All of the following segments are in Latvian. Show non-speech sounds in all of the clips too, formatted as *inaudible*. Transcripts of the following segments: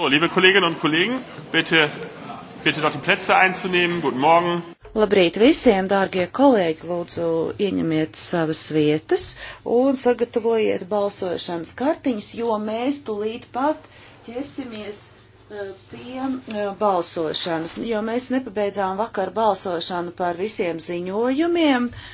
So, liebe Kolleginnen und Kollegen, bitte, bitte doch die Plätze einzunehmen. Guten Morgen. Labrīt visiem, dārgie kolēģi, lūdzu ieņemiet savas vietas un sagatavojiet balsošanas kartiņas, jo mēs tulīt pat ķersimies eh, pie eh, balsošanas, jo mēs nepabeidzām vakar balsošanu par visiem ziņojumiem. Uh,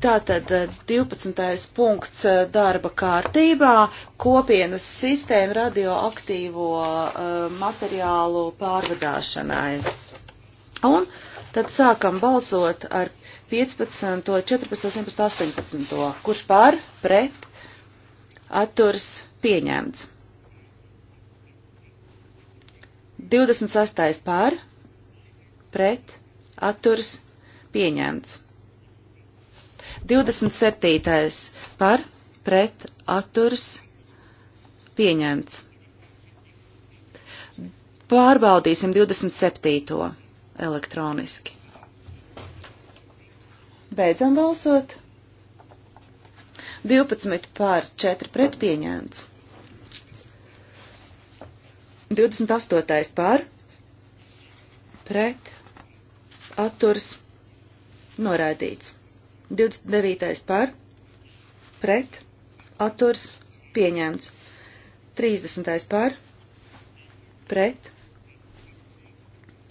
Tātad 12. Eh, punkts eh, darba kārtībā - kopienas sistēma radioaktīvo eh, materiālu pārvadāšanai. Un tad sākam balsot ar 15, 14, 17, 18. Kurš par, pret, atturs pieņemts. 26. par, pret, atturs pieņemts. 27. par pret atturs pieņemts. Pārbaudīsim 27. elektroniski. Beidzam balsot. 12 pār 4 pret pieņemts. 28. pār pret atturs noraidīts. 29. par, pret, atturs, pieņemts. 30. par, pret,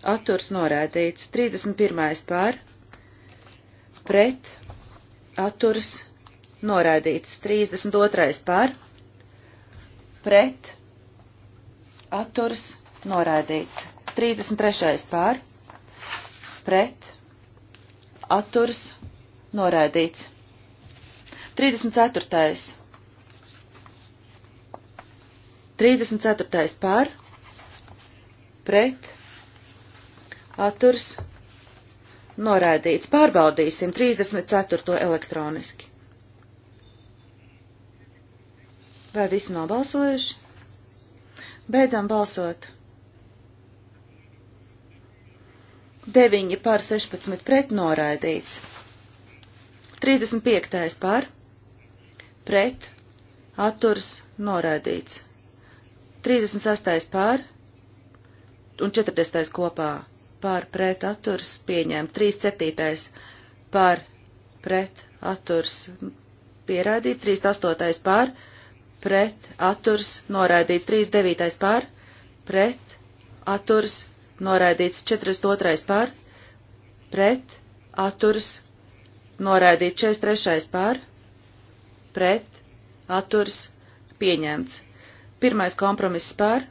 atturs norēdīts. 31. par, pret, atturs norēdīts. 32. par, pret, atturs norēdīts. 33. par, pret, atturs norēdīts Noraidīts. 34. 34. pār, pret, atturs, noraidīts. Pārbaudīsim 34. elektroniski. Vai visi nobalsojuši? Beidzam balsot. 9 pār 16 pret noraidīts. 35. par, pret, atturs, noraidīts. 36. par un 40. kopā par pret atturs pieņemt. 37. par pret atturs pierādīt. 38. par pret atturs noraidīts. 39. par pret atturs noraidīts. 42. par pret atturs noraidīt 43. pār, pret, atturs, pieņemts. Pirmais kompromiss pār,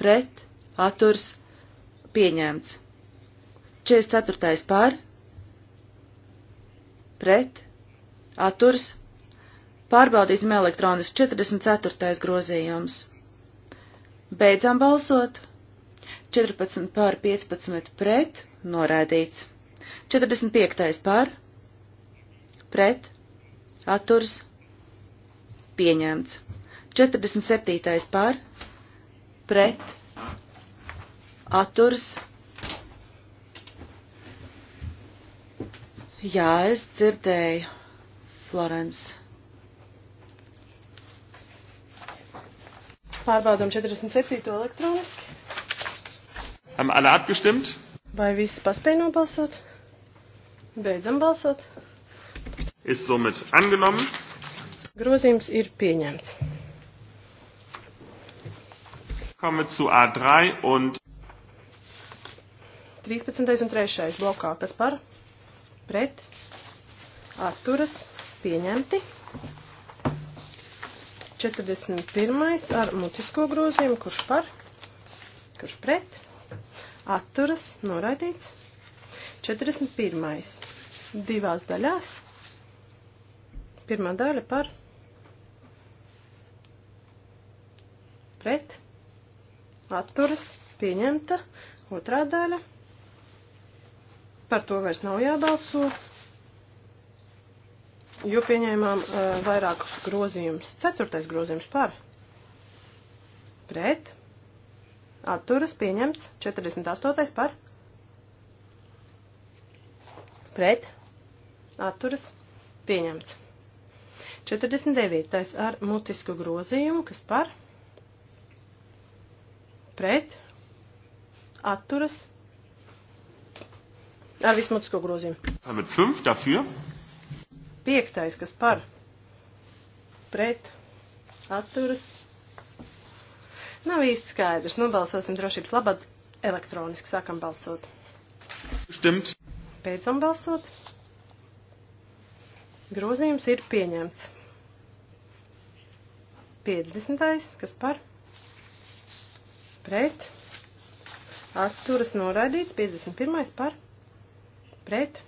pret, atturs, pieņemts. 44. pār, pret, atturs, pārbaudīsim elektronis 44. grozījums. Beidzam balsot. 14 pār 15 pret, noraidīts. 45. pār, pret, atturs, pieņemts. 47. par, pret, atturs. Jā, es dzirdēju, Florence. Pārbaudām 47. elektroniski. Haben alle abgestimmt? Vai visi paspēja nobalsot? Beidzam balsot ist somit angenommen. Grozījums ir pieņemts. Kommen zu A3 und 13. un 3. blokā, kas par pret atturas pieņemti. 41. ar mutisko grozījumu, kurš par, kurš pret, atturas, noraidīts. 41. divās daļās, Pirmā daļa par pret atturas pieņemta. Otrā daļa. Par to vairs nav jābalso, jo pieņēmām uh, vairākus grozījumus. Ceturtais grozījums par pret atturas pieņemts. 48. par pret atturas pieņemts. 49. ar mutisku grozījumu, kas par pret atturas ar vismutisko grozījumu. Tātad 5 dafür. 5. kas par pret atturas. Nav īsti skaidrs. Nobalsosim nu, drošības labad elektroniski. Sākam balsot. Stimt. Beidzam balsot. Grozījums ir pieņemts. 50. kas par pret atturas noraidīts. 51. par pret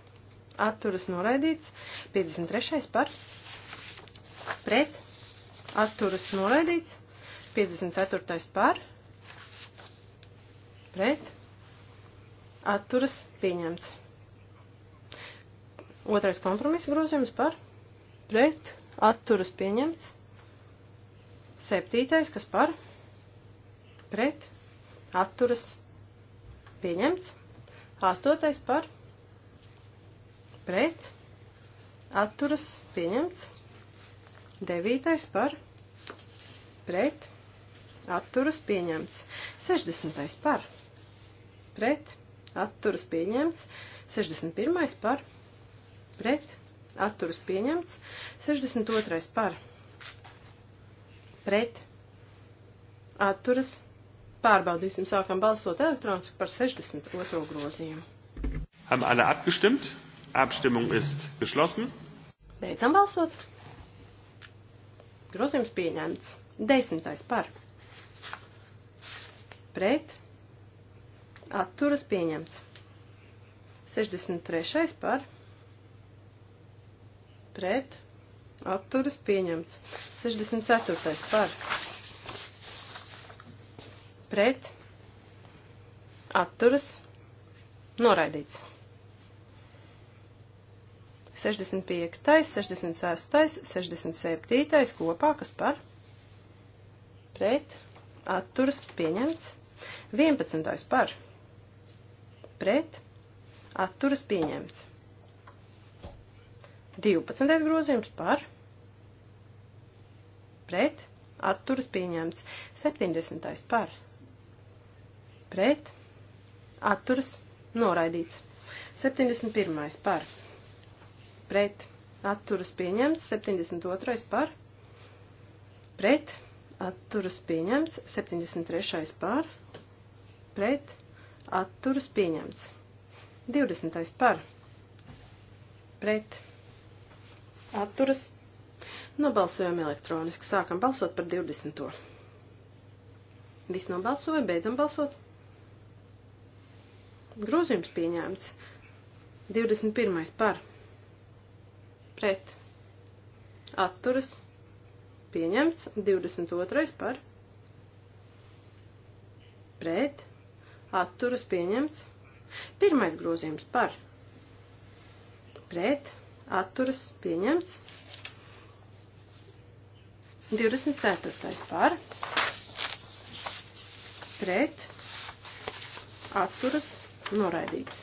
atturas noraidīts. 53. par pret atturas noraidīts. 54. par pret atturas pieņemts. Otrais kompromisa grozījums par pret atturas pieņemts. Septītais, kas par pret atturas pieņemts. Astotais par pret atturas pieņemts. Devītais par pret atturas pieņemts. Sešdesmitais par pret atturas pieņemts. Sešdesmit pirmais par pret pret, atturas pieņemts, 62. par, pret, atturas, pārbaudīsim, sākam balsot elektroniski par 62. grozījumu. Haben alle abgestimmt? Abstimmung ist geschlossen. Beidzam balsot. Grozījums pieņemts. Desmitais par. Pret. Atturas pieņemts. 63. par pret atturas pieņemts. 64. par pret atturas noraidīts. 65., 66., 67. kopā, kas par pret atturas pieņemts. 11. par pret atturas pieņemts. 12. grozījums par pret atturas pieņemts. 70. par pret atturas noraidīts. 71. par pret atturas pieņemts. 72. par pret atturas pieņemts. 73. par pret atturas pieņemts. 20. par pret atturas pieņemts atturas. Nobalsojam elektroniski. Sākam balsot par 20. Viss nobalsoja, beidzam balsot. Grozījums pieņēmts. 21. par. Pret. Atturas. Pieņemts. 22. par. Pret. Atturas pieņemts. Pirmais grozījums par. Pret atturas pieņemts. 24. par pret atturas noraidīts.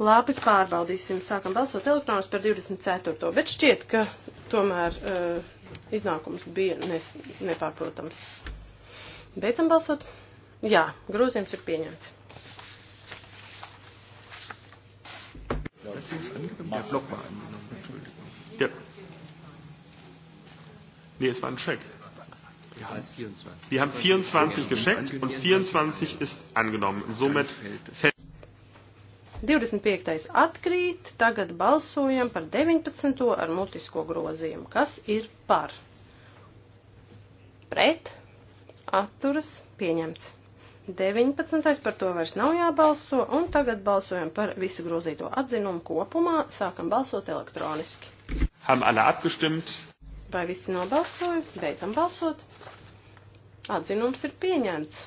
Labi, pārbaudīsim. Sākam balsot elektronus par 24. Bet šķiet, ka tomēr uh, iznākums bija nes, nepārprotams. Beidzam balsot. Jā, grozījums ir pieņemts. ist jetzt angenommen? Der Block war angenommen, Entschuldigung. Ja. Nee, es war ein Check. Wir haben 24, Wir haben 24 gescheckt und 24 ist angenommen. Und somit fällt 25. atkrīt, tagad balsojam par 19. ar mutisko grozījumu. Kas ir par? Pret? Atturas pieņemts. 19. par to vairs nav jābalso, un tagad balsojam par visu grozīto atzinumu kopumā, sākam balsot elektroniski. Haben alle abgestimmt? Vai visi nobalsoja? Beidzam balsot. Atzinums ir pieņemts.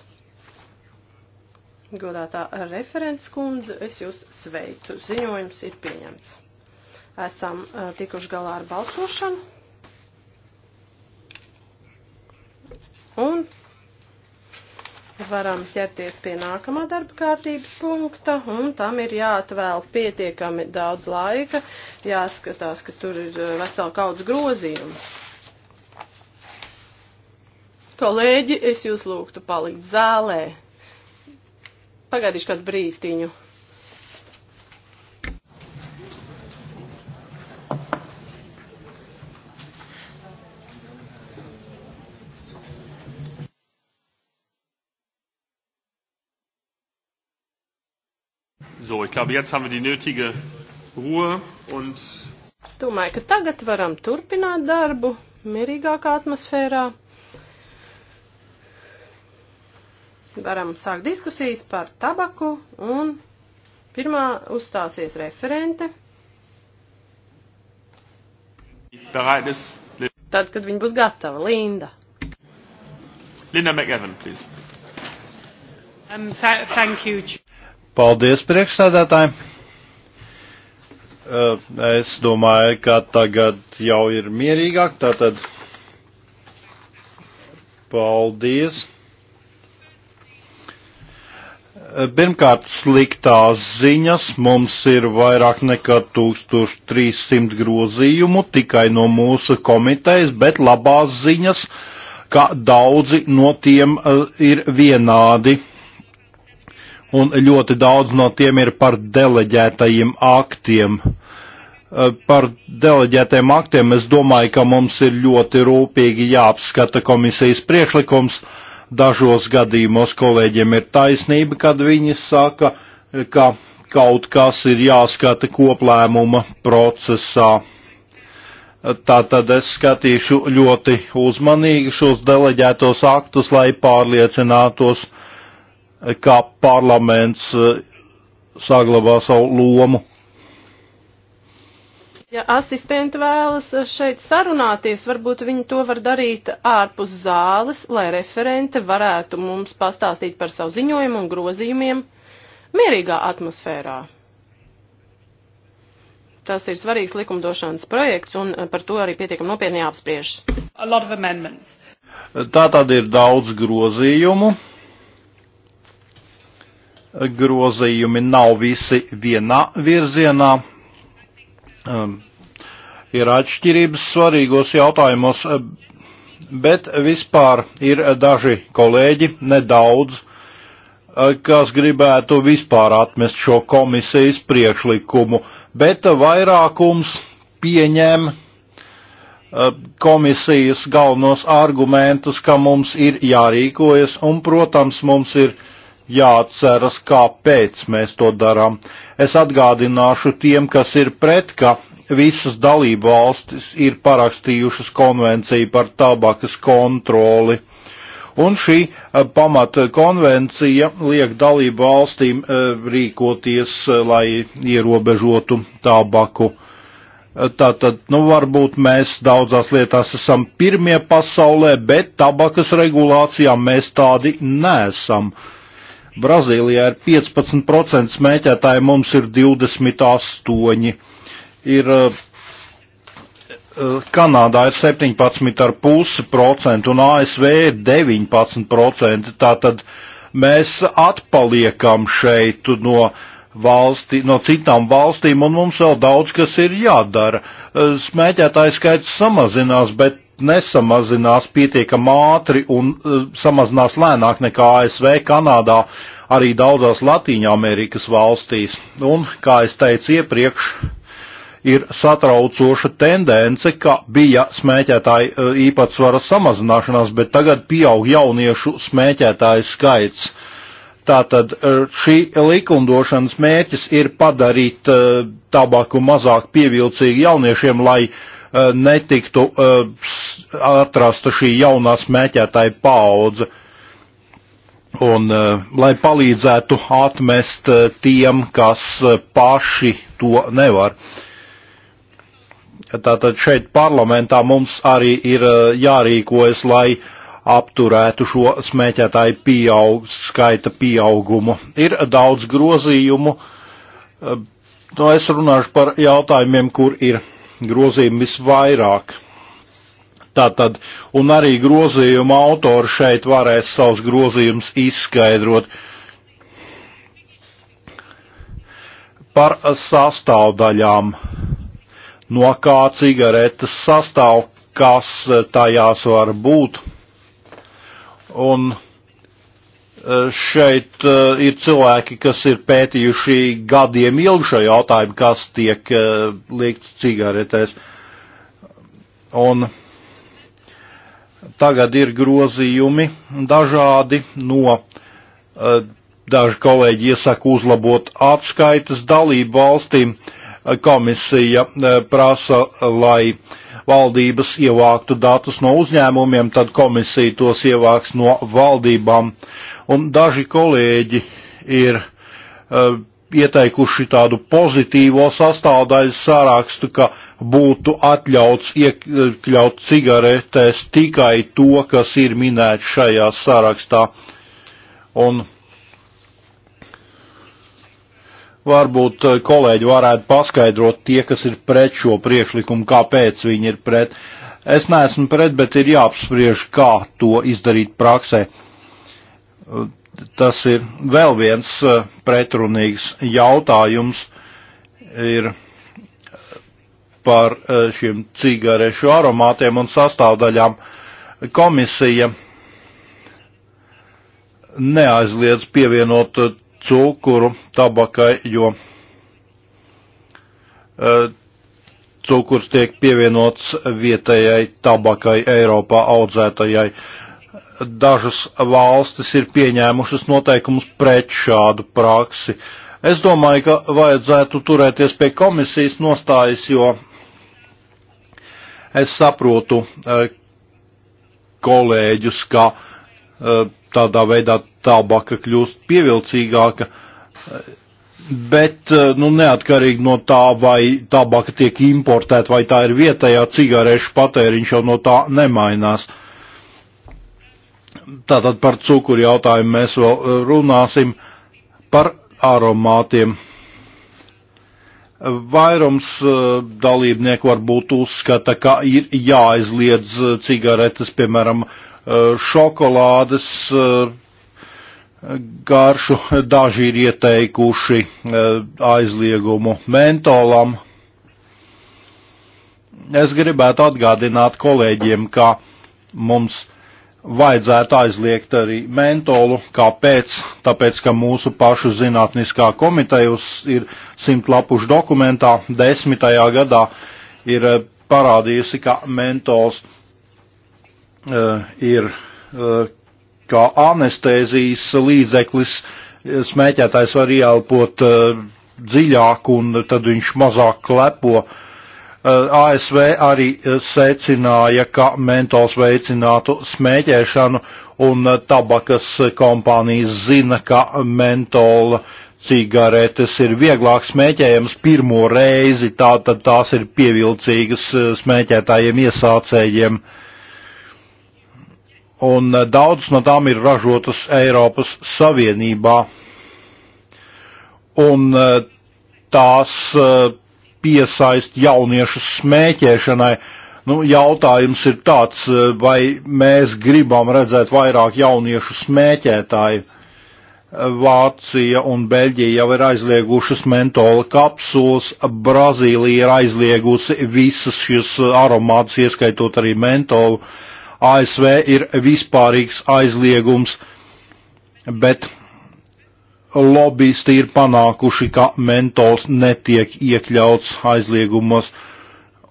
Godātā referents kundze, es jūs sveicu. Ziņojums ir pieņemts. Esam uh, tikuši galā ar balsošanu. Un varam ķerties pie nākamā darba kārtības punkta, un tam ir jāatvēl pietiekami daudz laika, jāskatās, ka tur ir eh, vesela kaudz grozījumu. Kolēģi, es jūs lūgtu palikt zālē. Pagaidīšu kādu brītiņu. glaube, jetzt haben wir die nötige Ruhe und. Domāju, ka tagad varam turpināt darbu mierīgākā atmosfērā. Varam sākt diskusijas par tabaku un pirmā uzstāsies referente. Tad, kad viņa būs gatava, Linda. Linda McEvan, please. Um, th thank you. Paldies priekšsēdētājiem! Es domāju, ka tagad jau ir mierīgāk, tātad paldies. Pirmkārt, sliktās ziņas mums ir vairāk nekā 1300 grozījumu tikai no mūsu komitejas, bet labās ziņas, ka daudzi no tiem ir vienādi un ļoti daudz no tiem ir par deleģētajiem aktiem. Eh, par deleģētajiem aktiem es domāju, ka mums ir ļoti rūpīgi jāapskata komisijas priekšlikums. Dažos gadījumos kolēģiem ir taisnība, kad viņi saka, eh, ka kaut kas ir jāskata koplēmuma procesā. Eh, Tātad es skatīšu ļoti uzmanīgi šos deleģētos aktus, lai pārliecinātos, uh, kā parlaments eh, saglabā savu lomu. Ja asistenti vēlas eh, šeit sarunāties, varbūt viņi to var darīt ārpus zāles, lai referente varētu mums pastāstīt par savu ziņojumu un grozījumiem mierīgā atmosfērā. Tas ir svarīgs likumdošanas projekts, un eh, par to arī pietiekam nopietni jāapspriežas. Tā tad ir daudz grozījumu grozījumi nav visi vienā virzienā. Um, ir atšķirības svarīgos jautājumos, um, bet vispār ir daži kolēģi, nedaudz, uh, kas gribētu vispār atmest šo komisijas priekšlikumu, bet vairākums pieņem uh, komisijas galvenos argumentus, ka mums ir jārīkojas un, protams, mums ir jārīkojas jāatceras, kāpēc mēs to darām. Es atgādināšu tiem, kas ir pret, ka visas dalību valstis ir parakstījušas konvenciju par tabakas kontroli. Un šī eh, pamata konvencija liek dalību valstīm eh, rīkoties, eh, lai ierobežotu tabaku. Tātad, nu, varbūt mēs daudzās lietās esam pirmie pasaulē, bet tabakas regulācijā mēs tādi nesam. Uh, Brazīlijā ir 15% smēķētāji, mums ir 28. Ir, eh, eh, Kanādā ir 17,5% un ASV ir 19%. Tātad mēs atpaliekam šeit no, valsti, no citām valstīm un mums vēl daudz kas ir jādara. Eh, smēķētāju skaits samazinās, bet nesamazinās pietiekam ātri un eh, samazinās lēnāk nekā ASV, Kanādā, arī daudzās Latīņamerikas valstīs. Un, kā es teicu iepriekš, ir satraucoša tendence, ka bija smēķētāji eh, īpatsvara samazināšanās, bet tagad pieaug jauniešu smēķētāju skaits. Tātad eh, šī likumdošanas mērķis ir padarīt tabaku mazāk pievilcīgu jauniešiem, lai Uh, netiktu uh, atrasta šī jaunā smēķētāja paudze. Un, uh, lai palīdzētu atmest tiem, kas paši to nevar. Tātad šeit parlamentā mums arī ir jārīkojas, lai apturētu šo smēķētāju pieaug, skaita pieaugumu. Ir daudz grozījumu. No nu, es runāšu par jautājumiem, kur ir grozījumi visvairāk. Tātad, un arī grozījuma autori šeit varēs savus grozījumus izskaidrot par sastāvdaļām, no kā cigaretes sastāv, kas tajās var būt. Un Eh, šeit eh, ir cilvēki, kas ir pētījuši gadiem ilgu šo jautājumu, kas tiek eh, liekts cigaretēs. Un tagad ir grozījumi dažādi no daži kolēģi iesaka uzlabot atskaitas dalību valstīm. Komisija prasa, lai valdības ievāktu datus no uzņēmumiem, tad komisija tos ievāks no valdībām. Uh, un daži kolēģi ir uh, ieteikuši tādu pozitīvo sastāvdaļu sārakstu, ka būtu atļauts iekļaut cigaretēs tikai to, kas ir minēts šajā sarakstā. Un varbūt eh, kolēģi varētu paskaidrot tie, kas ir pret šo priekšlikumu, kāpēc viņi ir pret. Es neesmu pret, bet ir jāapspriež, kā to izdarīt praksē. Uh, Tas ir vēl viens eh, pretrunīgs jautājums ir eh, par eh, šiem cigarešu aromātiem un sastāvdaļām. Komisija neaizliedz pievienot cukuru tabakai, jo cukurs tiek pievienots vietējai tabakai Eiropā audzētajai dažas valstis ir pieņēmušas noteikumus pret šādu praksi. Es domāju, ka vajadzētu turēties pie komisijas nostājas, jo es saprotu e, kolēģus, ka e, tādā veidā tabaka kļūst pievilcīgāka, e, bet, nu, neatkarīgi no tā, vai tabaka tiek importēta, vai tā ir vietējā cigarešu patēriņš jau no tā nemainās. Uh, Tātad par cukuru jautājumu mēs vēl eh, runāsim par aromātiem. Vairums eh, dalībnieku varbūt uzskata, ka ir jāaizliedz eh, cigaretes, piemēram, šokolādes garšu. Daži ir ieteikuši aizliegumu mentolam. Es gribētu atgādināt kolēģiem, ka mums vajadzētu aizliegt arī mentolu. Kāpēc? Tāpēc, ka mūsu pašu zinātniskā komiteja ir simt lapušu dokumentā, desmitajā gadā ir eh, parādījusi, ka mentols uh, ir uh, kā anestēzijas līdzeklis, smēķētājs var ieelpot uh, dziļāk un tad viņš mazāk klepo. Uh, Eh, ASV arī eh, secināja, ka mentos veicinātu smēķēšanu, un eh, tabakas kompānijas zina, ka mentola cigaretes ir vieglāk smēķējams pirmo reizi, tātad tās ir pievilcīgas smēķētājiem iesācējiem. Un daudz no tām ir ražotas Eiropas Savienībā. Un tās piesaist jauniešus smēķēšanai. Nu, jautājums ir tāds, vai mēs gribam redzēt vairāk jauniešu smēķētāju. Vācija un Beļģija jau ir aizliegušas mentola kapsulas, Brazīlija ir aizliegusi visas šīs aromātas, ieskaitot arī mentolu. ASV ir vispārīgs aizliegums, bet lobbyisti ir panākuši, ka mentos netiek iekļauts aizliegumos.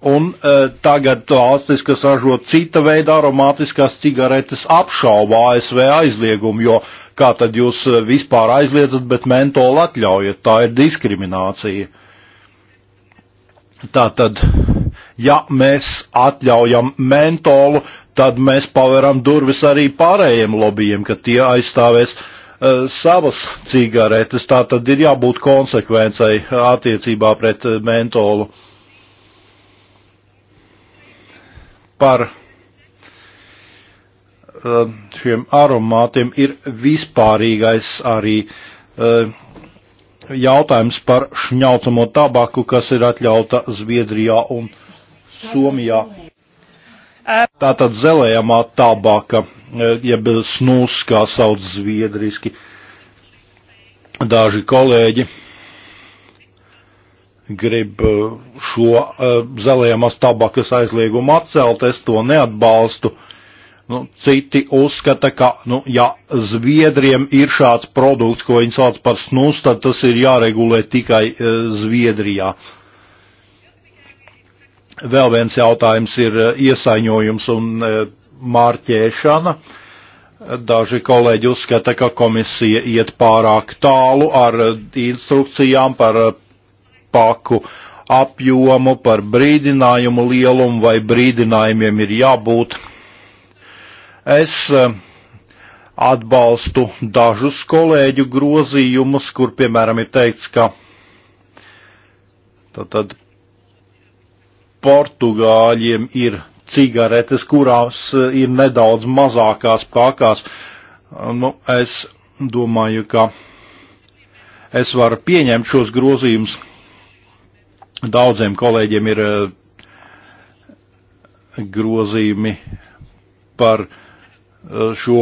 Un e, tagad valstis, kas ražo cita veida aromātiskās cigaretes, apšauba ASV aizliegumu, jo kā tad jūs e, vispār aizliedzat, bet mentolu atļaujat? Tā ir diskriminācija. Tātad, ja mēs atļaujam mentolu, tad mēs paveram durvis arī pārējiem lobbyiem, ka tie aizstāvēs uh, Eh, savas cigaretes, tā tad ir jābūt konsekvencei attiecībā pret eh, mentolu. Par eh, šiem aromātiem ir vispārīgais arī jautājums par šņaucamo tabaku, kas ir atļauta Zviedrijā un Somijā. Tātad zelējamā tabaka, e, jeb snus, kā sauc zviedriski daži kolēģi, grib e, šo e, zelējamās tabakas aizliegumu atcelt, es to neatbalstu. Nu, citi uzskata, ka, nu, ja Zviedriem ir šāds produkts, ko viņi sauc par snus, tad tas ir jāregulē tikai Zviedrijā. Uh, Vēl viens jautājums ir eh, iesaņojums un eh, mārķēšana. Daži kolēģi uzskata, ka komisija iet pārāk tālu ar eh, instrukcijām par paku apjomu, par brīdinājumu lielumu vai brīdinājumiem ir jābūt. Es atbalstu dažus kolēģu grozījumus, kur piemēram ir teikts, ka tad portugāļiem ir cigaretes, kurās eh, ir nedaudz mazākās pakās. Nu, es domāju, ka es varu pieņemt šos grozījumus. Daudziem kolēģiem ir eh, grozījumi par eh, šo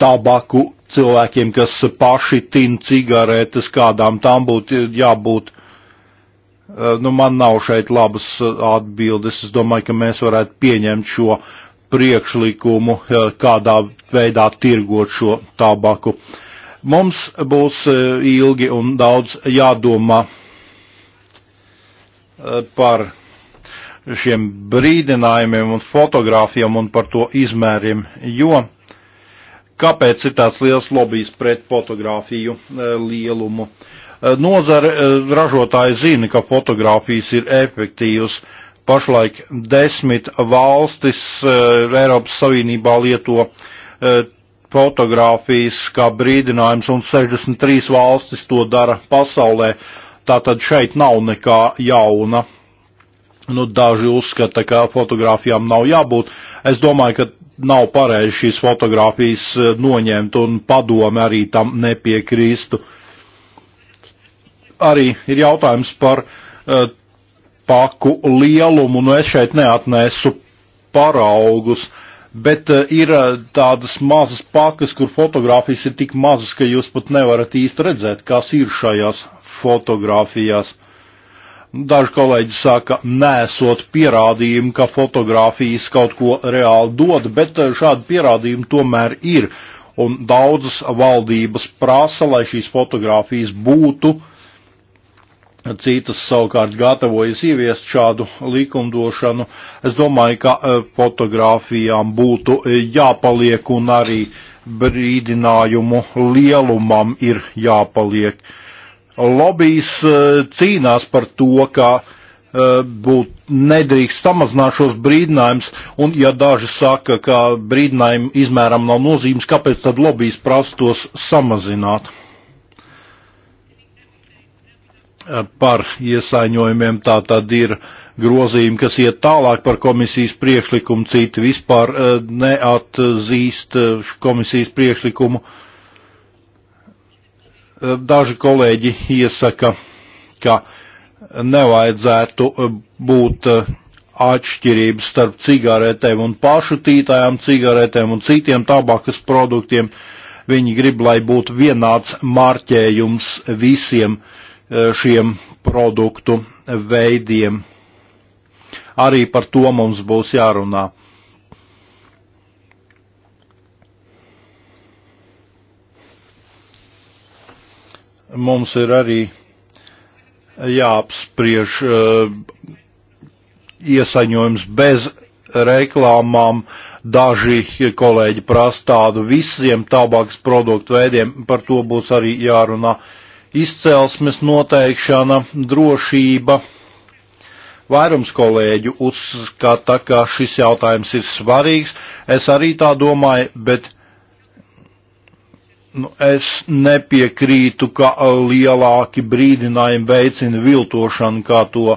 tabaku cilvēkiem, kas paši tin cigaretes, kādām tām būtu jābūt Eh, nu, man nav šeit labas eh, atbildes. Es domāju, ka mēs varētu pieņemt šo priekšlikumu, eh, kādā veidā tirgot šo tabaku. Mums būs ilgi un daudz jādomā par šiem brīdinājumiem un fotogrāfiem un par to izmēriem, jo kāpēc ir tāds liels lobijs pret fotogrāfiju lielumu? Eh, nozare eh, ražotāji zina, ka fotografijas ir efektīvas. Pašlaik desmit valstis eh, Eiropas Savienībā lieto fotografijas kā brīdinājums, un 63 valstis to dara pasaulē. Tātad šeit nav nekā jauna. Nu, daži uzskata, ka fotografijām nav jābūt. Es domāju, ka nav pareizi šīs fotografijas noņemt, un padome arī tam nepiekrīstu. Uh, arī ir jautājums par uh, paku lielumu. Nu, es šeit neatnesu paraugus, bet uh, ir uh, tādas mazas pakas, kur fotogrāfijas ir tik mazas, ka jūs pat nevarat īsti redzēt, kas ir šajās fotogrāfijās. Daži kolēģi saka, nesot pierādījumu, ka fotogrāfijas kaut ko reāli dod, bet šādi pierādījumi tomēr ir. Un daudzas valdības prasa, lai šīs fotogrāfijas būtu uh, Citas savukārt gatavojas ieviest šādu likumdošanu. Es domāju, ka e, fotografijām būtu e, jāpaliek un arī brīdinājumu lielumam ir jāpaliek. Lobijas e, cīnās par to, ka būt nedrīkst samazināt šos brīdinājumus, un ja daži saka, ka brīdinājumu izmēram nav nozīmes, kāpēc tad lobijas prastos samazināt? par iesaiņojumiem. Tā tad ir grozījumi, kas iet tālāk par komisijas priekšlikumu, citi vispār eh, neatzīst eh, komisijas priekšlikumu. Eh, daži kolēģi iesaka, ka nevajadzētu būt atšķirības starp cigaretēm un pašu tītājām cigaretēm un citiem tabakas produktiem. Viņi grib, lai būtu vienāds marķējums visiem uh, Eh, šiem produktu veidiem. Arī par to mums būs jārunā. Mums ir arī jāapspriež eh, iesaņojums bez reklāmām. Daži kolēģi prasa tādu visiem tabaks produktu veidiem, par to būs arī jārunā. Uh, izcelsmes noteikšana, drošība. Vairums kolēģu uzskata, ka šis jautājums ir svarīgs. Es arī tā domāju, bet nu, es nepiekrītu, ka lielāki brīdinājumi veicina viltošanu, kā to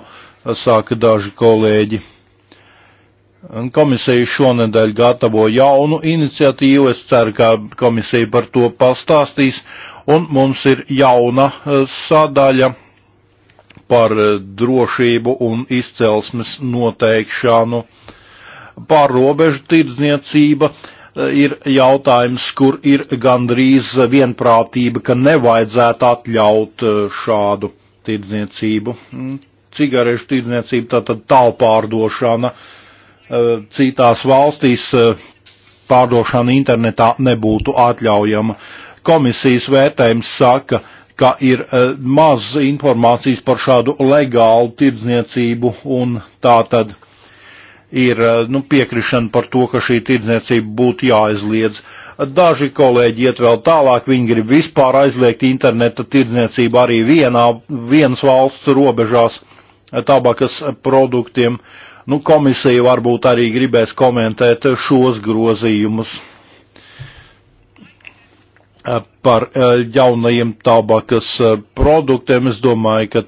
saka daži kolēģi. Komisija šonedēļ gatavo jaunu iniciatīvu, es ceru, ka komisija par to pastāstīs, un mums ir jauna e, sadaļa par e, drošību un izcelsmes noteikšanu. Pārrobežu tirdzniecība e, ir jautājums, kur ir gandrīz vienprātība, ka nevajadzētu atļaut šādu tirdzniecību. Mm, cigarešu tirdzniecība, tātad tālpārdošana citās valstīs pārdošana internetā nebūtu atļaujama komisijas vērtējums saka, ka ir e, maz informācijas par šādu legālu tirdzniecību un tā tad ir e, nu, piekrišana par to, ka šī tirdzniecība būtu jāaizliedz. Daži kolēģi iet vēl tālāk, viņi grib vispār aizliegt interneta tirdzniecību arī vienā, vienas valsts robežās e, tabakas produktiem. Nu, komisija varbūt arī gribēs komentēt šos grozījumus. Eh, par eh, jaunajiem tabakas eh, produktiem. Es domāju, ka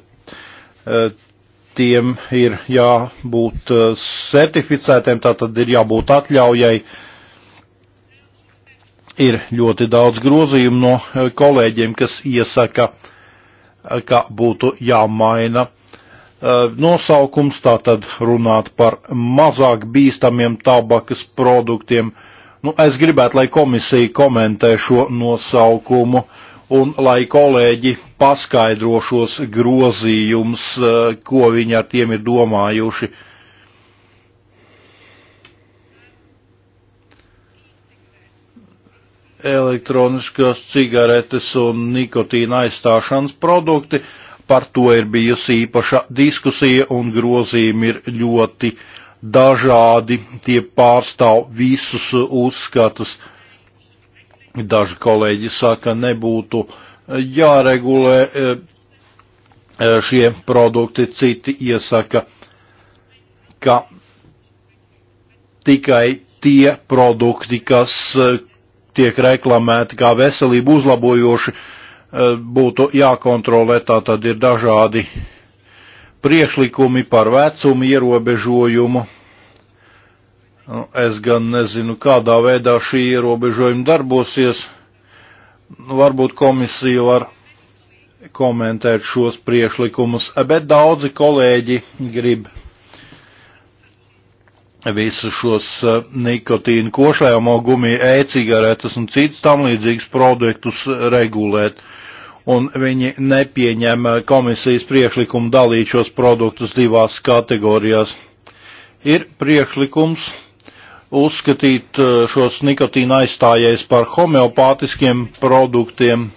tiem ir jābūt certificētiem, tātad ir jābūt atļaujai. Ir ļoti daudz grozījumu no kolēģiem, kas iesaka, ka būtu jāmaina nosaukums, tātad runāt par mazāk bīstamiem tabakas produktiem Nu, es gribētu, lai komisija komentē šo nosaukumu un lai kolēģi paskaidro šos grozījums, eh, ko viņi ar tiem ir domājuši. Elektroniskās cigaretes un nikotīna aizstāšanas produkti, par to ir bijusi īpaša diskusija un grozījumi ir ļoti uh, dažādi, tie pārstāv visus uzskatus. Daži kolēģi saka, nebūtu jāregulē e, e, šie produkti, citi iesaka, ka tikai tie produkti, kas e, tiek reklamēti kā veselību uzlabojoši, būtu jākontrolē, tā tad ir dažādi priekšlikumi par vecumu ierobežojumu. Nu, es gan nezinu, kādā veidā šī ierobežojuma darbosies. Nu, varbūt komisija var komentēt šos priekšlikumus, bet daudzi kolēģi grib visus šos eh, nikotīnu košļāmo gumiju, e-cigaretes un citas tam līdzīgas produktus regulēt un viņi nepieņem komisijas priekšlikumu dalīt šos produktus divās kategorijās. Ir priekšlikums uzskatīt eh, šos nikotīna aizstājējus par homeopātiskiem produktiem.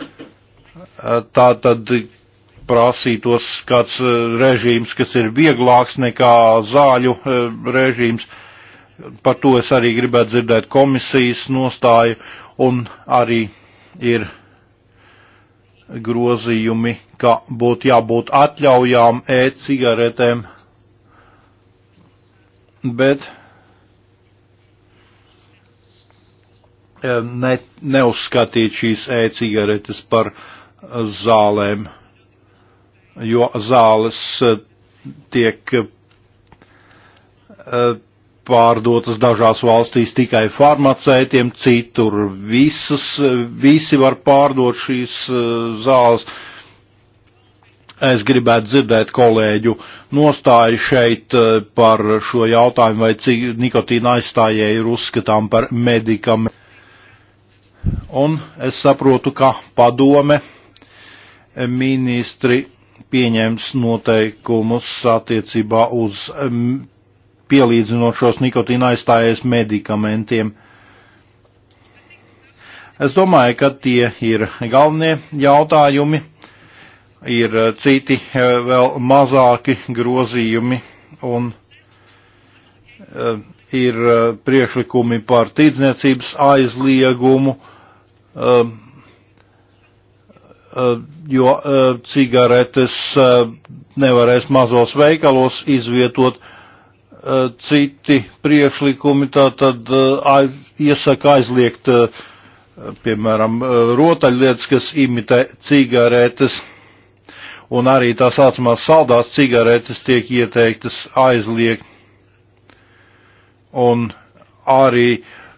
Eh, tā tad prasītos kāds eh, režīms, kas ir vieglāks nekā zāļu režīms. Par to es arī gribētu dzirdēt komisijas nostāju un arī ir grozījumi, ka būtu jābūt atļaujām e-cigaretēm, bet e, ne, neuzskatīt šīs e-cigaretes par zālēm, jo zāles e, tiek e, pārdotas dažās valstīs tikai farmacētiem, citur visas, visi var pārdot šīs eh, zāles. Es gribētu dzirdēt kolēģu nostāju šeit eh, par šo jautājumu, vai cik nikotīna aizstājēji ir uzskatām par medikamentu. Un es saprotu, ka padome eh, ministri pieņems noteikumus attiecībā uz mm, pielīdzinošos nikotīna aizstājies medikamentiem. Es domāju, ka tie ir galvenie jautājumi, ir eh, citi eh, vēl mazāki grozījumi un eh, ir priekšlikumi par tīdzniecības aizliegumu, jo cigaretes nevarēs mazos veikalos izvietot Eh, citi priekšlikumi, tā tad eh, iesaka aizliegt, eh, piemēram, rotaļlietas, kas imitē cigaretes, un arī tā saucamās saldās cigaretes tiek ieteiktas aizliegt, un arī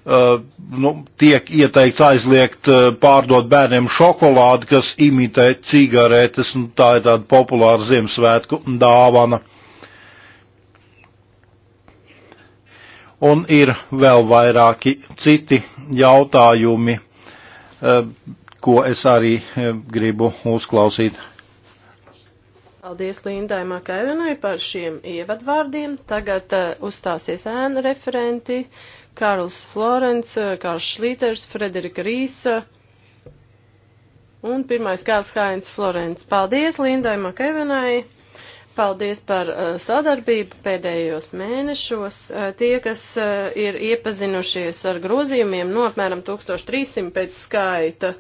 nu, tiek ieteikts aizliegt pārdot bērniem šokolādi, kas imitē cigaretes, un nu, tā ir tāda populāra Ziemassvētku dāvana. un ir vēl vairāki citi jautājumi, eh, ko es arī eh, gribu uzklausīt. Paldies Lindai Makaivenai par šiem ievadvārdiem. Tagad uh, uzstāsies ēna referenti Karls Florence, Karls Šlīters, Frederika Rīsa un pirmais Karls Hainz Florence. Paldies Lindai Makaivenai! Paldies par uh, sadarbību pēdējos mēnešos. Uh, tie, kas uh, ir iepazinušies ar grozījumiem, no apmēram 1300 pēc skaita.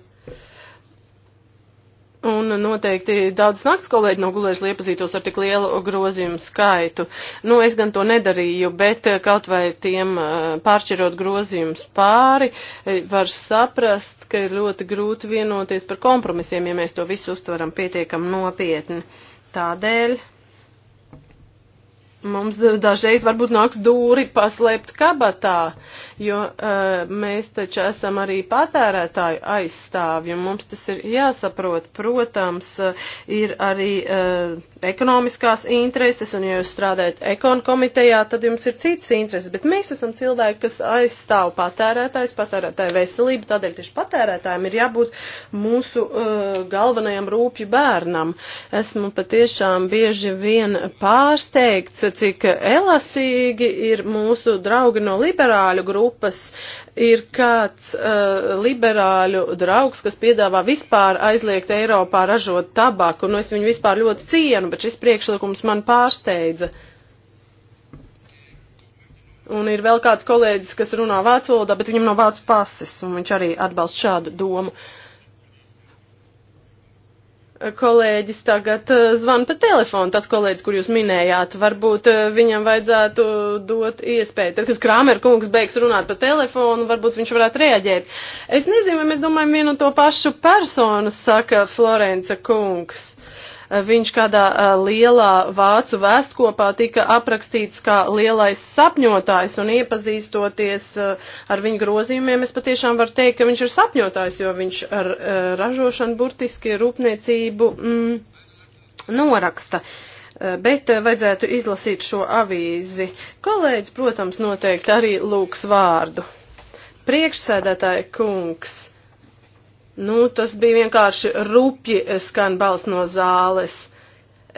Un noteikti daudz nakts kolēģi nav gulējuši iepazītos ar tik lielu grozījumu skaitu. Nu, es gan to nedarīju, bet kaut vai tiem pāršķirot grozījumus pāri, eh, var saprast, ka ir ļoti grūti vienoties par kompromisiem, ja mēs to visu uztveram pietiekam nopietni. Tādēļ Mums dažreiz varbūt nāks dūri paslēpt kabatā, jo uh, mēs taču esam arī patērētāju aizstāvji, un mums tas ir jāsaprot. Protams, uh, ir arī uh, ekonomiskās intereses, un ja jūs strādājat ekon komitejā, tad jums ir citas intereses, bet mēs esam cilvēki, kas aizstāv patērētājus, patērētāju veselību, tādēļ tieši patērētājiem ir jābūt mūsu uh, galvenajam rūpju bērnam. Esmu patiešām bieži vien pārsteigts, cik elastīgi ir mūsu draugi no liberāļu grupas. Ir kāds uh, liberāļu draugs, kas piedāvā vispār aizliegt Eiropā ražot tabaku. Nu, es viņu vispār ļoti cienu, bet šis priekšlikums man pārsteidza. Un ir vēl kāds kolēģis, kas runā vācu valodā, bet viņam nav vācu pases, un viņš arī atbalsta šādu domu. Uh, kolēģis tagad eh, zvan pa telefonu, tas kolēģis, kur jūs minējāt, varbūt eh, viņam vajadzētu dot iespēju. Tad, kad Krāmer kungs beigs runāt pa telefonu, varbūt viņš varētu reaģēt. Es nezinu, vai mēs domājam vienu to pašu personu, saka Florence kungs. Viņš kādā lielā vācu vēstkopā tika aprakstīts kā lielais sapņotājs, un iepazīstoties ar viņu grozījumiem, es patiešām varu teikt, ka viņš ir sapņotājs, jo viņš ar ražošanu burtiski rūpniecību mm, noraksta. Uh, bet vajadzētu izlasīt šo avīzi. Kolēģis, protams, noteikti arī lūgs vārdu. Priekšsēdētāja kungs, Nu, tas bija vienkārši rupji skan balss no zāles.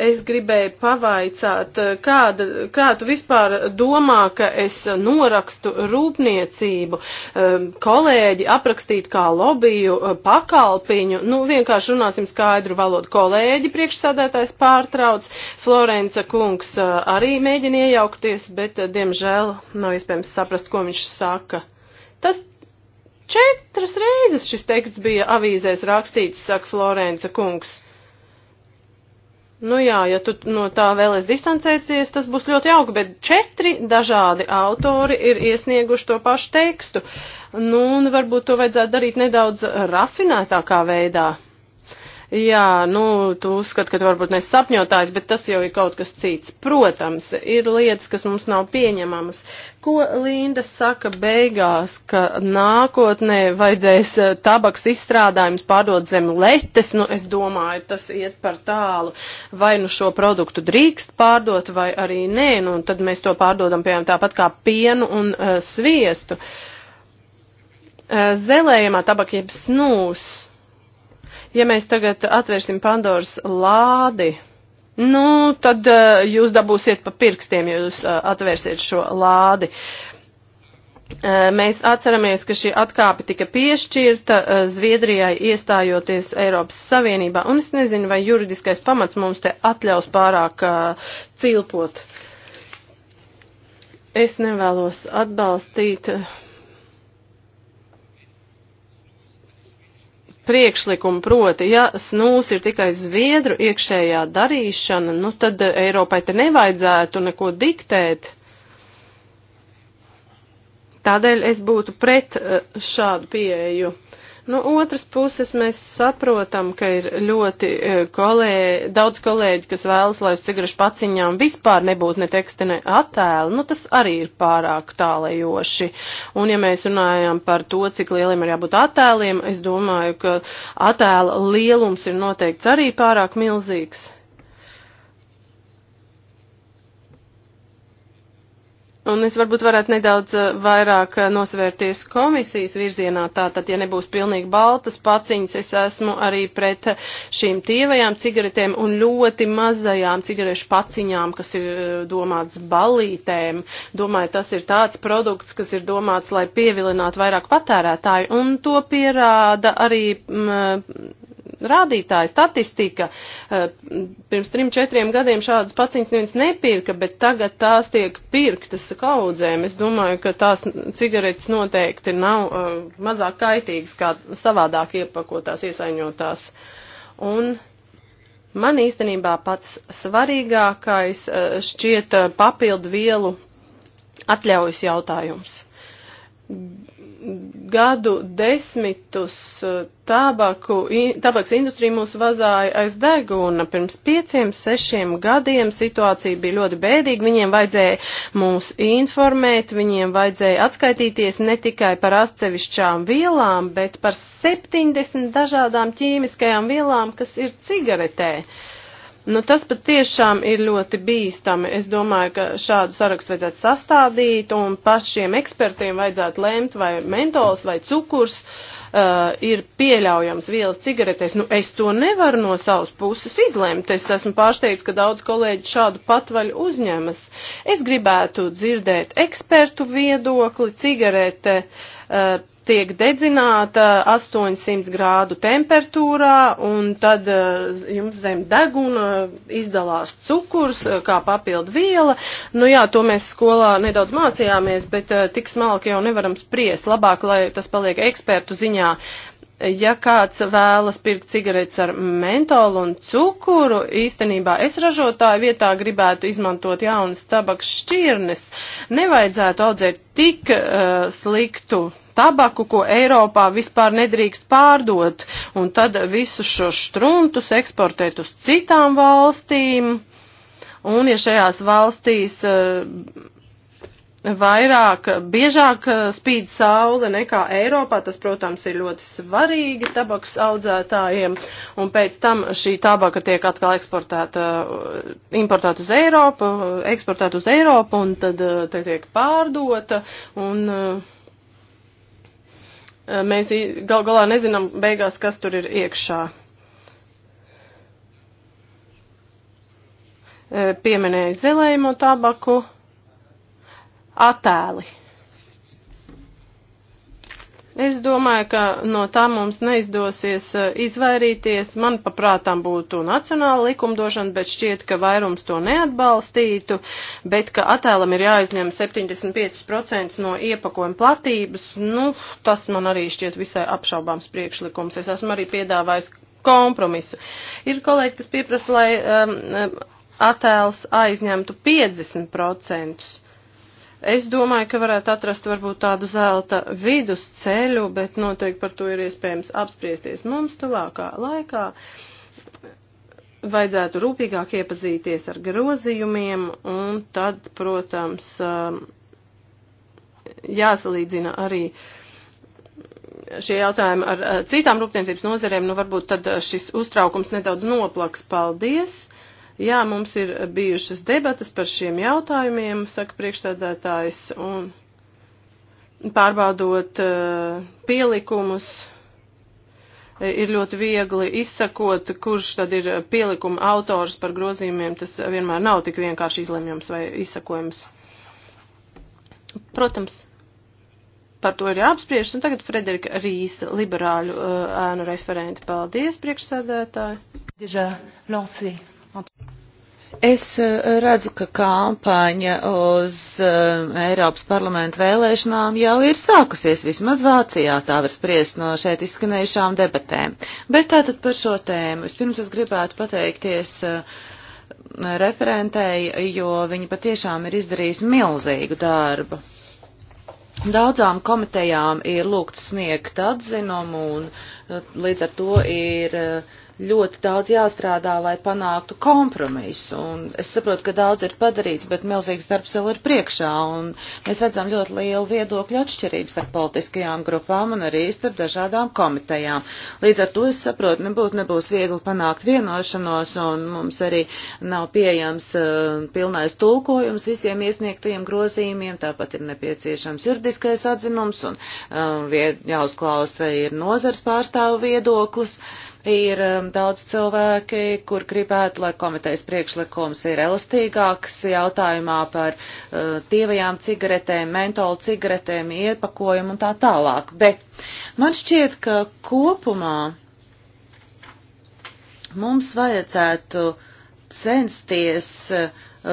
Es gribēju pavaicāt, kāda, kā tu vispār domā, ka es norakstu rūpniecību, um, kolēģi aprakstīt kā lobiju, uh, pakalpiņu, nu vienkārši runāsim skaidru valodu. Kolēģi priekšsādātājs pārtrauc, Florence kungs uh, arī mēģina iejaukties, bet uh, diemžēl nav iespējams saprast, ko viņš saka. Tas Četras reizes šis teksts bija avīzēs rakstīts, saka Florence kungs. Nu jā, ja tu no tā vēlies distancēties, tas būs ļoti jauki, bet četri dažādi autori ir iesnieguši to pašu tekstu. Nu, un varbūt to vajadzētu darīt nedaudz rafinētākā veidā. Jā, nu, tu uzskati, ka tu varbūt nesapņotājs, bet tas jau ir kaut kas cits. Protams, ir lietas, kas mums nav pieņemamas. Ko Linda saka beigās, ka nākotnē vajadzēs eh, tabaks izstrādājums pārdot zem letes? Nu, es domāju, tas iet par tālu. Vai nu šo produktu drīkst pārdot, vai arī nē, nu, tad mēs to pārdodam, piemēram, tāpat kā pienu un uh, sviestu. Uh, zelējumā tabaka jeb snūs ja mēs tagad atvērsim Pandoras lādi, nu, tad uh, jūs dabūsiet pa pirkstiem, ja jūs uh, atvērsiet šo lādi. Uh, mēs atceramies, ka šī atkāpe tika piešķirta uh, Zviedrijai iestājoties Eiropas Savienībā, un es nezinu, vai juridiskais pamats mums te atļaus pārāk uh, cilpot. Es nevēlos atbalstīt. Uh, priekšlikumu, proti, ja snūs ir tikai Zviedru iekšējā darīšana, nu tad eh, Eiropai te nevajadzētu neko diktēt. Tādēļ es būtu pret eh, šādu pieeju. No otras puses mēs saprotam, ka ir ļoti e, kolēģi, daudz kolēģi, kas vēlas, lai uz cigarešu paciņām vispār nebūtu ne teksta, ne attēla. Nu, tas arī ir pārāk tālējoši. Un ja mēs runājam par to, cik lieliem ir jābūt attēliem, es domāju, ka attēla lielums ir noteikts arī pārāk milzīgs. Un es varbūt varētu nedaudz eh, vairāk eh, nosvērties komisijas virzienā, tātad, ja nebūs pilnīgi baltas paciņas, es esmu arī pret eh, šīm tievajām cigaretēm un ļoti mazajām cigarešu paciņām, kas ir domāts balītēm. Domāju, tas ir tāds produkts, kas ir domāts, lai pievilinātu vairāk patērētāju, un to pierāda arī. Mm, rādītāji, statistika. Eh, pirms trim, četriem gadiem šādas paciņas neviens nepirka, bet tagad tās tiek pirktas kaudzēm. Es domāju, ka tās cigaretes noteikti nav eh, mazāk kaitīgas kā savādāk iepakotās, iesaiņotās. Un man īstenībā pats svarīgākais eh, šķiet papildu vielu atļaujas jautājums gadu desmitus eh, tabaku, tabaks industrija mūs vazāja aiz deguna. Pirms pieciem, sešiem gadiem situācija bija ļoti bēdīga. Viņiem vajadzēja mūs informēt, viņiem vajadzēja atskaitīties ne tikai par atsevišķām vielām, bet par 70 dažādām ķīmiskajām vielām, kas ir cigaretē. Uh, Nu, tas pat tiešām ir ļoti bīstami. Es domāju, ka šādu sarakstu vajadzētu sastādīt un pašiem ekspertiem vajadzētu lēmt, vai mentols vai cukurs uh, ir pieļaujams vielas cigaretēs. Nu, es to nevaru no savas puses izlēmt. Es esmu pārsteigts, ka daudz kolēģi šādu patvaļu uzņemas. Es gribētu dzirdēt ekspertu viedokli cigarete. Uh, tiek dedzināta 800 grādu temperatūrā, un tad eh, jums zem deguna izdalās cukurs eh, kā papildu viela. Nu jā, to mēs skolā nedaudz mācījāmies, bet eh, tik smalki jau nevaram spriest. Labāk, lai tas paliek ekspertu ziņā. Ja kāds vēlas pirkt cigaretes ar mentolu un cukuru, īstenībā es ražotāju vietā gribētu izmantot jaunas tabaks šķirnes. Nevajadzētu audzēt tik uh, sliktu tabaku, ko Eiropā vispār nedrīkst pārdot, un tad visus šos štruntus eksportēt uz citām valstīm. Un ja šajās valstīs eh, vairāk, biežāk eh, spīd saule nekā Eiropā, tas, protams, ir ļoti svarīgi tabaks audzētājiem, un pēc tam šī tabaka tiek atkal eksportēta, eh, importēta uz Eiropu, eksportēta uz Eiropu, un tad te tiek pārdota, un uh, Eh, mēs gal galā nezinām beigās, kas tur ir iekšā. Eh, pieminēju zelējumu tabaku, attēli. Es domāju, ka no tā mums neizdosies eh, izvairīties. Man paprātām būtu nacionāla likumdošana, bet šķiet, ka vairums to neatbalstītu, bet ka attēlam ir jāizņem 75% no iepakojuma platības. Nu, tas man arī šķiet visai apšaubāms priekšlikums. Es esmu arī piedāvājis kompromisu. Ir kolēģi, kas pieprasa, lai um, attēls aizņemtu 50%. Es domāju, ka varētu atrast varbūt tādu zelta vidusceļu, bet noteikti par to ir iespējams apspriesties mums tuvākā laikā. Vajadzētu rūpīgāk iepazīties ar grozījumiem un tad, protams, um, jāsalīdzina arī šie jautājumi ar uh, citām rūpniecības nozerēm. Nu, varbūt tad uh, šis uztraukums nedaudz noplaks. Paldies! Jā, mums ir bijušas debatas par šiem jautājumiem, saka priekšsēdētājs, un pārbaudot uh, pielikumus eh, ir ļoti viegli izsakot, kurš tad ir pielikuma autors par grozījumiem. Tas vienmēr nav tik vienkārši izlemjams vai izsakojams. Protams, par to ir jāapspriež. Un tagad Frederika Rīsa, liberāļu eh, ēnu referenti. Paldies, priekšsēdētāji. Deja lancé Es eh, redzu, ka kampaņa uz eh, Eiropas parlamentu vēlēšanām jau ir sākusies, vismaz Vācijā, tā var spriest no šeit izskanējušām debatēm. Bet tātad par šo tēmu. Vispirms es gribētu pateikties eh, referentēji, jo viņi patiešām ir izdarījusi milzīgu darbu. Daudzām komitejām ir lūgts sniegt atzinumu un līdz ar to ir uh, ļoti daudz jāstrādā, lai panāktu kompromisu. Un es saprotu, ka daudz ir padarīts, bet milzīgs darbs vēl ir priekšā. Un mēs redzam ļoti lielu viedokļu atšķirības starp politiskajām grupām un arī starp dažādām komitejām. Līdz ar to es saprotu, nebūtu nebūs viegli panākt vienošanos, un mums arī nav pieejams uh, pilnais tulkojums visiem iesniegtajiem grozījumiem. Tāpat ir nepieciešams juridiskais atzinums un uh, jāuzklausa ir nozars pārstāvu viedoklis. Uh, ir um, daudz cilvēki, kur gribētu, lai komitejas priekšlikums ir elastīgāks jautājumā par uh, tievajām cigaretēm, mentola cigaretēm, iepakojumu un tā tālāk. Bet man šķiet, ka kopumā mums vajadzētu censties uh,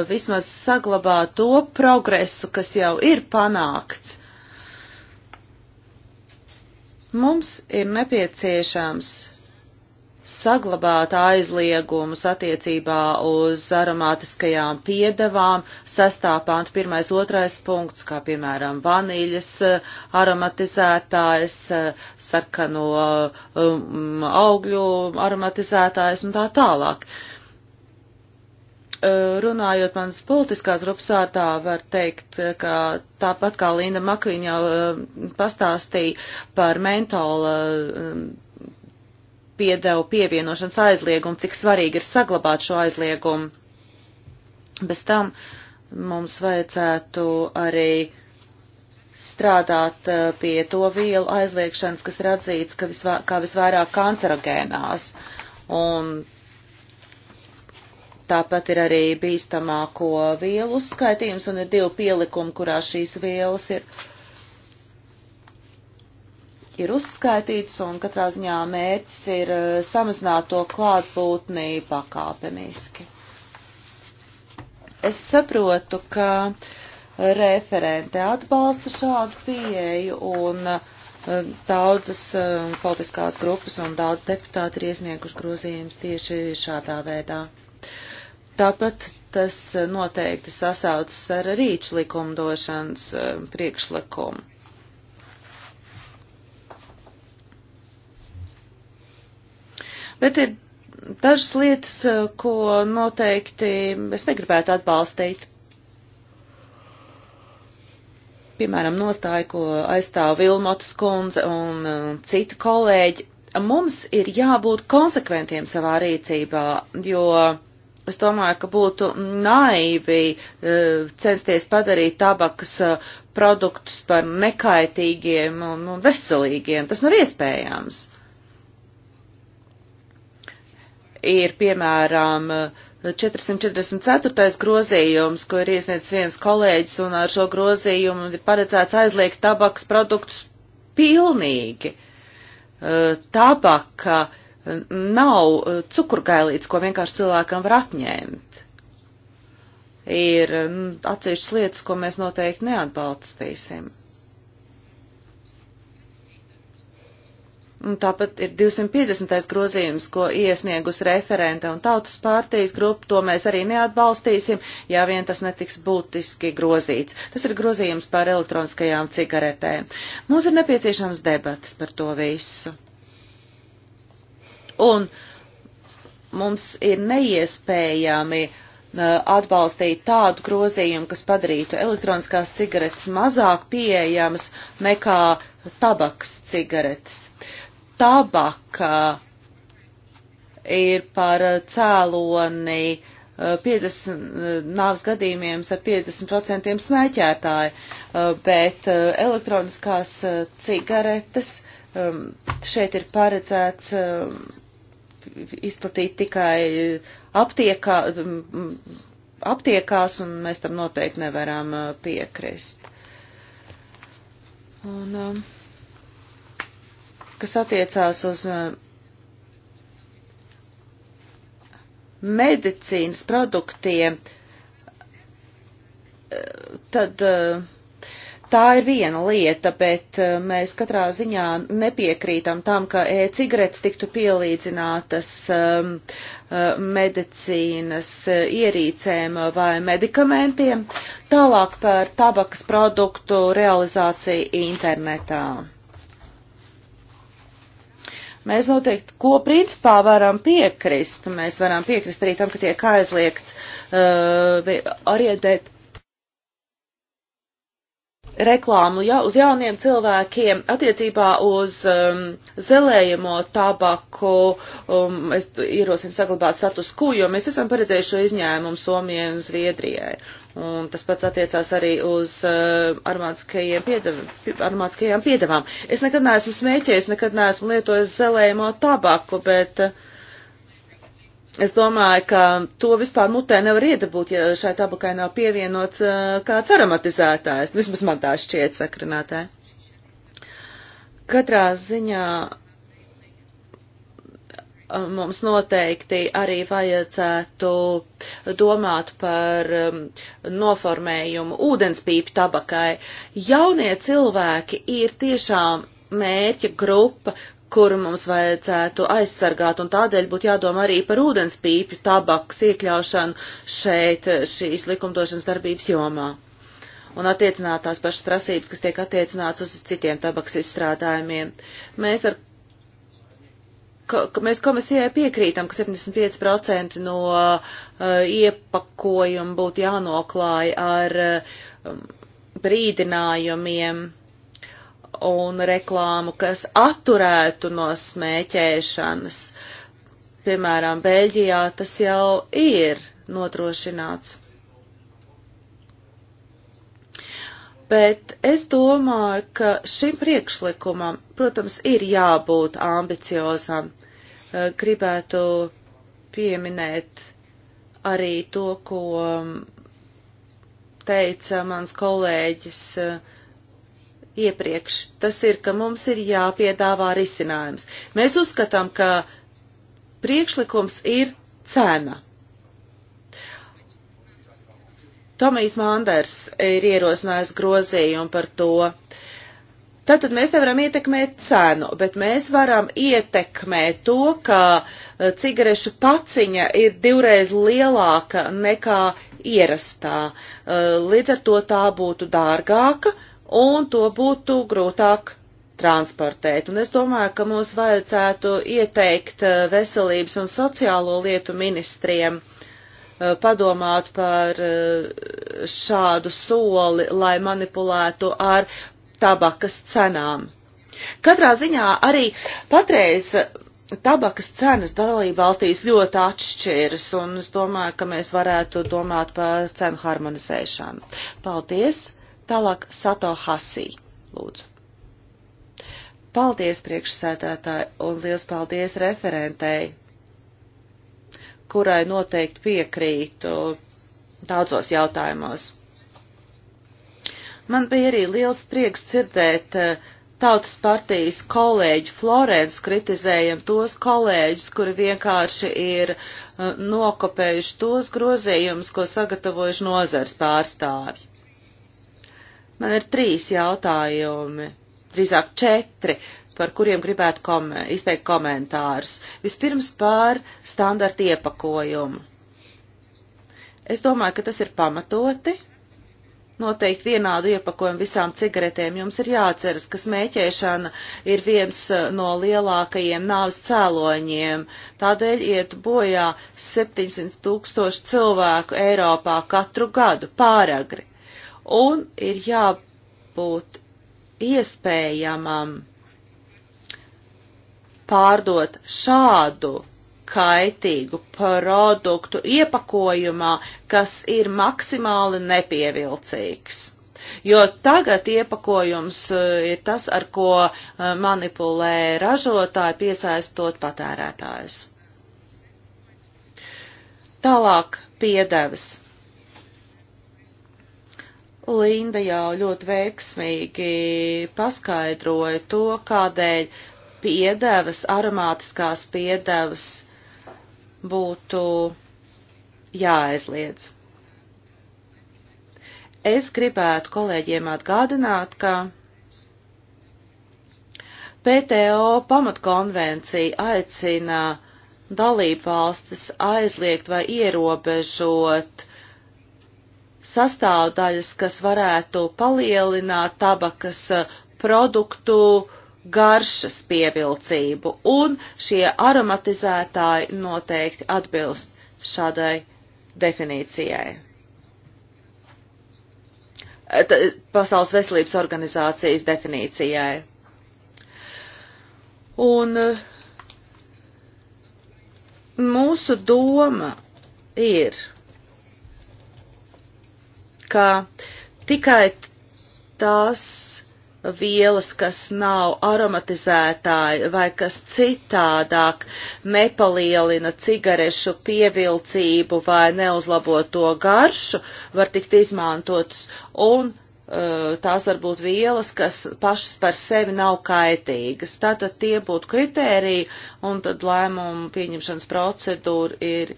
vismaz saglabāt to progresu, kas jau ir panākts. Mums ir nepieciešams saglabāt aizliegumus attiecībā uz aromātiskajām piedevām, sestā pānta pirmais otrais punkts, kā piemēram vanīļas eh, aromatizētājs, eh, sarkano um, augļu aromatizētājs un tā tālāk. Eh, runājot manas politiskās grupas vārtā, var teikt, ka tāpat kā Linda Makviņa jau pastāstīja par mentola um, piedevu pievienošanas aizliegumu, cik svarīgi ir saglabāt šo aizliegumu. Bez tam mums vajadzētu arī strādāt eh, pie to vielu aizliegšanas, kas ir atzīts ka visvā, kā visvairāk kancerogēnās. Un tāpat ir arī bīstamāko vielu uzskaitījums un ir divi pielikumi, kurā šīs vielas ir ir uzskaitīts, un katrā ziņā mērķis ir eh, samazināt to klātbūtnī pakāpeniski. Es saprotu, ka referente atbalsta šādu pieeju, un eh, daudzas eh, politiskās grupas un daudz deputāti ir iesnieguši grozījumus tieši šādā veidā. Tāpat tas noteikti sasaucas ar rīčlikumdošanas priekšlikumu Bet ir dažas lietas, eh, ko noteikti es negribētu atbalstīt. Piemēram, nostāja, ko aizstāv Vilmotas kundze un eh, citi kolēģi. Mums ir jābūt konsekventiem savā rīcībā, jo es domāju, ka būtu naivi eh, censties padarīt tabakas produktus par nekaitīgiem un veselīgiem. Tas nav iespējams ir piemēram 444. grozījums, ko ir iesniedzis viens kolēģis, un ar šo grozījumu ir paredzēts aizliegt tabaks produktus pilnīgi. Uh, tabaka nav uh, cukurgailīts, ko vienkārši cilvēkam var atņemt. Ir mm, atsevišķas lietas, ko mēs noteikti neatbalstīsim. Un tāpat ir 250. grozījums, ko iesniegus referenta un tautas pārtīs grupa, to mēs arī neatbalstīsim, ja vien tas netiks būtiski grozīts. Tas ir grozījums par elektroniskajām cigaretēm. Mums ir nepieciešams debatas par to visu. Un mums ir neiespējami uh, atbalstīt tādu grozījumu, kas padarītu elektroniskās cigaretes mazāk pieejamas nekā tabaks cigaretes tabaka ir par cēloni 50 eh, eh, nāvs gadījumiem ar 50% smēķētāji, eh, bet elektroniskās cigaretes ehm, šeit ir paredzēts ehm, izplatīt tikai aptiekā, aptiekās, un mēs tam noteikti nevaram piekrist. Un, um, kas attiecās uz uh, medicīnas produktiem, uh, tad uh, tā ir viena lieta, bet mēs katrā ziņā nepiekrītam tam, ka e-cigaretes tiktu pielīdzinātas um, medicīnas ierīcēm vai medikamentiem, tālāk par tabakas produktu realizāciju internetā. Mēs noteikti, ko principā varam piekrist, mēs varam piekrist arī tam, ka tiek aizliegts uh, orientēt reklāmu ja, uz jauniem cilvēkiem attiecībā uz um, zelējamo tabaku. Um, es ierosinu saglabāt status quo, jo mēs esam paredzējuši šo izņēmumu Somijai un Zviedrijai. Un tas pats attiecās arī uz uh, piedev, armātskajām piedevām. Es nekad neesmu smēķējis, nekad neesmu lietojis zelējamo tabaku, bet. Uh, Es domāju, ka to vispār mutē nevar iedabūt, ja šai tabakai nav pievienots kāds aromatizētājs. Nu, vismaz man tā šķiet sakrinātāji. Katrā ziņā mums noteikti arī vajadzētu domāt par noformējumu ūdenspīpi tabakai. Jaunie cilvēki ir tiešām mērķa grupa, kuru mums vajadzētu aizsargāt, un tādēļ būtu jādomā arī par ūdenspīpju tabakas iekļaušanu šeit šīs likumdošanas darbības jomā un attiecināt tās pašas prasības, kas tiek attiecināts uz citiem tabaks izstrādājumiem. Mēs, ar, ko, mēs komisijai piekrītam, ka 75% no uh, iepakojuma būtu jānoklāja ar uh, brīdinājumiem un reklāmu, kas atturētu no smēķēšanas. Piemēram, Beļģijā tas jau ir notrošināts. Bet es domāju, ka šim priekšlikumam, protams, ir jābūt ambiciozam. Eh, gribētu pieminēt arī to, ko teica mans kolēģis uh, iepriekš, tas ir, ka mums ir jāpiedāvā risinājums. Mēs uzskatām, ka priekšlikums ir cena. Tomijs Manders ir ierosinājis grozījumu par to. Tātad mēs nevaram ietekmēt cenu, bet mēs varam ietekmēt to, ka eh, cigarešu paciņa ir divreiz lielāka nekā ierastā. Eh, līdz ar to tā būtu dārgāka un to būtu grūtāk transportēt. Un es domāju, ka mums vajadzētu ieteikt eh, veselības un sociālo lietu ministriem eh, padomāt par eh, šādu soli, lai manipulētu ar tabakas cenām. Katrā ziņā arī patreiz tabakas cenas dalība valstīs ļoti atšķiras, un es domāju, ka mēs varētu domāt par cenu harmonizēšanu. Paldies! Tālāk Sato Hasī, lūdzu. Paldies priekšsēdētāji un liels paldies referentei, kurai noteikti piekrītu daudzos jautājumos. Man bija arī liels prieks dzirdēt eh, Tautas partijas kolēģi Florence kritizējam tos kolēģus, kuri vienkārši ir eh, nokopējuši tos grozījumus, ko sagatavojuši nozars pārstāvi. Man ir trīs jautājumi, drīzāk četri, par kuriem gribētu kom izteikt komentārus. Vispirms par standarta iepakojumu. Es domāju, ka tas ir pamatoti. Noteikti vienādu iepakojumu visām cigaretēm jums ir jāatceras, ka smēķēšana ir viens eh, no lielākajiem nāves cēloņiem. Tādēļ iet bojā 700 tūkstoši cilvēku Eiropā katru gadu pāragri un ir jābūt iespējamam pārdot šādu kaitīgu produktu iepakojumā, kas ir maksimāli nepievilcīgs. Jo tagad iepakojums eh, ir tas, ar ko eh, manipulē ražotāji, piesaistot patērētājus. Tālāk piedevis. Linda jau ļoti veiksmīgi paskaidroja to, kādēļ piedevas, aromātiskās piedevas būtu jāaizliedz. Es gribētu kolēģiem atgādināt, ka PTO pamatkonvencija aicina dalību valstis aizliegt vai ierobežot sastāvdaļas, kas varētu palielināt tabakas eh, produktu garšas pievilcību, un šie aromatizētāji noteikti atbilst šādai definīcijai. Eh, t Pasaules veselības organizācijas definīcijai. Un eh, mūsu doma ir ka tikai tās vielas, kas nav aromatizētāji vai kas citādāk nepalielina cigarešu pievilcību vai neuzlabo to garšu, var tikt izmantotas un uh, tās var būt vielas, kas pašas par sevi nav kaitīgas. Tātad tie būtu kritēriji, un tad lēmumu pieņemšanas procedūra ir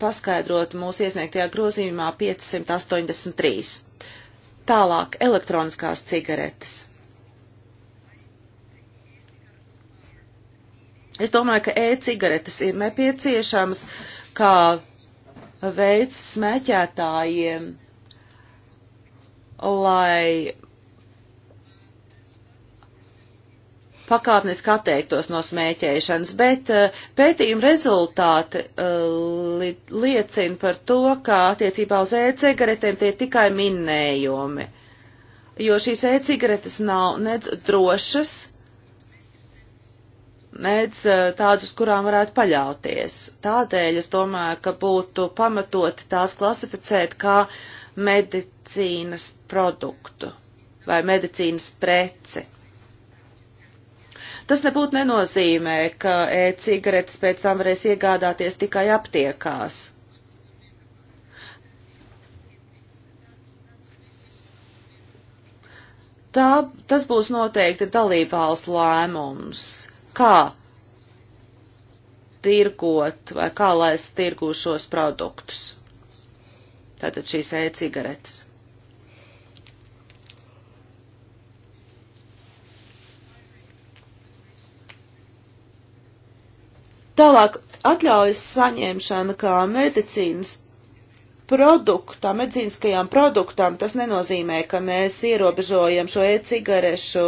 paskaidrot mūsu iesniegtajā grozījumā 583. Tālāk elektroniskās cigaretes. Es domāju, ka e-cigaretes ir nepieciešams kā veids smēķētājiem, lai pakāpeniski atteiktos no smēķēšanas, bet eh, pētījuma rezultāti eh, li, liecina par to, ka attiecībā uz e-cigaretēm tie ir tikai minējumi, jo šīs e-cigaretes nav nec drošas, nec eh, tādas, uz kurām varētu paļauties. Tādēļ es domāju, ka būtu pamatoti tās klasificēt kā medicīnas produktu vai medicīnas preci. Tas nebūtu nenozīmē, ka e-cigaretes pēc tam varēs iegādāties tikai aptiekās. Tā, tas būs noteikti dalībvalstu lēmums, kā tirgot vai kā lai es tirgu šos produktus. Tātad šīs e-cigaretes. Tālāk atļaujas saņemšana kā medicīnas produktā, medicīniskajām produktām, tas nenozīmē, ka mēs ierobežojam šo e-cigarešu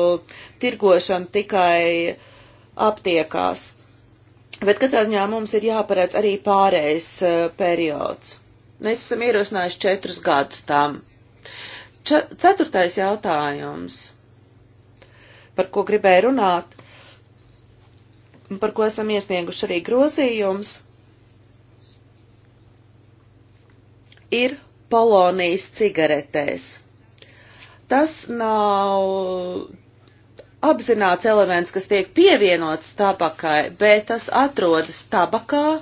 tirgošanu tikai aptiekās. Bet katrā ziņā mums ir jāparedz arī pārējais uh, periods. Mēs esam ierosinājuši četrus gadus tam. Ča ceturtais jautājums, par ko gribēju runāt, par ko esam iesnieguši arī grozījums, ir polonijas cigaretēs. Tas nav apzināts elements, kas tiek pievienots tabakai, bet tas atrodas tabakā,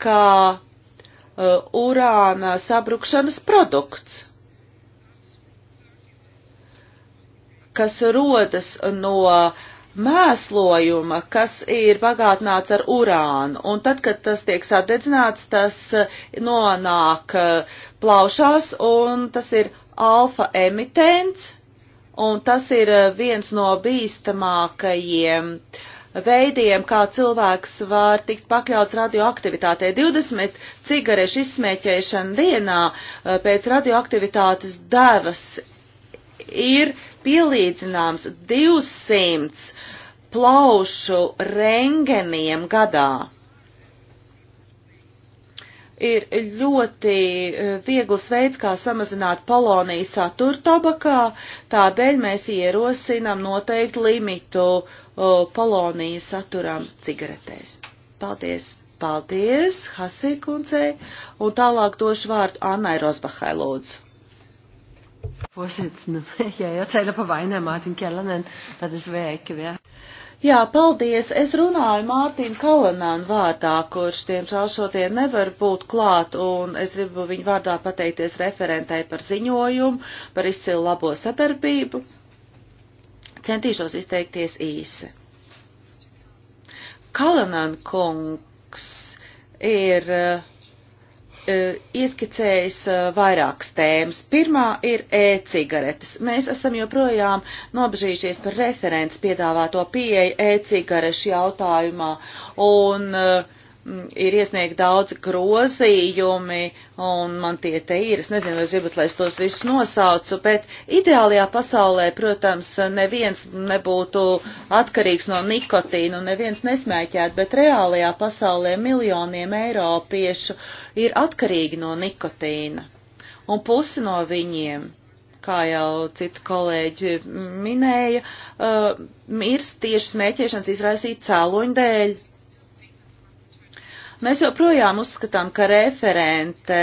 kā uh, urāna sabrukšanas produkts, kas rodas no uh, mēslojuma, kas ir bagātināts ar urānu, un tad, kad tas tiek sadedzināts, tas eh, nonāk eh, plaušās, un tas ir alfa emitents, un tas ir eh, viens no bīstamākajiem veidiem, kā cilvēks var tikt pakļauts radioaktivitātei. 20 cigarešu izsmēķēšana dienā pēc radioaktivitātes devas ir uh, pielīdzināms 200 plaušu rengeniem gadā. Ir ļoti e, viegls veids, kā samazināt poloniju saturu tobakā, tādēļ mēs ierosinām noteikti limitu e, poloniju saturam cigaretēs. Paldies! Paldies, Hasī kundzei, un tālāk došu vārdu Annai Rozbahai lūdzu. Posicinu. Jā, jāceļa pa vainē Mārtiņu Kellanenu, tad es vēl ekki vēl. Jā, paldies. Es runāju Mārtiņu Kalanānu vārdā, kurš tiemžēl šodien nevar būt klāt, un es gribu viņu vārdā pateikties referentai par ziņojumu, par izcilu labo sadarbību. Centīšos izteikties īsi. Kalanāna kungs ir uh, E, ieskicējis e, vairākas tēmas. Pirmā ir e-cigaretes. Mēs esam joprojām nobežījušies par referents piedāvāto pieeju e-cigarešu jautājumā, un uh, Mm, ir iesniegt daudz grozījumi, un man tie te ir. Es nezinu, vai jūs gribat, lai es tos visus nosaucu, bet ideālajā pasaulē, protams, neviens nebūtu atkarīgs no nikotīna, un neviens nesmēķētu, bet reālajā pasaulē miljoniem eiropiešu ir atkarīgi no nikotīna. Un pusi no viņiem, kā jau citi kolēģi minēja, uh, mirst tieši smēķēšanas izraisīt cēloņu dēļ Mēs joprojām uzskatām, ka referente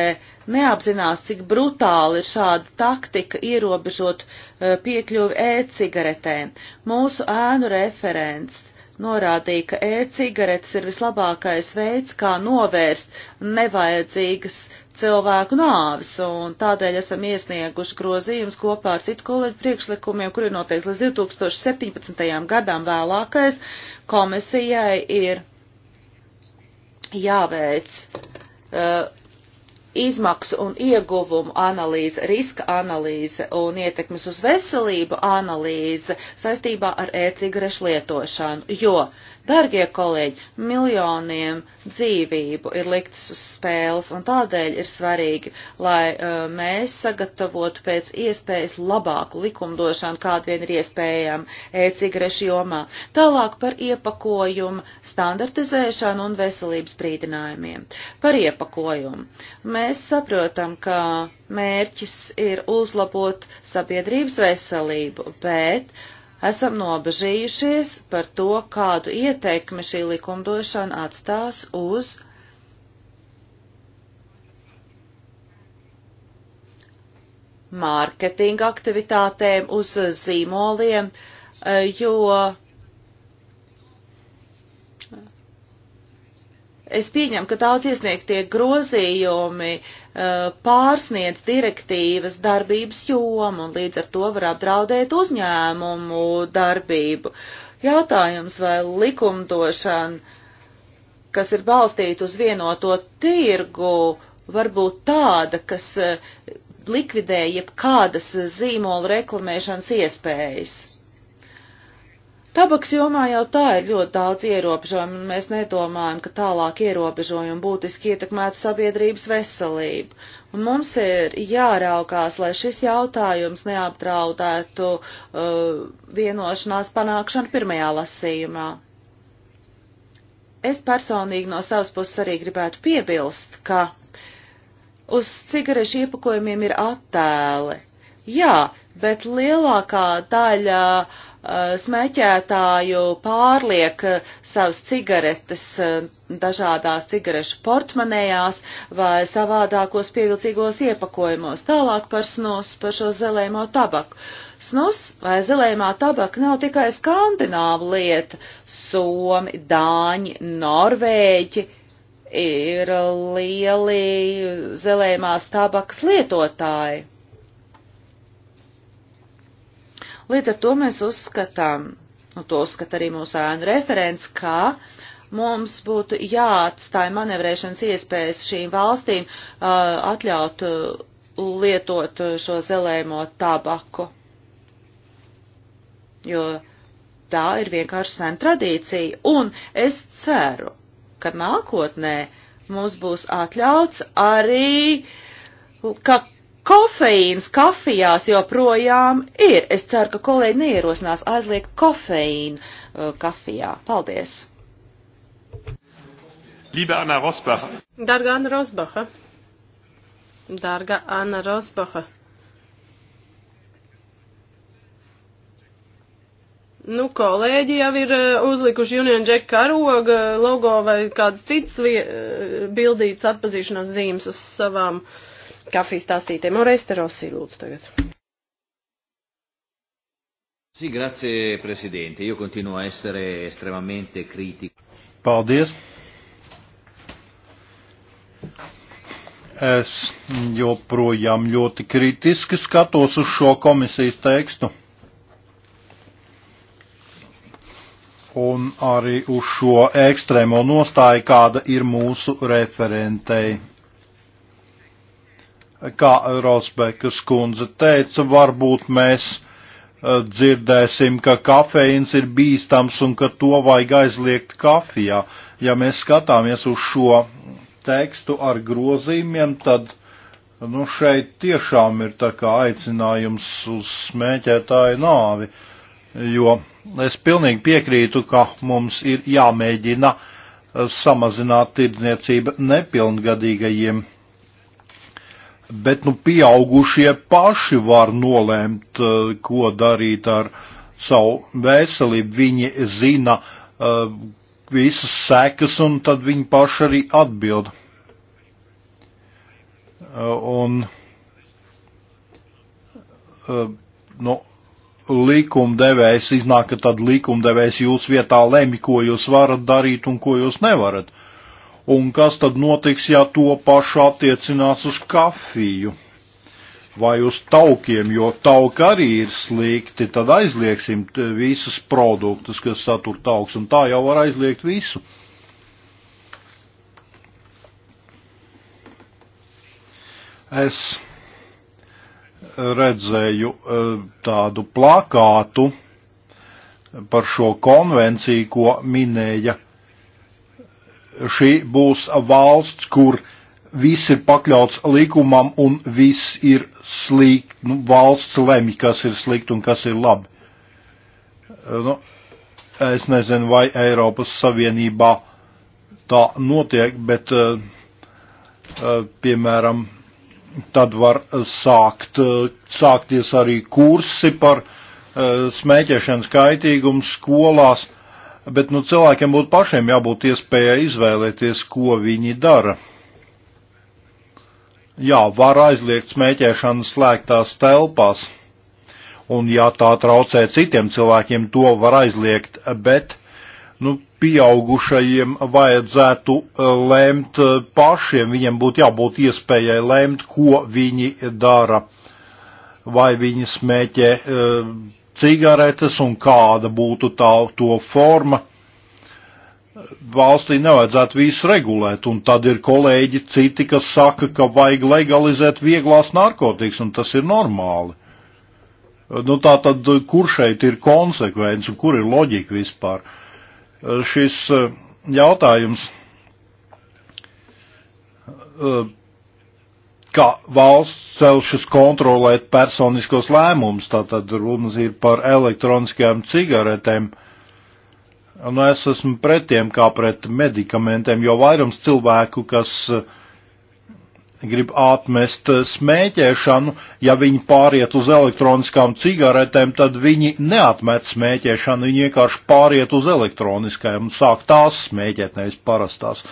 neapzinās, cik brutāli ir šāda taktika ierobežot eh, piekļuvi e-cigaretēm. Mūsu ēnu referents norādīja, ka e-cigaretes ir vislabākais veids, kā novērst nevajadzīgas cilvēku nāvis, un tādēļ esam iesnieguši grozījumus kopā ar citu kolēģu priekšlikumiem, kuri noteikti līdz 2017. gadam vēlākais komisijai ir jāveic uh, izmaksu un ieguvumu analīze, riska analīze un ietekmes uz veselību analīze saistībā ar e-cigarešu lietošanu, jo Dargie kolēģi, miljoniem dzīvību ir liktas uz spēles, un tādēļ ir svarīgi, lai uh, mēs sagatavotu pēc iespējas labāku likumdošanu, kādu vien ir iespējama e-cigarešu jomā. Tālāk par iepakojumu, standartizēšanu un veselības brīdinājumiem. Par iepakojumu. Mēs saprotam, ka mērķis ir uzlabot sabiedrības veselību, bet uh, Esam nobežījušies par to, kādu ieteikmi šī likumdošana atstās uz mārketinga aktivitātēm, uz zīmoliem, jo es pieņemu, ka daudz iesniegtie grozījumi uh, Uh, pārsniedz direktīvas darbības jomu un līdz ar to var apdraudēt uzņēmumu darbību. Jautājums vai likumdošana, kas ir balstīta uz vienoto tirgu, var būt tāda, kas uh, likvidē jebkādas zīmola reklamēšanas iespējas. Tabaks jomā jau tā ir ļoti daudz ierobežojumu, un mēs nedomājam, ka tālāk ierobežojumi būtiski ietekmētu sabiedrības veselību. Un mums ir jāraukās, lai šis jautājums neapdraudētu uh, vienošanās panākšanu pirmajā lasījumā. Es personīgi no savas puses arī gribētu piebilst, ka uz cigarešu iepakojumiem ir attēli. Jā, bet lielākā daļa uh, Eh, smēķētāju pārliek eh, savas cigaretes eh, dažādās cigarešu portmanējās vai savādākos pievilcīgos iepakojumos. Tālāk par snus, par šo zelēmo tabaku. Snus vai zelēmā tabaka nav tikai skandināva lieta. Somi, dāņi, norvēģi ir lieli zelēmās tabakas lietotāji. Līdz ar to mēs uzskatām, nu to uzskata arī mūsu ēnu referents, kā mums būtu jāatstāja manevrēšanas iespējas šīm valstīm uh, atļaut uh, lietot uh, šo zelēmo tabaku. Jo tā ir vienkārši sen tradīcija, un es ceru, ka nākotnē mums būs atļauts arī, ka Kofeīns kafijās joprojām ir. Es ceru, ka kolēģi neierosinās aizliegt kofeīnu uh, kafijā. Paldies! Liebe Anna Rosbacha. Darga Anna Rosbacha. Darga Anna Rosbacha. Nu, kolēģi jau ir uh, uzlikuši Union Jack karoga logo vai kādas citas uh, bildītas atpazīšanās zīmes uz savām uh, kafijas tāsītēm. Oreiz te Rosī lūdzu tagad. Sì, grazie Presidente. Io continuo a essere estremamente critico. Paldies. Es joprojām ļoti kritiski skatos uz šo komisijas tekstu. Un arī uz šo ekstrēmo nostāju, kāda ir mūsu referentei kā Rosbekas kundze teica, varbūt mēs eh, dzirdēsim, ka kafeīns ir bīstams un ka to vajag aizliegt kafijā. Ja mēs skatāmies uz šo tekstu ar grozījumiem, tad nu, šeit tiešām ir tā kā aicinājums uz smēķētāju nāvi, jo es pilnīgi piekrītu, ka mums ir jāmēģina eh, samazināt tirdzniecība nepilngadīgajiem bet nu pieaugušie paši var nolēmt, eh, ko darīt ar savu veselību. Viņi zina uh, visas sekas un tad viņi paši arī atbild. Uh, un, uh, nu, likumdevējs iznāk, ka tad likumdevējs jūs vietā lemj, ko jūs varat darīt un ko jūs nevarat. Uh, Un kas tad notiks, ja to pašu attiecinās uz kafiju vai uz taukiem, jo tauki arī ir slikti, tad aizliegsim visus produktus, kas satur tauks, un tā jau var aizliegt visu. Es redzēju e, tādu plakātu par šo konvenciju, ko minēja šī būs valsts, kur viss ir pakļauts likumam un viss ir slikti, nu, valsts lemj, kas ir slikti un kas ir labi. Eh, nu, es nezinu, vai Eiropas Savienībā tā notiek, bet, eh, eh, piemēram, tad var sākt, sākties arī kursi par smēķēšanas kaitīgumu skolās bet nu, cilvēkiem būtu pašiem jābūt iespējai izvēlēties, ko viņi dara. Jā, var aizliegt smēķēšanu slēgtās telpās, un ja tā traucē citiem cilvēkiem, to var aizliegt, bet nu, pieaugušajiem vajadzētu eh, lēmt eh, pašiem, viņiem būtu jābūt iespējai lēmt, ko viņi dara vai viņi smēķē eh, cigaretes un kāda būtu tā, to forma. Valstī nevajadzētu visu regulēt, un tad ir kolēģi citi, kas saka, ka vajag legalizēt vieglās narkotikas, un tas ir normāli. Nu, tā tad, kur šeit ir konsekvence un kur ir loģika vispār? Šis eh, jautājums eh, ka valsts celšas kontrolēt personiskos lēmumus, tātad runas ir par elektroniskajām cigaretēm. Nu, es esmu pret tiem kā pret medikamentiem, jo vairums cilvēku, kas eh, grib atmest eh, smēķēšanu, ja viņi pāriet uz elektroniskām cigaretēm, tad viņi neatmet smēķēšanu, viņi vienkārši pāriet uz elektroniskajām un sāk tās smēķēt, nevis parastās.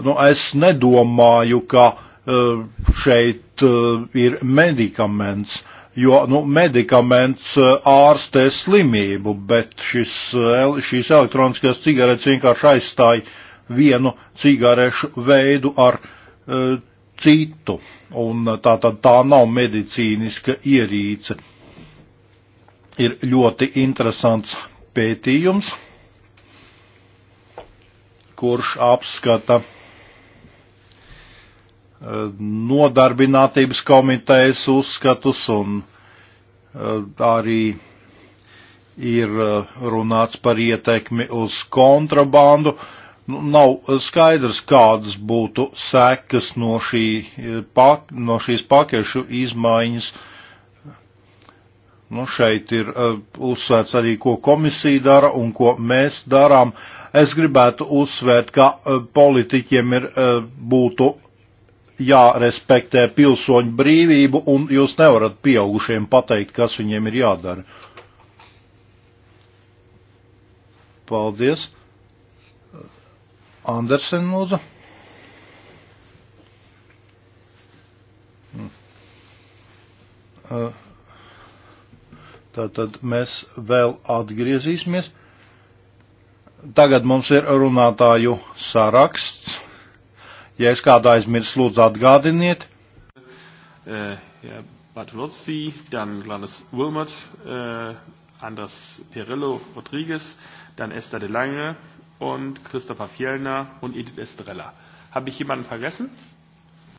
Nu, es nedomāju, ka Eh, šeit eh, ir medikaments, jo nu, medikaments eh, ārstē slimību, bet šis, šīs elektroniskās cigaretes vienkārši aizstāja vienu cigarešu veidu ar uh, citu, un tā tad tā nav medicīniska ierīce. Ir ļoti interesants pētījums, kurš apskata uh, nodarbinātības komitejas uzskatus un eh, arī ir eh, runāts par ietekmi uz kontrabandu. Nu, nav skaidrs, kādas būtu sekas no, šī, eh, no šīs pakešu izmaiņas. Nu, šeit ir uh, uzsvērts arī, ko komisija dara un ko mēs darām. Es gribētu uzsvērt, ka uh, politiķiem ir uh, būtu jārespektē pilsoņu brīvību, un jūs nevarat pieaugušiem pateikt, kas viņiem ir jādara. Paldies. Andersen lūdzu. Hmm. Eh, tātad mēs vēl atgriezīsimies. Tagad mums ir runātāju saraksts. Ja es kādu aizmirsu, lūdzu atgādiniet. Uh, äh, yeah. Bartolozzi, dann Gladys Wilmot, äh, Anders Perillo Rodriguez, dann Esther de Lange und Christopher Fjellner und Edith Estrella. Habe ich jemanden vergessen?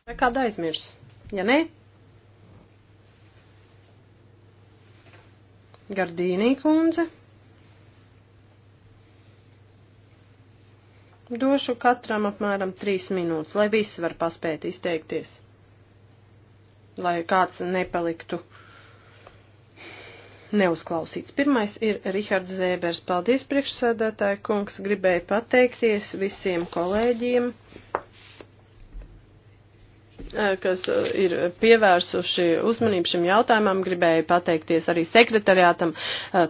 Vai kāda aizmirst? Ja nē? Gardīnī kundze. Došu katram apmēram trīs minūtes, lai visi var paspēt izteikties. Lai kāds nepaliktu neuzklausīts. Pirmais ir Rihards Zēbers. Paldies, priekšsēdētāji kungs, gribēju pateikties visiem kolēģiem Eh, kas eh, ir pievērsuši uzmanību šim jautājumam. Gribēju pateikties arī sekretariātam.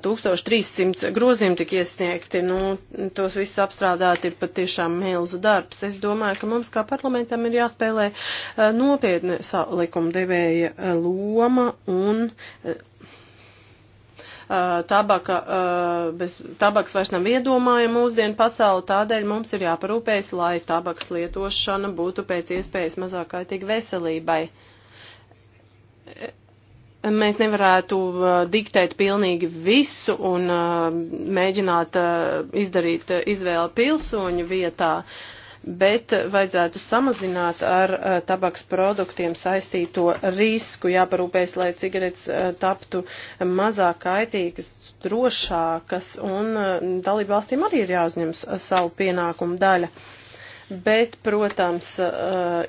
1300 eh, grozījumi tika iesniegti. Nu, tos visus apstrādāt ir patiešām milzu darbs. Es domāju, ka mums kā parlamentam ir jāspēlē nopietni likumdevēja loma un Eh, tabaka, eh, bez tabaks vairs nav iedomājama mūsdienu pasauli, tādēļ mums ir jāparūpējas, lai tabaks lietošana būtu pēc iespējas mazāk kaitīgi veselībai. Eh, mēs nevarētu diktēt pilnīgi visu un mēģināt izdarīt izvēli pilsoņu vietā. Uh, bet vajadzētu samazināt ar e, tabaks produktiem saistīto risku, jāparūpēs, lai cigaretes e, taptu mazāk kaitīgas, drošākas, un e, dalību valstīm arī ir jāuzņems savu pienākumu daļu bet, protams, uh,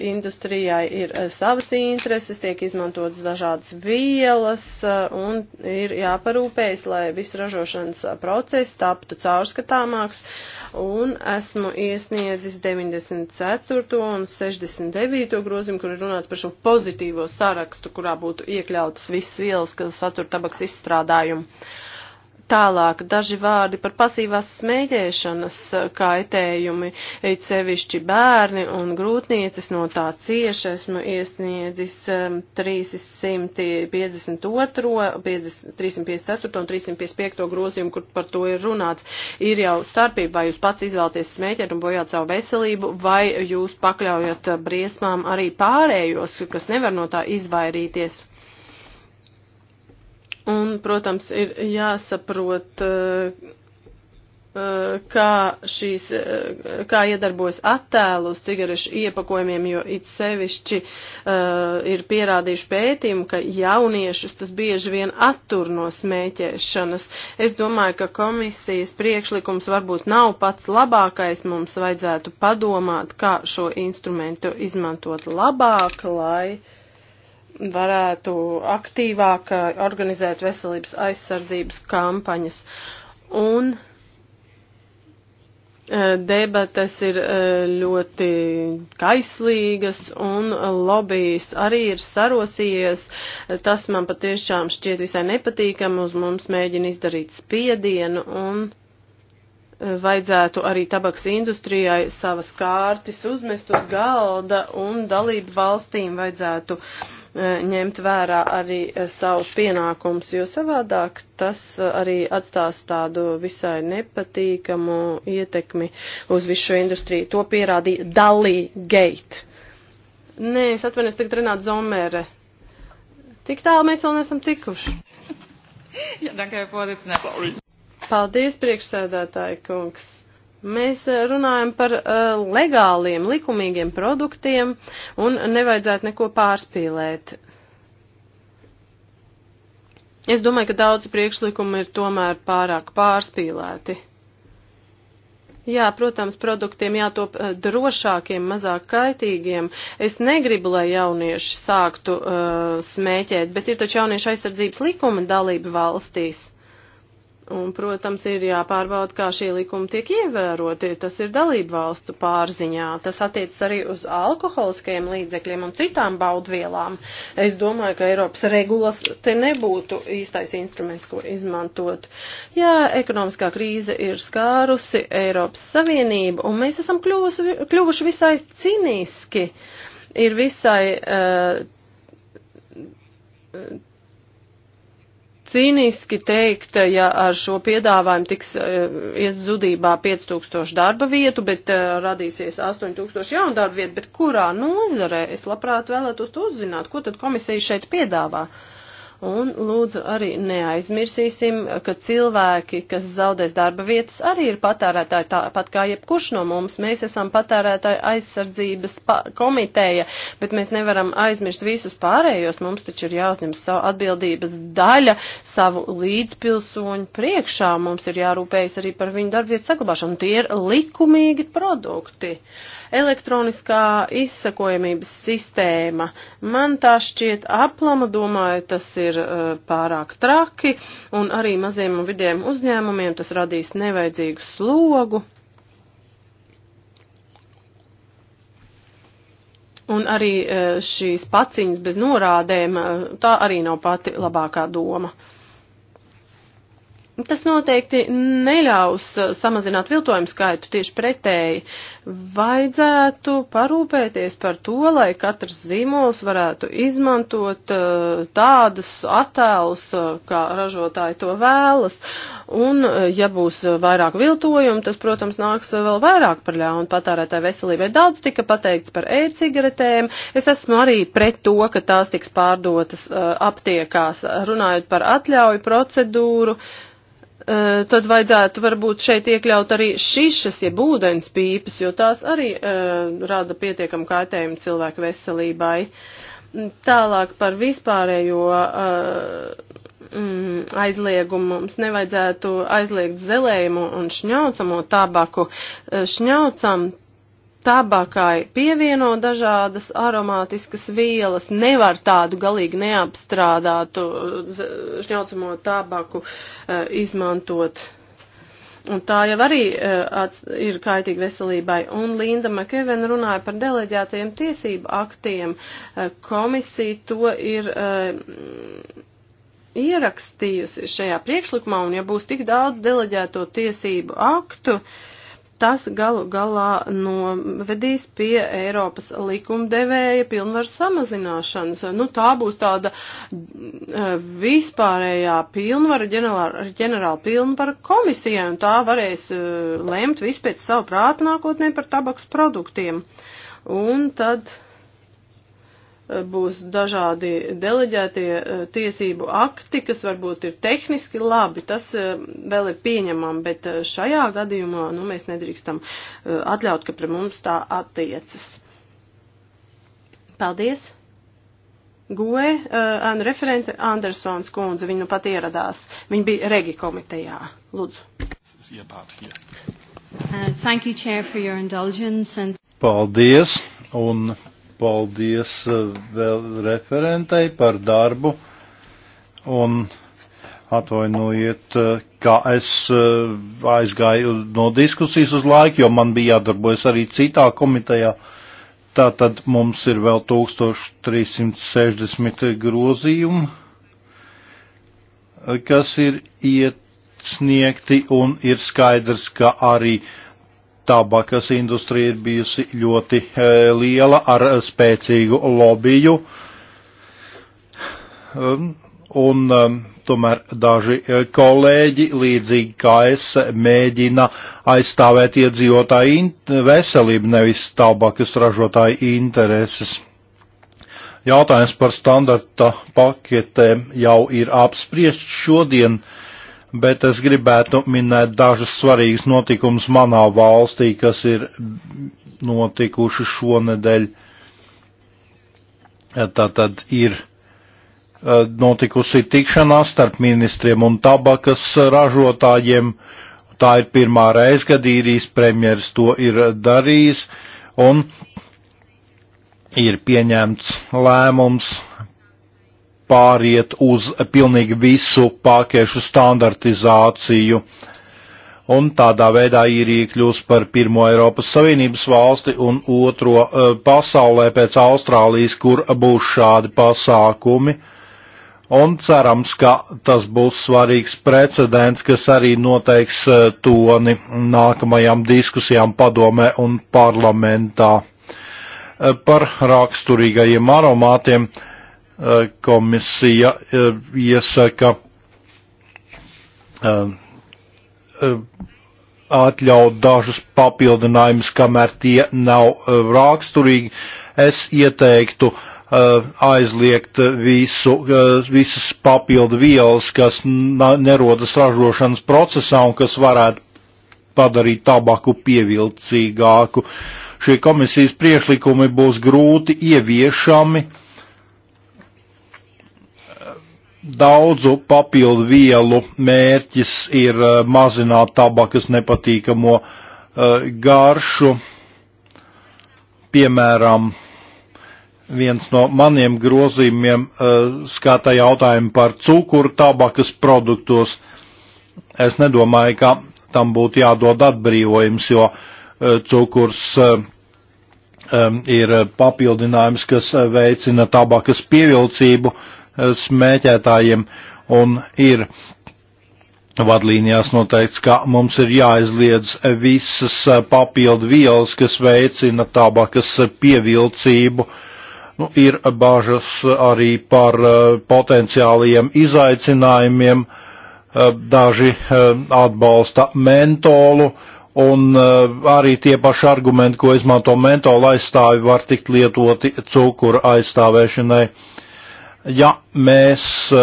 industrijai ir uh, savas intereses, tiek izmantotas dažādas vielas uh, un ir jāparūpējas, lai viss ražošanas process taptu caurskatāmāks. Un esmu iesniedzis 94. un 69. grozījumu, kur ir runāts par šo pozitīvo sarakstu, kurā būtu iekļautas visas vielas, kas satur tabaks izstrādājumu. Uh, Tālāk daži vārdi par pasīvās smēķēšanas eh, kaitējumi, it sevišķi bērni un grūtniecis no tā cieši esmu iesniedzis 352, 50, 354 un 355 grozījumu, kur par to ir runāts. Ir jau starpība, vai jūs pats izvēlaties smēķēt un bojāt savu veselību, vai jūs pakļaujat briesmām arī pārējos, kas nevar no tā izvairīties. Un, protams, ir jāsaprot, eh, eh, kā, šīs, eh, kā iedarbojas attēlu uz cigarešu iepakojumiem, jo it sevišķi ir pierādījuši pētījumi, ka jauniešus tas bieži vien attur no smēķēšanas. Es domāju, ka komisijas priekšlikums varbūt nav pats labākais. Mums vajadzētu padomāt, kā šo instrumentu izmantot labāk, lai. Uh, varētu aktīvāk eh, organizēt veselības aizsardzības kampaņas. Un eh, debates ir eh, ļoti kaislīgas un lobijas arī ir sarosījies. Tas man patiešām šķiet visai nepatīkam, uz mums mēģina izdarīt spiedienu un vajadzētu arī tabaks industrijai savas kārtas uzmest uz galda un dalību valstīm vajadzētu uh, E, ņemt vērā arī e, savus pienākumus, jo savādāk tas e, arī atstās tādu visai nepatīkamu ietekmi uz visu šo industriju. To pierādīja Dalī Gate. Nē, es atvainojos, tagad Renāta Zomere. Tik tālu mēs vēl neesam tikuši. Jā, *laughs* ja, dankai, paldies, priekšsēdētāji kungs. Mēs eh, runājam par uh, legāliem, likumīgiem produktiem un nevajadzētu neko pārspīlēt. Es domāju, ka daudzi priekšlikumi ir tomēr pārāk pārspīlēti. Jā, protams, produktiem jātop eh, drošākiem, mazāk kaitīgiem. Es negribu, lai jaunieši sāktu uh, smēķēt, bet ir taču jauniešu aizsardzības likuma dalība valstīs. Un, protams, ir jāpārbauda, kā šie likumi tiek ievēroti. Tas ir dalību valstu pārziņā. Tas attiecas arī uz alkoholiskajiem līdzekļiem un citām baudvielām. Es domāju, ka Eiropas regulas te nebūtu īstais instruments, ko izmantot. Jā, ekonomiskā krīze ir skārusi Eiropas Savienību, un mēs esam kļuvusi, kļuvuši visai ciniski. Ir visai. Uh, cīniski teikt, ja ar šo piedāvājumu tiks eh, iezudībā 5000 darba vietu, bet eh, radīsies 8000 jaunu darba vietu, bet kurā nozarē es labprāt vēlētos to uzzināt, ko tad komisija šeit piedāvā. Uh, Un lūdzu arī neaizmirsīsim, ka cilvēki, kas zaudēs darba vietas, arī ir patērētāji tāpat kā jebkurš no mums. Mēs esam patērētāji aizsardzības pa komiteja, bet mēs nevaram aizmirst visus pārējos. Mums taču ir jāuzņem savu atbildības daļa savu līdzpilsoņu priekšā. Mums ir jārūpējas arī par viņu darbvietu saglabāšanu. Tie ir likumīgi produkti. Uh, Elektroniskā izsakojamības sistēma. Man tā šķiet aplama, domāju, tas ir uh, pārāk traki, un arī maziem un vidiem uzņēmumiem tas radīs nevajadzīgu slogu. Un arī uh, šīs paciņas bez norādēm, uh, tā arī nav pati labākā doma. Tas noteikti neļaus uh, samazināt viltojumu skaitu tieši pretēji. Vajadzētu parūpēties par to, lai katrs zīmols varētu izmantot uh, tādus attēlus, uh, kā ražotāji to vēlas. Un, ja būs vairāk viltojumu, tas, protams, nāks vēl vairāk par ļaunu patērētāju veselībai. Daudz tika pateikts par e-cigaretēm. Es esmu arī pret to, ka tās tiks pārdotas aptiekās, runājot par atļauju procedūru. Uh, tad vajadzētu varbūt šeit iekļaut arī šišas, jeb ūdens pīpes, jo tās arī uh, rada pietiekam kaitējumu cilvēku veselībai. Tālāk par vispārējo uh, mm, aizliegumu mums nevajadzētu aizliegt zelējumu un šņaucamo tabaku. Šņaucam tabakai pievieno dažādas aromātiskas vielas, nevar tādu galīgi neapstrādātu šņaucamo tabaku e, izmantot. Un tā jau arī e, ir kaitīga veselībai. Un Linda Makevena runāja par deleģētajiem tiesību aktiem. E, komisija to ir ierakstījusi šajā priekšlikumā, un ja būs tik daudz deleģēto tiesību aktu, uh, tas galu galā novedīs pie Eiropas likumdevēja pilnvaru samazināšanas. Nu, tā būs tāda mm, eh, vispārējā pilnvara, ģenerāla, ģenerāla pilnvara komisijai, un tā varēs eh, lemt vispēc savu prātu nākotnē par tabaks produktiem. Un tad būs dažādi deleģētie eh, tiesību akti, kas varbūt ir tehniski labi, tas eh, vēl ir pieņemam, bet eh, šajā gadījumā nu, mēs nedrīkstam atļaut, ka pret mums tā attiecas. Paldies! Goe, uh, referente Andersons kundze, viņa nu pat ieradās. Viņa bija regi komitejā. Lūdzu. Uh, thank you, Chair, for your indulgence. And... Paldies, un paldies eh, vēl referentei par darbu un atvainojiet, eh, ka es eh, aizgāju no diskusijas uz laiku, jo man bija jādarbojas arī citā komitejā. Tātad mums ir vēl 1360 grozījumu, kas ir iesniegti un ir skaidrs, ka arī uh, tabakas industrija ir bijusi ļoti e, liela ar spēcīgu lobiju. Um, un um, tomēr daži e, kolēģi, līdzīgi kā es, mēģina aizstāvēt iedzīvotāju veselību, nevis tabakas ražotāju intereses. Jautājums par standarta paketēm jau ir apspriests šodien. Uh, bet es gribētu minēt dažus svarīgus notikumus manā valstī, kas ir notikuši šonedēļ. Tātad ir eh, notikusi tikšanās starp ministriem un tabakas ražotājiem. Tā ir pirmā reize, kad īrijas premjeras to ir darījis un ir pieņemts lēmums pāriet uz pilnīgi visu pākiešu standartizāciju. Un tādā veidā īrija kļūs par pirmo Eiropas Savienības valsti un otro eh, pasaulē pēc Austrālijas, kur būs šādi pasākumi. Un cerams, ka tas būs svarīgs precedents, kas arī noteiks eh, toni nākamajām diskusijām padomē un parlamentā eh, par raksturīgajiem aromātiem. Uh, Eh, komisija eh, iesaka eh, atļaut dažus papildinājumus, kamēr tie nav raksturīgi. Es ieteiktu aizliegt visu, visas papildu vielas, kas nerodas ražošanas procesā un kas varētu padarīt tabaku pievilcīgāku. Šie komisijas priekšlikumi būs grūti ieviešami. Uh, Daudzu papildu vielu mērķis ir eh, mazināt tabakas nepatīkamo eh, garšu. Piemēram, viens no maniem grozījumiem eh, skata jautājumu par cukuru tabakas produktos. Es nedomāju, ka tam būtu jādod atbrīvojums, jo cukurs ir papildinājums, kas veicina tabakas pievilcību. Uh, smēķētājiem un ir vadlīnijās noteikts, ka mums ir jāizliedz visas eh, papildu vielas, kas veicina tabakas pievilcību. Nu, ir bažas arī par eh, potenciālajiem izaicinājumiem. Eh, daži atbalsta mentolu, un arī tie paši argumenti, ko izmanto mentola aizstāvi, var tikt lietoti cukura aizstāvēšanai. Ja mēs e,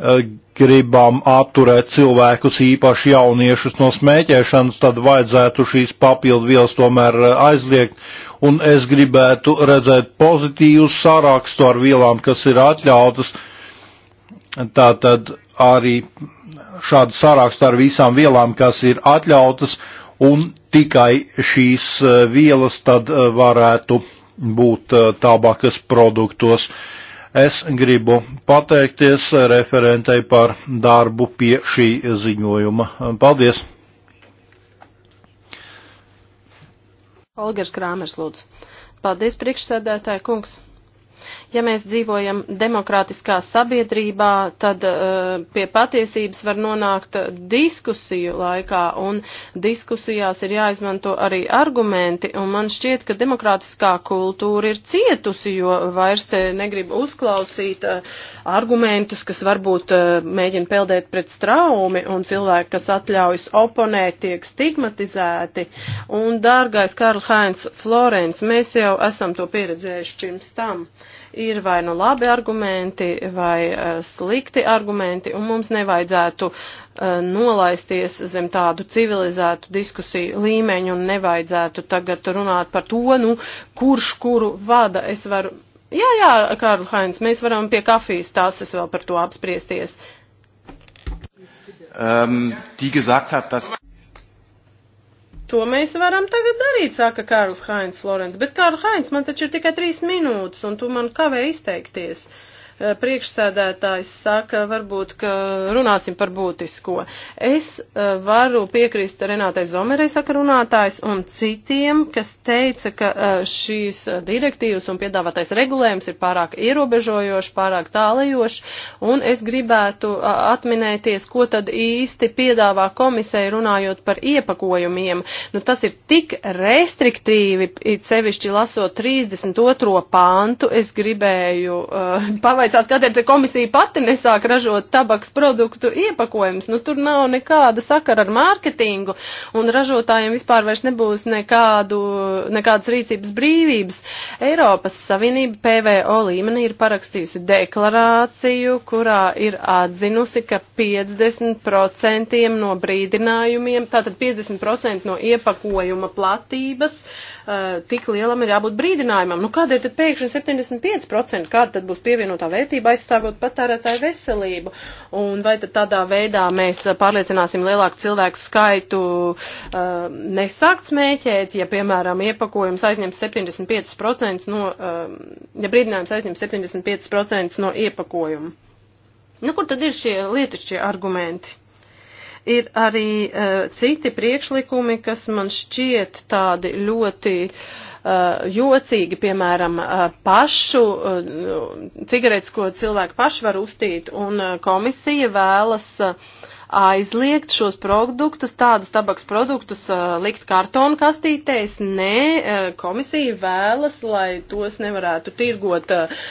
e, gribam atturēt cilvēkus, īpaši jauniešus, no smēķēšanas, tad vajadzētu šīs papildu vielas tomēr e, aizliegt. Un es gribētu redzēt pozitīvu sarakstu ar vielām, kas ir atļautas. Tātad arī šādu sarakstu ar visām vielām, kas ir atļautas, un tikai šīs vielas tad varētu būt tabakas produktos. Uh, Es gribu pateikties referentei par darbu pie šī ziņojuma. Paldies! Olgers Krāmers lūdzu. Paldies, priekšsēdētāji kungs! Ja mēs dzīvojam demokrātiskā sabiedrībā, tad uh, pie patiesības var nonākt diskusiju laikā, un diskusijās ir jāizmanto arī argumenti, un man šķiet, ka demokrātiskā kultūra ir cietusi, jo vairs te negrib uzklausīt uh, argumentus, kas varbūt uh, mēģina peldēt pret straumi, un cilvēki, kas atļaujas oponēt, tiek stigmatizēti. Un, dārgais Karl Heinz Florence, mēs jau esam to pieredzējuši pirms tam. Uh, ir vai nu labi argumenti, vai eh, slikti argumenti, un mums nevajadzētu eh, nolaisties zem tādu civilizētu diskusiju līmeņu un nevajadzētu tagad runāt par to, nu, kurš kuru vada. Es varu, jā, jā, Kārl Hainz, mēs varam pie kafijas tases vēl par to apspriesties. Um, die gesagt hat, dass To mēs varam tagad darīt, saka Kārls Hainz Florence, bet Kārl Hainz, man taču ir tikai trīs minūtes, un tu man kavē izteikties. Uh, Eh, priekšsēdētājs saka, varbūt, ka runāsim par būtisko. Es eh, varu piekrist Renātai Zomerei, saka runātājs, un citiem, kas teica, ka eh, šīs direktīvas un piedāvātais regulējums ir pārāk ierobežojošs, pārāk tālajošs, un es gribētu atminēties, ko tad īsti piedāvā komisija runājot par iepakojumiem. Nu, tas ir tik restriktīvi, it sevišķi lasot 32. pāntu, es gribēju uh, pavaicāt, jāvaicās, kādēļ komisija pati nesāk ražot tabaks produktu iepakojumus. Nu, tur nav nekāda sakara ar mārketingu, un ražotājiem vispār vairs nebūs nekādu, nekādas rīcības brīvības. Eiropas Savienība PVO līmenī ir parakstījusi deklarāciju, kurā ir atzinusi, ka 50% no brīdinājumiem, tātad 50% no iepakojuma platības, uh, Eh, tik lielam ir jābūt brīdinājumam. Nu, kādēļ tad pēkšņi 75%, kāda tad būs pievienotā vērtība aizstāvot patērētāju veselību? Un vai tad tādā veidā mēs pārliecināsim lielāku cilvēku skaitu uh, nesākt smēķēt, ja, piemēram, iepakojums aizņem 75% no, uh, ja brīdinājums aizņem 75% no iepakojuma? Nu, kur tad ir šie lietišķie argumenti? Ir arī uh, citi priekšlikumi, kas man šķiet tādi ļoti uh, jocīgi, piemēram, e, pašu cigaretes, ko cilvēki paši var uztīt, un komisija vēlas uh, aizliegt šos produktus, tādus tabaks produktus uh, likt kartonu kastītēs. Nē, uh, komisija vēlas, lai tos nevarētu tirgot uh,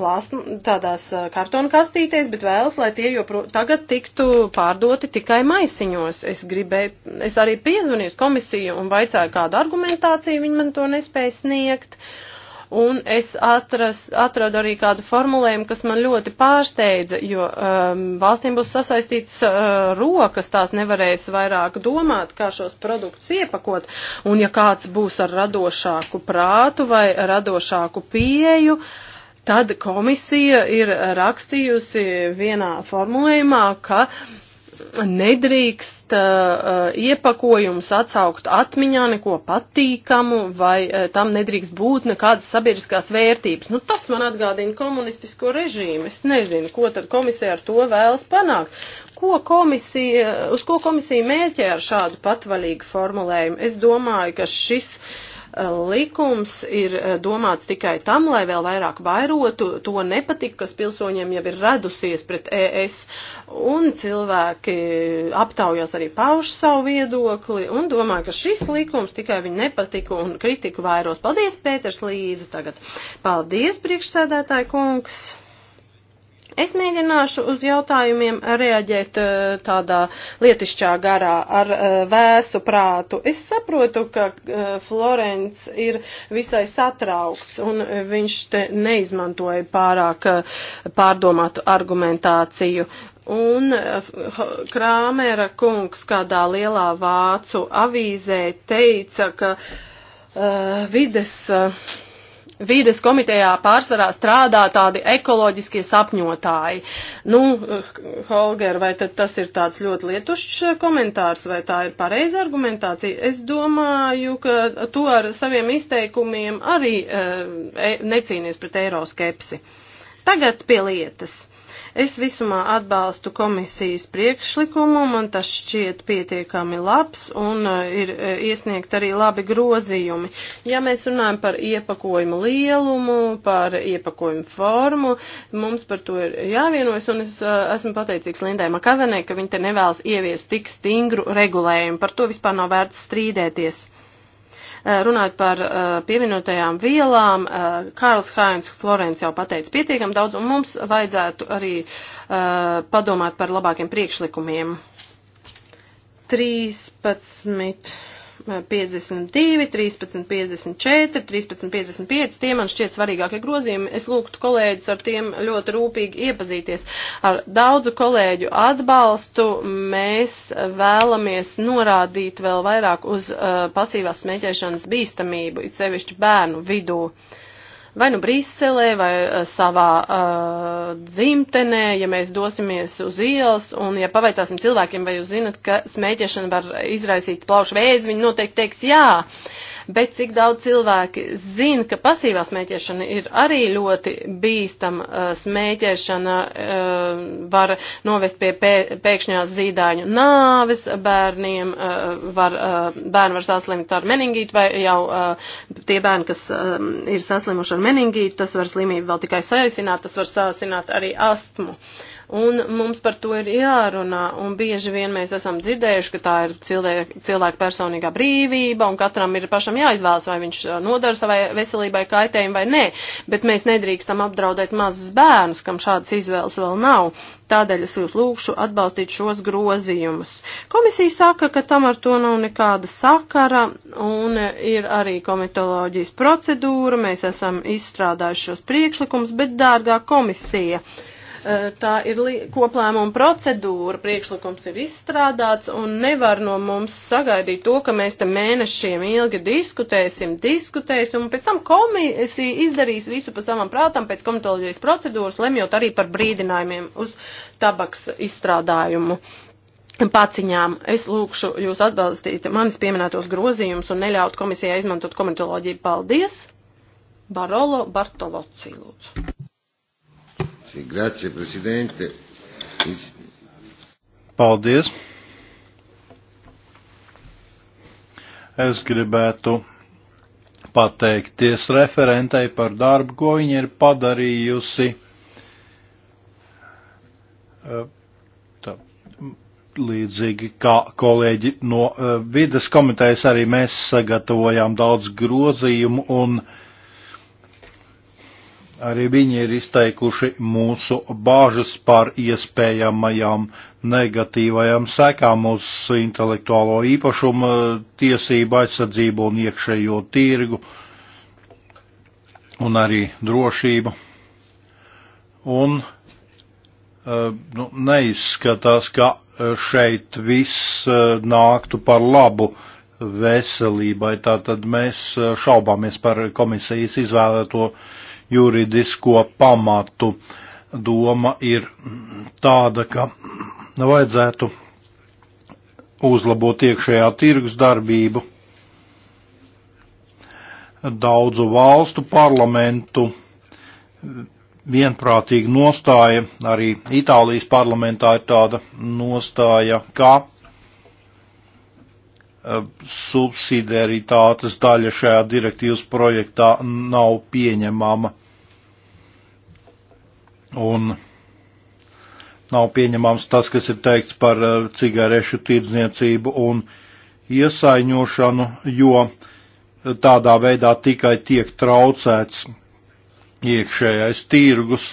plasma, tādās kartonu kastītēs, bet vēlas, lai tie joprojām tagad tiktu pārdoti tikai maisiņos. Es gribēju, es arī piezvanīju komisiju un vaicāju kādu argumentāciju, viņi man to nespēja sniegt. Uh, un es atras, atradu arī kādu formulējumu, kas man ļoti pārsteidza, jo um, valstīm būs sasaistīts uh, rokas, tās nevarēs vairāk domāt, kā šos produktus iepakot, un ja kāds būs ar radošāku prātu vai radošāku pieju, tad komisija ir rakstījusi vienā formulējumā, ka uh, nedrīkst uh, uh iepakojums atsaukt atmiņā neko patīkamu vai uh, tam nedrīkst būt nekādas sabiedriskās vērtības. Nu, tas man atgādina komunistisko režīmu. Es nezinu, ko tad komisija ar to vēlas panākt. Ko komisija, uz ko komisija mērķē ar šādu patvaļīgu formulējumu? Es domāju, ka šis uh, likums ir eh, domāts tikai tam, lai vēl vairāk vairotu to nepatiku, kas pilsoņiem jau ir radusies pret ES, un cilvēki aptaujās arī pauž savu viedokli un domā, ka šis likums tikai viņu nepatiku un kritiku vairos. Paldies, Pēters Līze, tagad. Paldies, priekšsēdētāji kungs! Es mēģināšu uz jautājumiem reaģēt eh, tādā lietišķā garā ar eh, vēsu prātu. Es saprotu, ka eh, Florence ir visai satraukts un viņš te neizmantoja pārāk pārdomātu argumentāciju. Un Krāmera kungs kādā lielā vācu avīzē teica, ka uh, vides. Uh, vides komitejā pārsvarā strādā tādi ekoloģiskie sapņotāji. Nu, Holger, vai tad tas ir tāds ļoti lietušs komentārs, vai tā ir pareiza argumentācija? Es domāju, ka tu ar saviem izteikumiem arī eh, e, necīnies pret eiroskepsi. Tagad pie lietas. Es visumā atbalstu komisijas priekšlikumu, man tas šķiet pietiekami labs un uh, ir uh, iesniegt arī labi grozījumi. Ja mēs runājam par iepakojumu lielumu, par iepakojumu formu, mums par to ir jāvienojas un es uh, esmu pateicīgs Lindai Makavenē, ka viņa te nevēlas ieviest tik stingru regulējumu. Par to vispār nav vērts strīdēties. Eh, runājot par eh, pievienotajām vielām, eh, Kārls Hainz Florence jau pateica pietiekam daudz, un mums vajadzētu arī padomāt par labākiem priekšlikumiem. 13. 52, 13, 54, 13, 55, tie man šķiet svarīgākie grozījumi. Es lūgtu kolēģis ar tiem ļoti rūpīgi iepazīties. Ar daudzu kolēģu atbalstu mēs vēlamies norādīt vēl vairāk uz uh, pasīvās smēķēšanas bīstamību, it sevišķi bērnu vidū. Uh, vai nu Briselē, vai eh, savā uh, dzimtenē, ja mēs dosimies uz ielas un ja pavaicāsim cilvēkiem, vai jūs zinat, ka smēķēšana var izraisīt plaušu vēzi, viņi noteikti teiks jā. Uh, bet cik daudz cilvēki zina, ka pasīvā smēķēšana ir arī ļoti bīstama. Eh, smēķēšana eh, var novest pie pēkšņās zīdāņu nāves, bērniem eh, var, bērni var saslimt ar meningītu vai jau tie bērni, kas ir saslimuši ar meningītu, tas var slimību vēl tikai saīsināt, tas var sācināt arī astmu. Uh, un mums par to ir jārunā, un bieži vien mēs esam dzirdējuši, ka tā ir cilvēka, cilvēka personīgā brīvība, un katram ir pašam jāizvēlas, vai viņš uh, nodara savai veselībai kaitējumu vai nē, bet mēs nedrīkstam apdraudēt mazus bērnus, kam šādas izvēles vēl nav. Tādēļ es jūs lūgšu atbalstīt šos grozījumus. Komisija saka, ka tam ar to nav nekāda sakara, un uh, ir arī komitoloģijas procedūra, mēs esam izstrādājuši šos priekšlikumus, bet dārgā komisija. Uh, Eh, tā ir koplēmuma procedūra, priekšlikums ir izstrādāts un nevar no mums sagaidīt to, ka mēs te mēnešiem ilgi diskutēsim, diskutēsim un pēc tam komisija izdarīs visu pa savam prātam pēc komitoloģijas procedūras, lemjot arī par brīdinājumiem uz tabaks izstrādājumu paciņām. Es lūkšu jūs atbalstīt manis pieminētos grozījumus un neļaut komisijai izmantot komitoloģiju. Paldies! Barolo Bartolocī lūdzu. Grazie, prezidente. Paldies. Es gribētu pateikties referentei par darbu, ko viņa ir padarījusi. Eh, tā, līdzīgi kā kolēģi no eh, vides komitejas arī mēs sagatavojām daudz grozījumu un uh, Arī viņi ir izteikuši mūsu bāžas par iespējamajām negatīvajām sekām uz intelektuālo īpašumu, tiesību aizsardzību un iekšējo tirgu un arī drošību. Un eh, nu, neizskatās, ka šeit viss eh, nāktu par labu veselībai. Tātad mēs eh, šaubāmies par komisijas izvēlēto juridisko pamatu. Doma ir tāda, ka vajadzētu uzlabot iekšējā tirgus darbību. Daudzu valstu parlamentu vienprātīga nostāja, arī Itālijas parlamentā ir tāda nostāja, ka subsidiaritātes daļa šajā direktīvas projektā nav pieņemama. Un nav pieņemams tas, kas ir teikts par eh, cigarešu tirdzniecību un iesaiņošanu, jo tādā veidā tikai tiek traucēts iekšējais tirgus.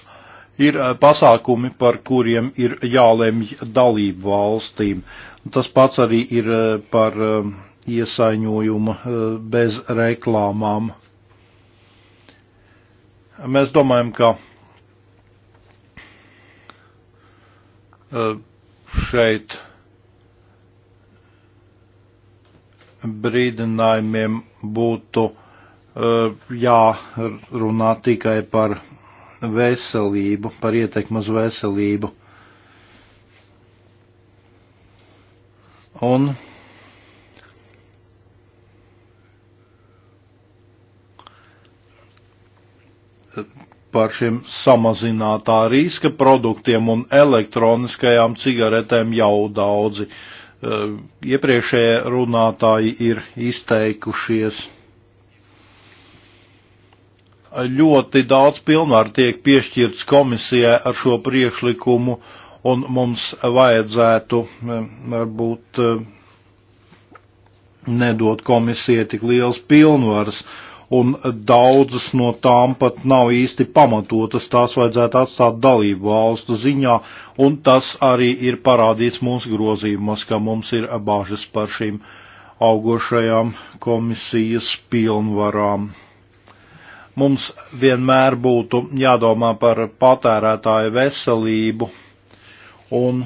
Ir eh, pasākumi, par kuriem ir jālemj dalību valstīm. Uh, Tas pats arī ir eh, par eh, iesaiņojumu eh, bez reklāmām. Mēs domājam, ka šeit brīdinājumiem būtu jārunā tikai par veselību, par ietekmu uz veselību. Un par šiem samazinātā riska produktiem un elektroniskajām cigaretēm jau daudzi eh, iepriekšējie runātāji ir izteikušies. Ļoti daudz pilnvaru tiek piešķirts komisijai ar šo priekšlikumu, uh, un mums vajadzētu eh, varbūt eh, nedot komisijai tik liels pilnvaras, un daudzas no tām pat nav īsti pamatotas, tās vajadzētu atstāt dalību valstu ziņā, un tas arī ir parādīts mūsu grozījumos, ka mums ir bāžas par šīm augošajām komisijas pilnvarām. Mums vienmēr būtu jādomā par patērētāju veselību un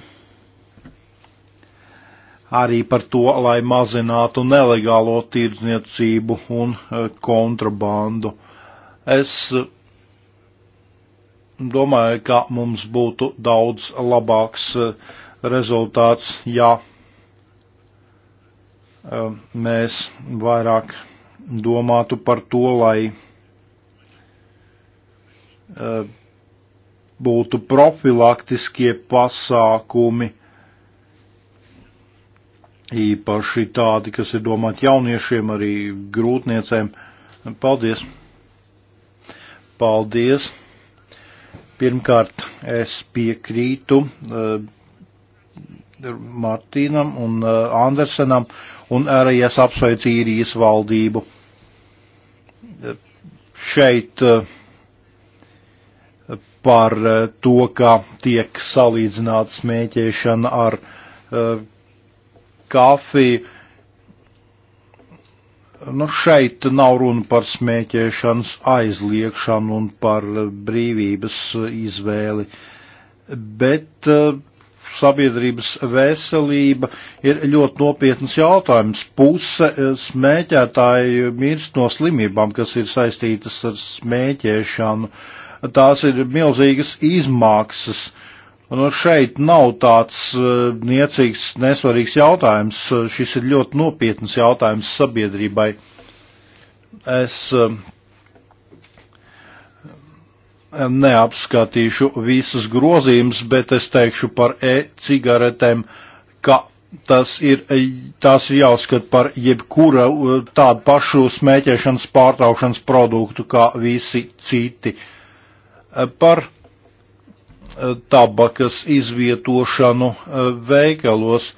arī par to, lai mazinātu nelegālo tirdzniecību un e, kontrabandu. Es e, domāju, ka mums būtu daudz labāks e, rezultāts, ja mēs vairāk domātu par to, lai būtu profilaktiskie pasākumi, īpaši tādi, kas ir domāti jauniešiem, arī grūtniecēm. Paldies! Paldies! Pirmkārt, es piekrītu uh, Martīnam un uh, Andersenam, un arī es apsveicu īrijas valdību. Uh, šeit uh, par eh, to, ka tiek salīdzināta smēķēšana ar eh, kafiju. Nu, šeit nav runa par smēķēšanas aizliekšanu un par eh, brīvības izvēli, bet sabiedrības veselība ir ļoti nopietnas jautājums. Puse smēķētāji mirst no slimībām, kas ir saistītas ar smēķēšanu. Uh, tās ir milzīgas izmaksas. Nu, šeit nav tāds eh, niecīgs, nesvarīgs jautājums. Šis ir ļoti nopietns jautājums sabiedrībai. Es eh, neapskatīšu visus grozījumus, bet es teikšu par e-cigaretēm, ka tas ir, tās ir jāuzskata par jebkura eh, tādu pašu smēķēšanas pārtraukšanas produktu kā visi citi. Uh, par eh, tabakas izvietošanu eh, veikalos.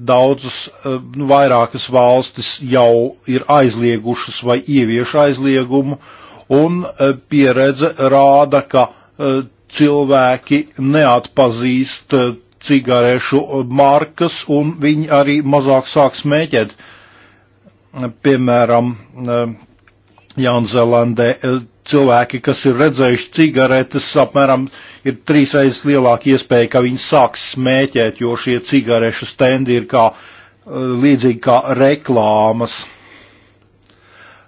Daudzas, eh, nu, vairākas valstis jau ir aizliegušas vai ievieš aizliegumu, un pieredze rāda, ka cilvēki neatpazīst cigarešu markas, un viņi arī mazāk sāk smēķēt. Piemēram, Jaunzēlandē cilvēki, kas ir redzējuši cigaretes, apmēram ir trīsreiz lielāka iespēja, ka viņi sāks smēķēt, jo šie cigarešu stendi ir kā eh, līdzīgi kā reklāmas.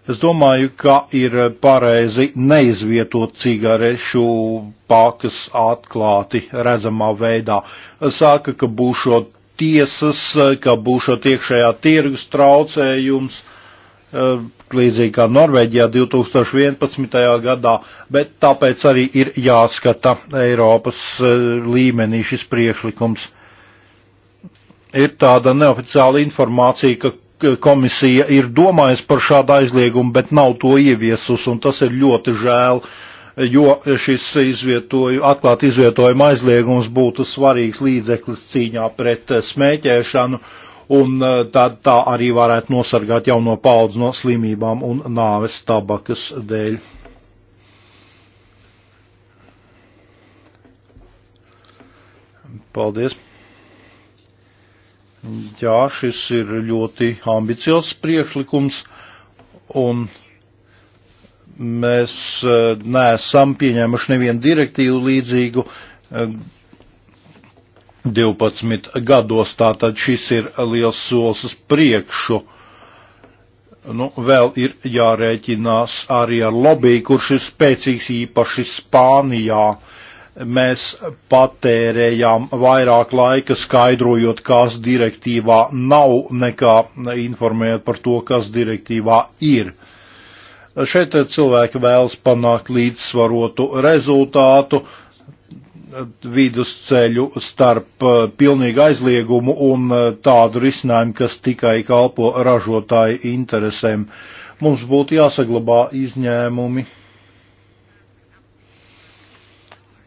Es domāju, ka ir pareizi neizvietot cigarešu pakas atklāti redzamā veidā. Saka, ka būšot tiesas, ka būšot iekšējā tirgus traucējums, eh, līdzīgi kā Norvēģijā 2011. gadā, bet tāpēc arī ir jāskata Eiropas e, līmenī šis priekšlikums. Ir tāda neoficiāla informācija, ka komisija ir domājusi par šādu aizliegumu, bet nav to ieviesus, un tas ir ļoti žēl, jo šis izvietoju, atklāt izvietojuma aizliegums būtu svarīgs līdzeklis cīņā pret e, smēķēšanu un eh, tad tā arī varētu nosargāt jauno paudzi no slimībām un nāves tabakas dēļ. Paldies! Jā, šis ir ļoti ambiciozs priekšlikums, un mēs eh, neesam pieņēmuši nevienu direktīvu līdzīgu eh, 12 gados, tātad šis ir liels solis uz priekšu. Nu, vēl ir jārēķinās arī ar lobby, kurš ir spēcīgs īpaši Spānijā. Mēs patērējām vairāk laika skaidrojot, kas direktīvā nav, nekā informējot par to, kas direktīvā ir. Šeit cilvēki vēlas panākt līdzsvarotu rezultātu, uh, vidusceļu starp uh, pilnīgu aizliegumu un uh, tādu risinājumu, kas tikai kalpo ražotāju interesēm. Mums būtu jāsaglabā izņēmumi,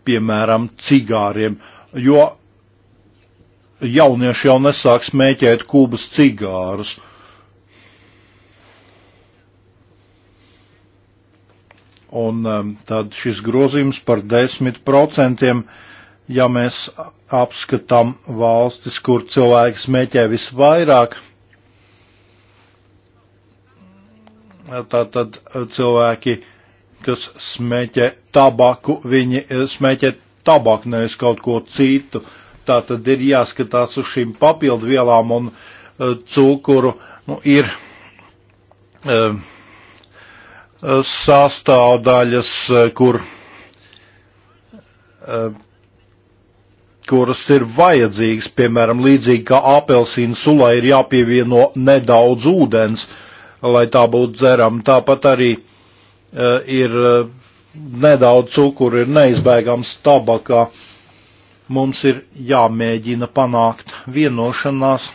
piemēram, cigāriem, jo jaunieši jau nesāk smēķēt kubas cigārus. Uh, Un um, tad šis grozījums par 10%, ja mēs apskatām valstis, kur cilvēki smēķē visvairāk, tātad cilvēki, kas smēķē tabaku, viņi eh, smēķē tabaku, nevis kaut ko citu. Tātad ir jāskatās uz šīm papildu vielām un eh, cukuru. Nu, ir, um, sastāvdaļas, eh, kur, eh, kuras ir vajadzīgas, piemēram, līdzīgi kā apelsīna sulā ir jāpievieno nedaudz ūdens, lai tā būtu dzeram. Tāpat arī eh, ir nedaudz cukuru, ir neizbēgams tabakā. Mums ir jāmēģina panākt vienošanās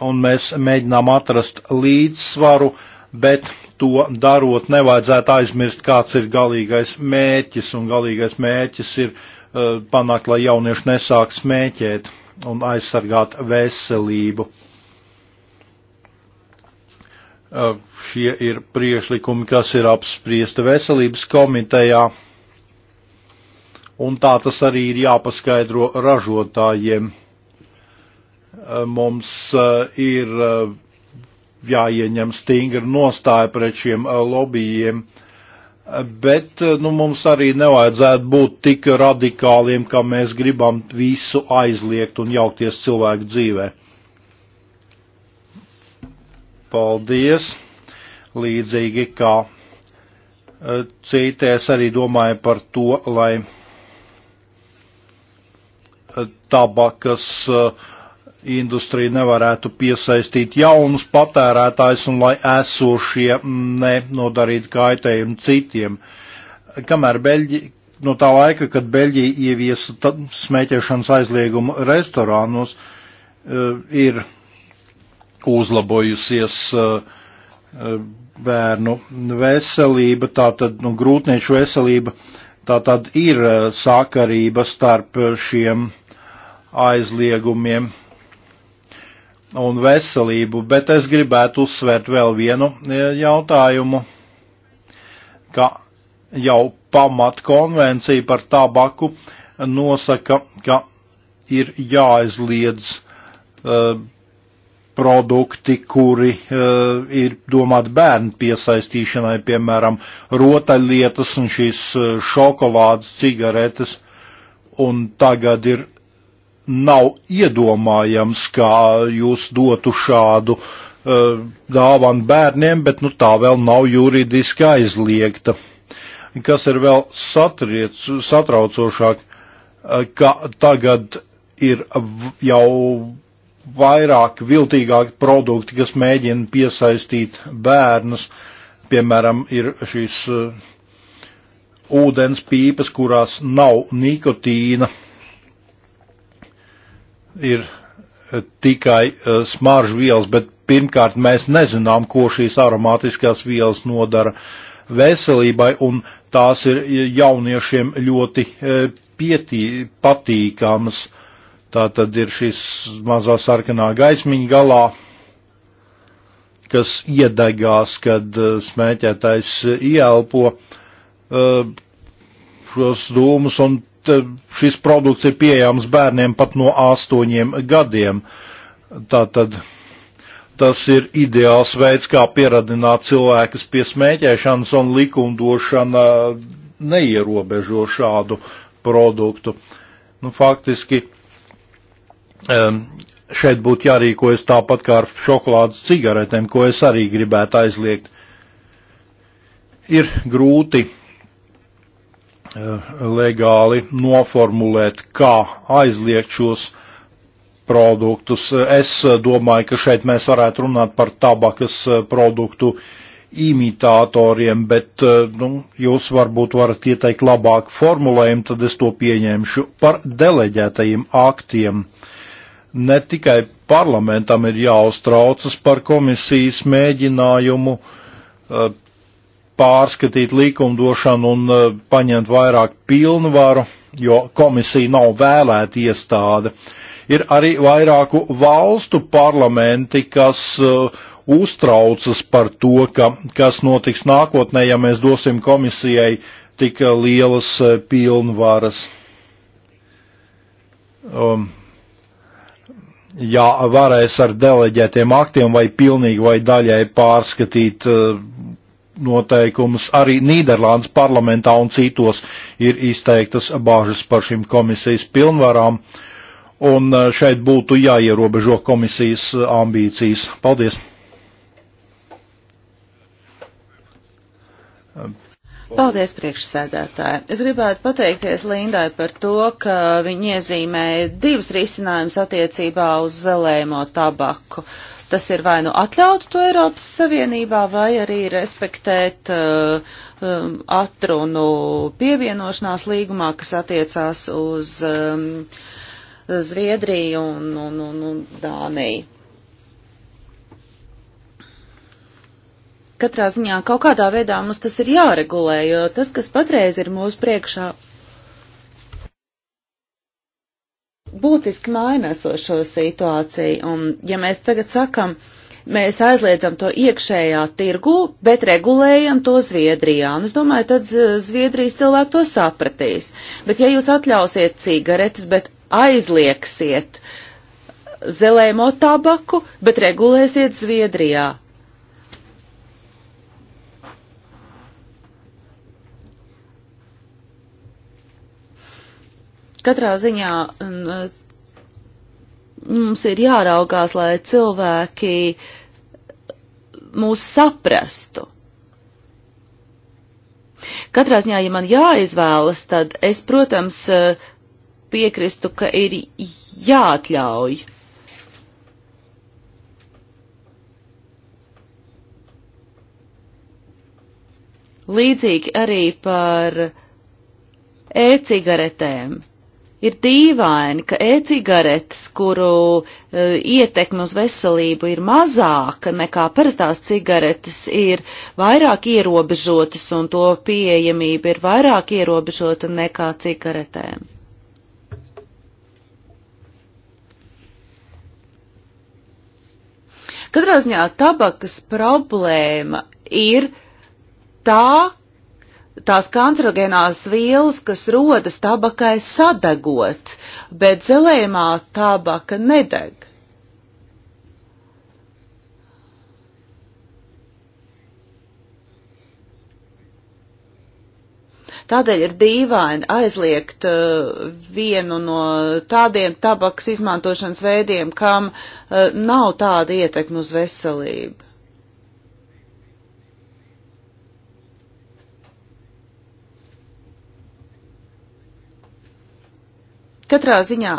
un mēs mēģinām atrast līdzsvaru bet to darot nevajadzētu aizmirst, kāds ir galīgais mēķis, un galīgais mēķis ir uh, panākt, lai jaunieši nesāk smēķēt un aizsargāt veselību. Uh, šie ir priešlikumi, kas ir apspriesti veselības komitejā, un tā tas arī ir jāpaskaidro ražotājiem. Uh, mums ir jāieņem stingra nostāja pret šiem lobbyiem. Bet nu, mums arī nevajadzētu būt tik radikāliem, ka mēs gribam visu aizliegt un jaukties cilvēku dzīvē. Paldies! Līdzīgi kā citi, es arī domāju par to, lai tabakas uh, industrija nevarētu piesaistīt jaunus patērētājus un lai esošie mm, nenodarītu kaitējumu citiem. Kamēr Beļģi, no tā laika, kad Beļģija ieviesa smēķēšanas aizliegumu restorānos, eh, ir uzlabojusies eh, eh, bērnu veselība, tātad nu, grūtnieču veselība, tātad ir sakarība starp šiem aizliegumiem un veselību, bet es gribētu uzsvērt vēl vienu e, jautājumu, ka jau pamat konvencija par tabaku nosaka, ka ir jāaizliedz uh, e, produkti, kuri uh, ir domāti bērnu piesaistīšanai, piemēram, rotaļlietas un šīs šokolādes cigaretes. Un tagad ir nav iedomājams, kā jūs dotu šādu uh, dāvanu bērniem, bet nu, tā vēl nav juridiski aizliegta. Kas ir vēl satriec, satraucošāk, uh, ka tagad ir jau vairāk viltīgāki produkti, kas mēģina piesaistīt bērnus. Piemēram, ir šīs uh, ūdens pīpes, kurās nav nikotīna. Uh, ir eh, tikai eh, smaržu vielas, bet pirmkārt mēs nezinām, ko šīs aromātiskās vielas nodara veselībai, un tās ir eh, jauniešiem ļoti pietī, patīkamas. Tā tad ir šis mazā sarkanā gaismiņa galā, kas iedegās, kad smēķētais ielpo šos dūmus, un Eh, šis produkts ir pieejams bērniem pat no astoņiem gadiem. Tātad tas ir ideāls veids, kā pieradināt cilvēkus pie smēķēšanas, un likumdošana neierobežo šādu produktu. Nu, faktiski šeit būtu jārīkojas tāpat kā ar šokolādes cigaretēm, ko es arī gribētu aizliegt. Ir grūti Eh, legāli noformulēt, kā aizliegt šos produktus. Es eh, domāju, ka šeit mēs varētu runāt par tabakas eh, produktu imitātoriem, bet nu, jūs varbūt varat ieteikt labāku formulējumu, tad es to pieņemšu par deleģētajiem aktiem. Ne tikai parlamentam ir jāuztraucas par komisijas mēģinājumu pārskatīt likumdošanu un eh, paņemt vairāk pilnvaru, jo komisija nav vēlēta iestāde. Ir arī vairāku valstu parlamenti, kas eh, uztraucas par to, ka, kas notiks nākotnē, ja mēs dosim komisijai tik lielas eh, pilnvaras. Um, ja varēs ar deleģētiem aktiem vai pilnīgi vai daļai pārskatīt noteikumus. Arī Nīderlandes parlamentā un citos ir izteiktas bāžas par šīm komisijas pilnvarām, un eh, šeit būtu jāierobežo komisijas eh, ambīcijas. Paldies! Paldies, priekšsēdētāji. Es gribētu pateikties Lindai par to, ka viņa iezīmēja divas risinājumus attiecībā uz zelēmo tabaku. Uh, Tas ir vai nu atļaut to Eiropas Savienībā, vai arī respektēt uh, um, atrunu pievienošanās līgumā, kas attiecās uz um, Zviedriju un, un, un, un Dāniju. Katrā ziņā kaut kādā veidā mums tas ir jāregulē, jo tas, kas patreiz ir mūsu priekšā, būtiski mainēso šo situāciju, un ja mēs tagad sakam, mēs aizliedzam to iekšējā tirgu, bet regulējam to Zviedrijā, un es domāju, tad Zviedrijas cilvēki to sapratīs. Bet ja jūs atļausiet cigaretes, bet aizlieksiet zelēmo tabaku, bet regulēsiet Zviedrijā, Katrā ziņā mums ir jāraugās, lai cilvēki mūs saprastu. Katrā ziņā, ja man jāizvēlas, tad es, protams, piekristu, ka ir jāatļauj. Līdzīgi arī par e-cigaretēm. Ir dīvaini, ka e-cigaretes, kuru e, ietekme uz veselību ir mazāka nekā parastās cigaretes, ir vairāk ierobežotas un to pieejamība ir vairāk ierobežota nekā cigaretēm. Katrā ziņā tabakas problēma ir tā, tās kancerogēnās vielas, kas rodas tabakai sadegot, bet zelējumā tabaka nedeg. Tādēļ ir dīvaini aizliegt uh, vienu no tādiem tabakas izmantošanas veidiem, kam uh, nav tāda ietekme uz veselību. Katrā ziņā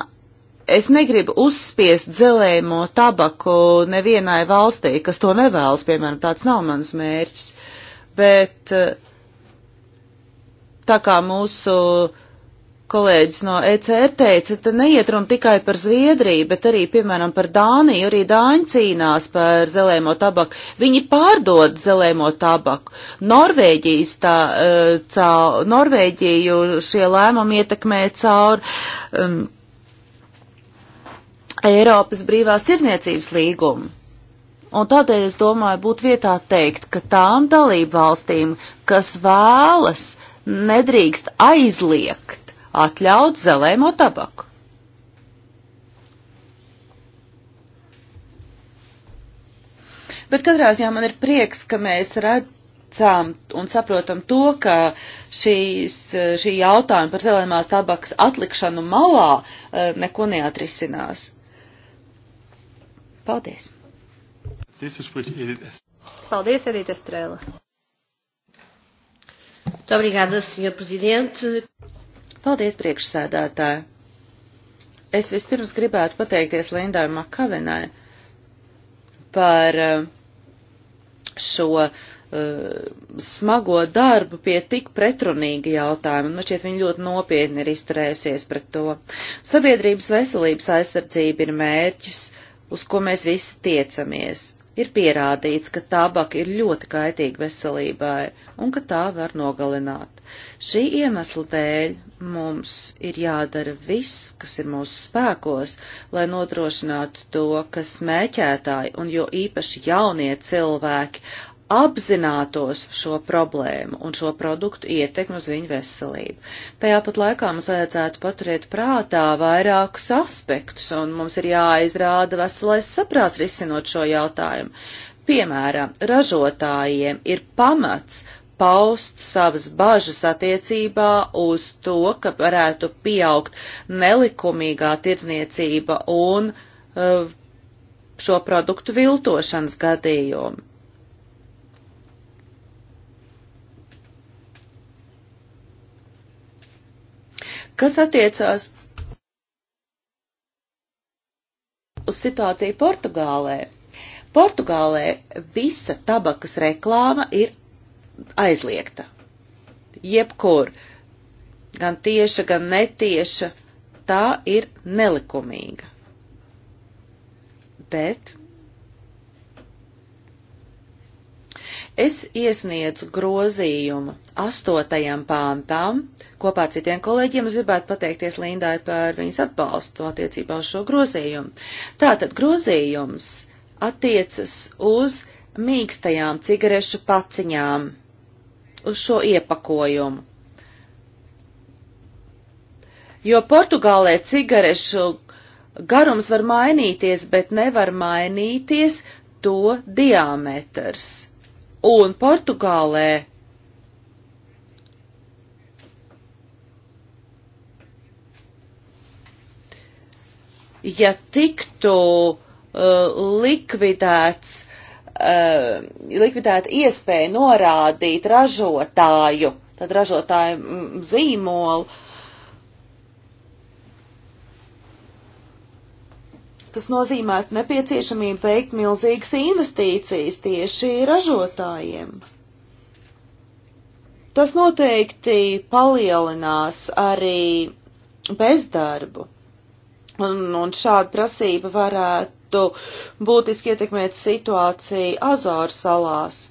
es negribu uzspiest dzelēmo tabaku nevienai valstī, kas to nevēlas, piemēram, tāds nav mans mērķis, bet eh, tā kā mūsu kolēģis no ECR teica, tad neiet runa tikai par Zviedriju, bet arī, piemēram, par Dāniju, arī Dāņi cīnās par zelēmo tabaku. Viņi pārdod zelēmo tabaku. Norvēģijas tā, eh, caur, Norvēģiju šie lēmumi ietekmē caur um, Eiropas brīvās tirzniecības līgumu. Un tādēļ es domāju, būtu vietā teikt, ka tām dalību valstīm, kas vēlas, nedrīkst aizliegt atļaut zelēmo tabaku. Bet katrā ziņā man ir prieks, ka mēs redzam un saprotam to, ka šīs, šī jautājuma par zelēmās tabakas atlikšanu malā eh, neko neatrisinās. Paldies! Paldies, Edita Strēla! Muito obrigada, Sr. Presidente. Paldies, priekšsēdētāji! Es vispirms gribētu pateikties Lindai Makavenai par eh, šo uh, smago darbu pie tik pretrunīga jautājuma. Man šķiet, viņa ļoti nopietni ir izturējusies pret to. Sabiedrības veselības aizsardzība ir mērķis, uz ko mēs visi tiecamies ir pierādīts, ka tabaka ir ļoti kaitīga veselībai un ka tā var nogalināt. Šī iemesla dēļ mums ir jādara viss, kas ir mūsu spēkos, lai nodrošinātu to, ka smēķētāji un jo īpaši jaunie cilvēki apzinātos šo problēmu un šo produktu ietekmi uz viņu veselību. Tajā pat laikā mums vajadzētu paturēt prātā vairākus aspektus, un mums ir jāizrāda veselais saprāts risinot šo jautājumu. Piemēram, ražotājiem ir pamats paust savas bažas attiecībā uz to, ka varētu pieaugt nelikumīgā tirdzniecība un uh, šo produktu viltošanas gadījumi. Kas attiecās uz situāciju Portugālē? Portugālē visa tabakas reklāma ir aizliegta. Jebkur, gan tieša, gan netieša, tā ir nelikumīga. Bet es iesniedzu grozījumu astotajam pāntām. Kopā ar citiem kolēģiem es gribētu pateikties Lindai par viņas atbalstu attiecībā uz šo grozījumu. Tātad grozījums attiecas uz mīkstajām cigarešu paciņām, uz šo iepakojumu. Jo Portugālē cigarešu garums var mainīties, bet nevar mainīties to diametrs. Un Portugālē ja tiktu uh, likvidēts, uh, likvidēta iespēja norādīt ražotāju, tad ražotāju mm, zīmolu, tas nozīmētu nepieciešamību veikt milzīgas investīcijas tieši ražotājiem. Tas noteikti palielinās arī bezdarbu. Un, un šāda prasība varētu būtiski ietekmēt situāciju Azoru salās.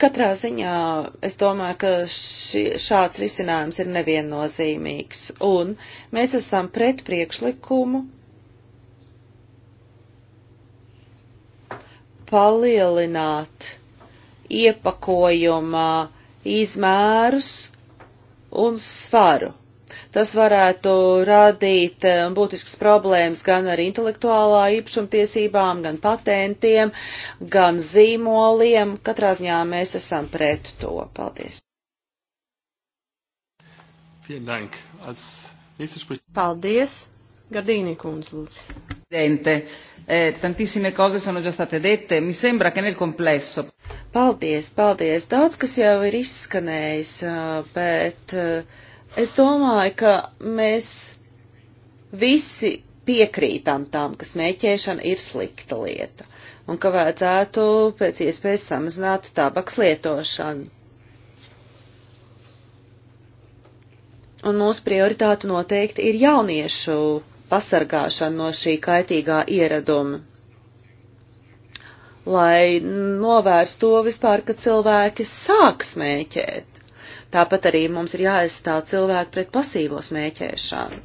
Katrā ziņā es domāju, ka ši, šāds risinājums ir neviennozīmīgs, un mēs esam pret priekšlikumu palielināt iepakojuma izmērus un svaru. Tas varētu radīt eh, būtiskas problēmas gan ar intelektuālā īpašumtiesībām, gan patentiem, gan zīmoliem. Katrā ziņā mēs esam pret to. Paldies! Paldies! Gardīnī kundze, lūdzu. Presidente, eh, tantissime cose sono già state dette, mi sembra che nel complesso. Paldies, paldies. Daudz, kas jau ir izskanējis, bet es domāju, ka mēs visi piekrītam tam, ka smēķēšana ir slikta lieta un ka vajadzētu pēc iespējas samazināt tabaks lietošanu. Un mūsu prioritāte noteikti ir jauniešu pasargāšanu no šī kaitīgā ieraduma. Lai novērstu to vispār, ka cilvēki sāk smēķēt. Tāpat arī mums ir jāaizstāv cilvēki pret pasīvo smēķēšanu.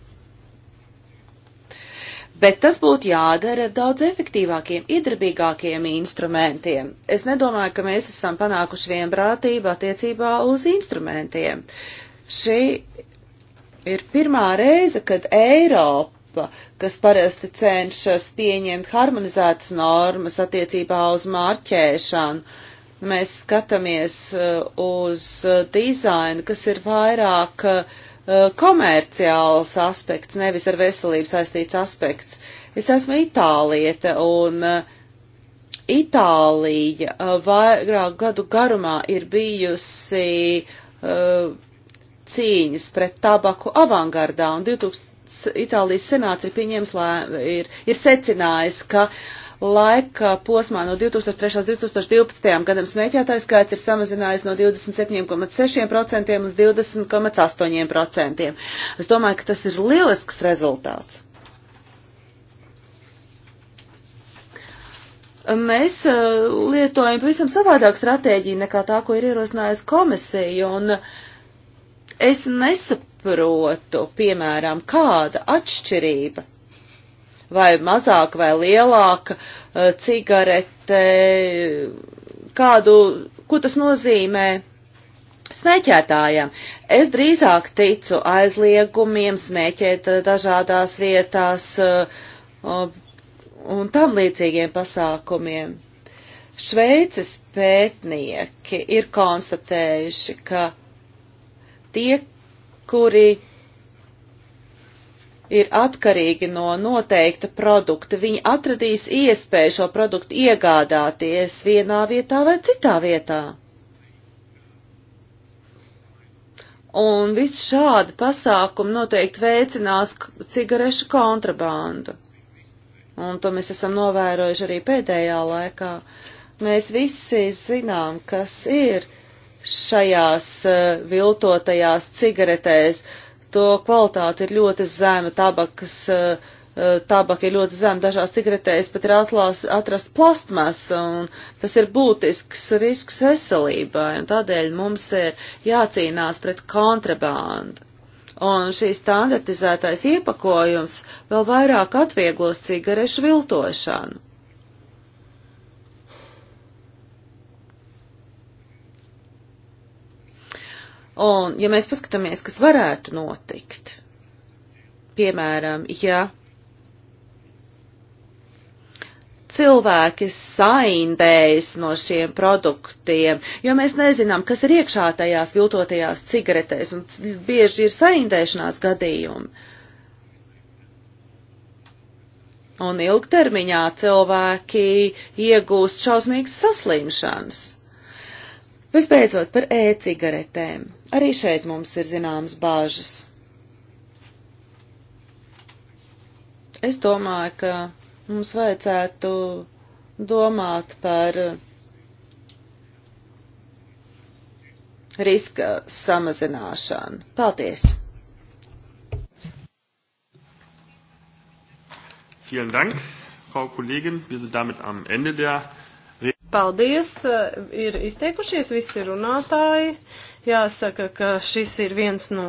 Bet tas būtu jādara ar daudz efektīvākiem, iedarbīgākiem instrumentiem. Es nedomāju, ka mēs esam panākuši vienprātību attiecībā uz instrumentiem. Šī ir pirmā reize, kad Eiropa Eiropa, kas parasti cenšas pieņemt harmonizētas normas attiecībā uz mārķēšanu. Mēs skatāmies uh, uz dizainu, kas ir vairāk uh, komerciāls aspekts, nevis ar veselību saistīts aspekts. Es esmu itālieta un uh, Itālija vairāk gadu garumā ir bijusi cīņas pret tabaku avangardā, un 2000, Itālijas senāts ir pieņēmis, ir, ir secinājis, ka laika posmā no 2003. līdz 2012. gadam smēķētājs skaits ir samazinājies no 27,6% uz 20,8%. Es domāju, ka tas ir lielisks rezultāts. Mēs uh, lietojam pavisam savādāku stratēģiju nekā tā, ko ir ierosinājusi komisija, un es nesaprotu, nesaprotu, piemēram, kāda atšķirība vai mazāk vai lielāka uh, cigarete, kādu, ko tas nozīmē smēķētājiem. Es drīzāk ticu aizliegumiem smēķēt uh, dažādās vietās uh, un tam līdzīgiem pasākumiem. Šveices pētnieki ir konstatējuši, ka tie, kuri ir atkarīgi no noteikta produkta. Viņi atradīs iespēju šo produktu iegādāties vienā vietā vai citā vietā. Un viss šādi pasākumi noteikti veicinās cigarešu kontrabandu. Un to mēs esam novērojuši arī pēdējā laikā. Mēs visi zinām, kas ir šajās eh, viltotajās cigaretēs. To kvalitāte ir ļoti zema, tabakas, eh, eh, tabaka ir ļoti zema, dažās cigaretēs pat ir atlās, atrast plastmas, un tas ir būtisks risks veselībai, un tādēļ mums ir jācīnās pret kontrabandu. Un šī standartizētais iepakojums vēl vairāk atvieglos cigarešu viltošanu. Un, ja mēs paskatāmies, kas varētu notikt, piemēram, ja cilvēki saindējas no šiem produktiem, jo mēs nezinām, kas ir iekšā tajās viltotajās cigaretēs, un bieži ir saindēšanās gadījumi. Un ilgtermiņā cilvēki iegūst šausmīgas saslimšanas. Visbeidzot par e-cigaretēm. Arī šeit mums ir zināmas bāžas. Es domāju, ka mums vajadzētu domāt par riska samazināšanu. Paldies! Vielen Dank, Frau Kollegin. Wir sind damit am Ende der Paldies, ir izteikušies visi runātāji. Jāsaka, ka šis ir viens no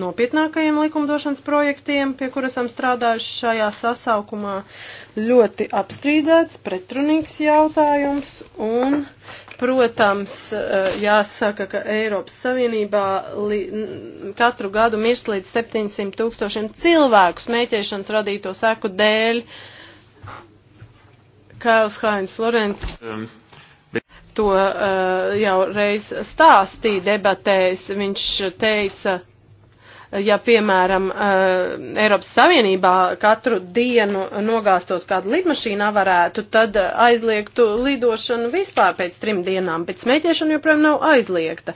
nopietnākajiem likumdošanas projektiem, pie kura esam strādājuši šajā sasaukumā. Ļoti apstrīdēts, pretrunīgs jautājums un, protams, jāsaka, ka Eiropas Savienībā katru gadu mirst līdz 700 tūkstošiem cilvēku smēķēšanas radīto seku dēļ. Kails Hainz Florence. Um to uh, jau reiz stāstīja debatēs. Viņš teica, ja, piemēram, eh, Eiropas Savienībā katru dienu nogāstos kādu lidmašīnu avarētu, tad aizliegtu lidošanu vispār pēc trim dienām, bet smēķēšana joprojām nav aizliegta.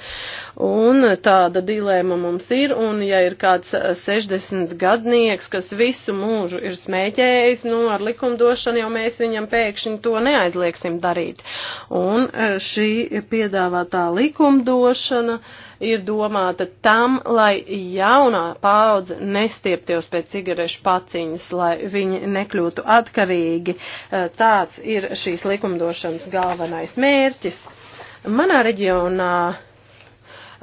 Un tāda dilēma mums ir, un ja ir kāds 60 eh, gadnieks, kas visu mūžu ir smēķējis, nu ar likumdošanu jau mēs viņam pēkšņi to neaizliegsim darīt. Un eh, šī piedāvātā likumdošana. Uh, ir domāta tam, lai jaunā paudze nestieptos pēc cigarešu paciņas, lai viņi nekļūtu atkarīgi. Eh, tāds ir šīs likumdošanas galvenais mērķis. Manā reģionā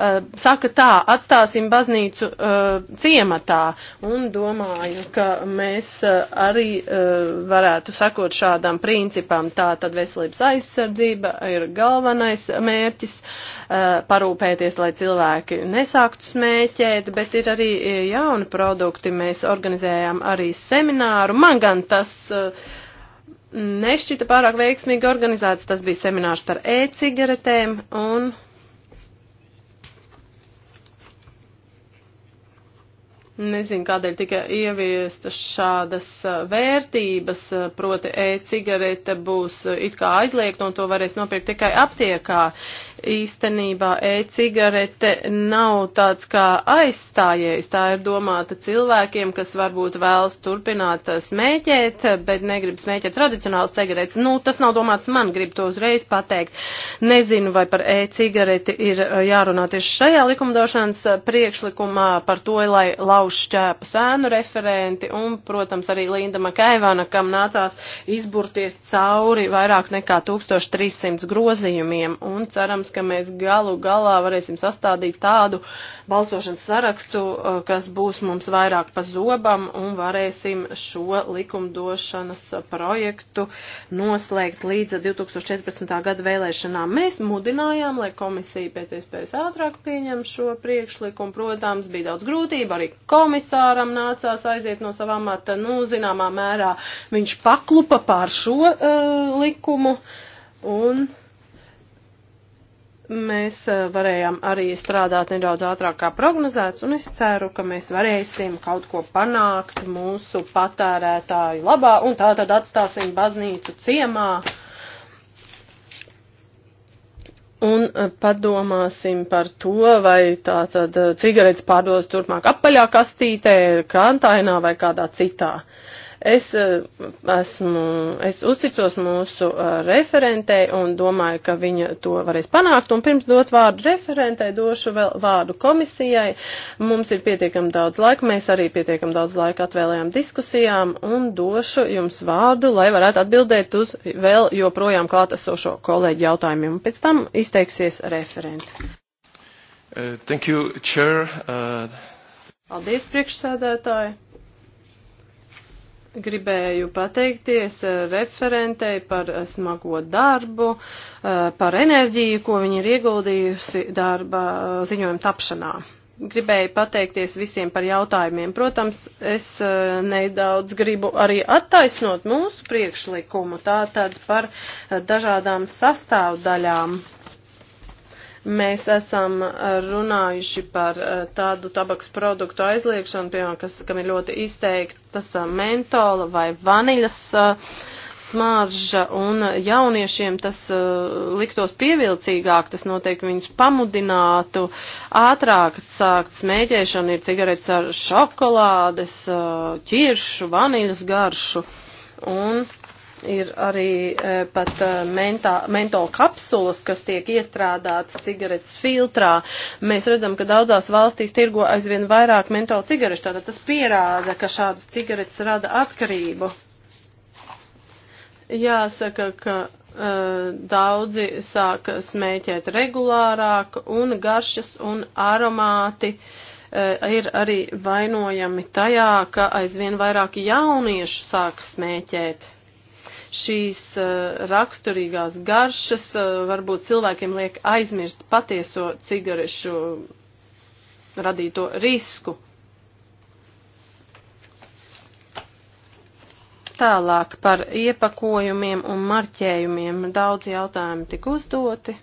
Eh, saka tā, atstāsim baznīcu eh, ciematā. Un domāju, ka mēs eh, arī varētu sakot šādām principām. Tā tad veselības aizsardzība ir galvenais mērķis parūpēties, lai cilvēki nesāktu smēķēt, bet ir arī jauni produkti. Mēs organizējām arī semināru. Man gan tas nešķita pārāk veiksmīgi organizēts. Tas bija seminārs par e-cigaretēm un Nezinu, kādēļ tika ieviestas šādas vērtības, proti e-cigarete būs it kā aizliegta un to varēs nopirkt tikai aptiekā. Uh, īstenībā e-cigarete nav tāds kā aizstājējs. Tā ir domāta cilvēkiem, kas varbūt vēlas turpināt eh, smēķēt, bet negrib smēķēt tradicionālas cigaretes. Nu, tas nav domāts man, gribu to uzreiz pateikt. Nezinu, vai par e-cigareti ir eh, jārunā tieši šajā likumdošanas eh, priekšlikumā par to, lai lauž šķēpa sēnu referenti un, protams, arī Linda Makaivana, kam nācās izburties cauri vairāk nekā 1300 grozījumiem. Un cerams, cerams, ka mēs galu galā varēsim sastādīt tādu balsošanas sarakstu, eh, kas būs mums vairāk pa zobam un varēsim šo likumdošanas projektu noslēgt līdz 2014. gada vēlēšanām. Mēs mudinājām, lai komisija pēc iespējas ātrāk pieņem šo priekšlikumu. Protams, bija daudz grūtību, arī komisāram nācās aiziet no savām amata, nu, zināmā mērā viņš paklupa pār šo uh, likumu. Un mēs eh, varējām arī strādāt nedaudz ātrāk kā prognozēts, un es ceru, ka mēs varēsim kaut ko panākt mūsu patērētāju labā, un tā tad atstāsim baznīcu ciemā. Un eh, padomāsim par to, vai tā tad eh, cigaretes pārdos turpmāk apaļā kastītē, kantainā vai kādā citā. Uh, Es eh, esmu, es uzticos mūsu eh, referentei un domāju, ka viņa to varēs panākt. Un pirms dot vārdu referentei, došu vēl vārdu komisijai. Mums ir pietiekam daudz laika, mēs arī pietiekam daudz laika atvēlējām diskusijām un došu jums vārdu, lai varētu atbildēt uz vēl joprojām klātesošo kolēģi jautājumiem. Pēc tam izteiksies referenti. Uh, eh, thank you, Chair. Uh... Paldies, priekšsēdētāji gribēju pateikties eh, referentei par eh, smago darbu, eh, par enerģiju, ko viņa ir ieguldījusi darba ziņojuma tapšanā. Gribēju pateikties visiem par jautājumiem. Protams, es nedaudz gribu arī attaisnot mūsu priekšlikumu tātad par dažādām sastāvdaļām Mēs esam uh, runājuši par uh, tādu tabaks produktu aizliekšanu, piemēram, kas, kam ir ļoti izteikti tas uh, mentola vai vaniļas smarža, un jauniešiem tas liktos pievilcīgāk, tas noteikti viņus pamudinātu ātrāk sākt smēķēšanu, ir cigaretes ar šokolādes, ķiršu, vaniļas garšu, un ir arī e, pat e, mentā, mento kapsulas, kas tiek iestrādātas cigaretes filtrā. Mēs redzam, ka daudzās valstīs tirgo aizvien vairāk mento cigarešu, tātad tas pierāda, ka šādas cigaretes rada atkarību. Jāsaka, ka e, daudzi sāk smēķēt regulārāk un garšas un aromāti e, ir arī vainojami tajā, ka aizvien vairāk jauniešu sāk smēķēt šīs eh, raksturīgās garšas eh, varbūt cilvēkiem liek aizmirst patieso cigarešu radīto risku. Tālāk par iepakojumiem un marķējumiem daudz jautājumu tik uzdoti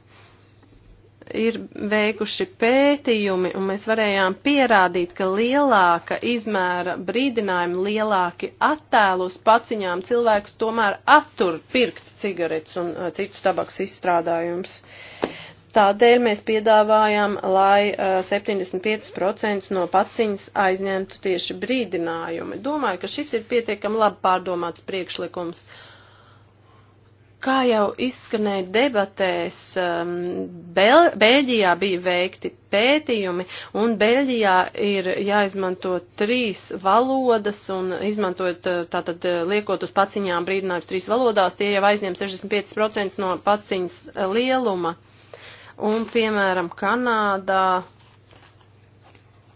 ir veikuši pētījumi, un mēs varējām pierādīt, ka lielāka izmēra brīdinājumi, lielāki attēlus paciņām cilvēkus tomēr attur pirkt cigaretes un uh, citus tabaks izstrādājumus. Tādēļ mēs piedāvājam, lai uh, 75% no paciņas aizņemtu tieši brīdinājumi. Domāju, ka šis ir pietiekami labi pārdomāts priekšlikums. Uh, Kā jau izskanēja debatēs, um, Bel Beļģijā bija veikti pētījumi, un Beļģijā ir jāizmanto trīs valodas, un izmantojot, uh, tātad uh, liekot uz paciņām brīdinājums trīs valodās, tie jau aizņem 65% no paciņas lieluma. Un, piemēram, Kanādā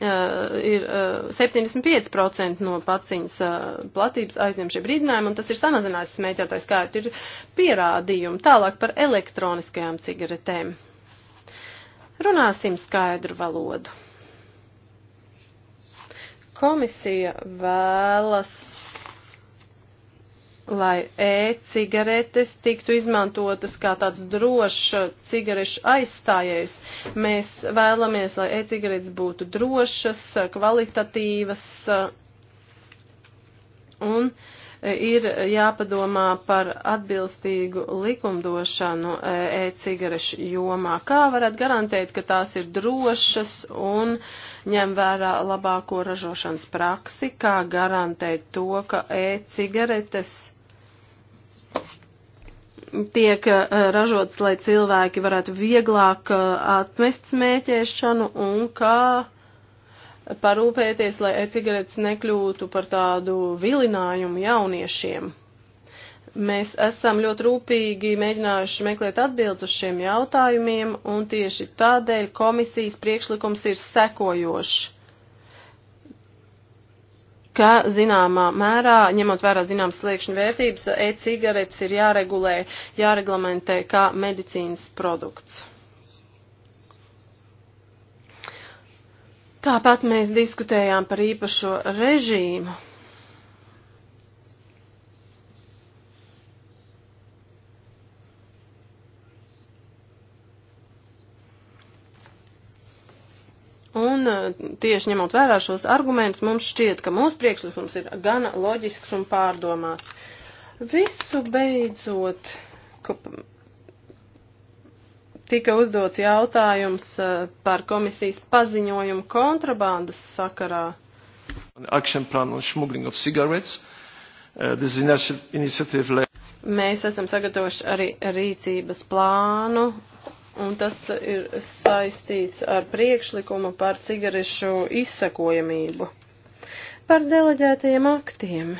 Uh, ir 75% uh, no paciņas uh, platības aizņem šie brīdinājumi, un tas ir samazinājis smēķētais skaitu. Ir pierādījumi tālāk par elektroniskajām cigaretēm. Runāsim skaidru valodu. Komisija vēlas lai e-cigaretes tiktu izmantotas kā tāds drošs cigarešu aizstājējs. Mēs vēlamies, lai e-cigaretes būtu drošas, kvalitatīvas un uh, ir jāpadomā par atbilstīgu likumdošanu e, e-cigarešu jomā. Kā varat garantēt, ka tās ir drošas un ņem vērā labāko ražošanas praksi? Kā garantēt to, ka e-cigaretes tiek e, ražotas, lai cilvēki varētu vieglāk e, atmest smēķēšanu un kā parūpēties, lai e-cigaretes nekļūtu par tādu vilinājumu jauniešiem. Mēs esam ļoti rūpīgi mēģinājuši meklēt atbildes uz šiem jautājumiem, un tieši tādēļ komisijas priekšlikums ir sekojošs ka zināmā mērā, ņemot vērā zināmas sliekšņu vērtības, e-cigaretes ir jāregulē, jāreglamentē kā medicīnas produkts. Tāpat mēs diskutējām par īpašo režīmu. Un eh, tieši ņemot vērā šos argumentus, mums šķiet, ka mūsu priekšlikums ir gana loģisks un pārdomāts. Visu beidzot, tika uzdots jautājums eh, par komisijas paziņojumu kontrabandas sakarā. Action plan on smuggling of cigarettes. Uh, this initiative Mēs esam sagatavojuši arī rīcības plānu, un tas ir saistīts ar priekšlikumu par cigarešu izsekojamību. Par deleģētajiem aktiem.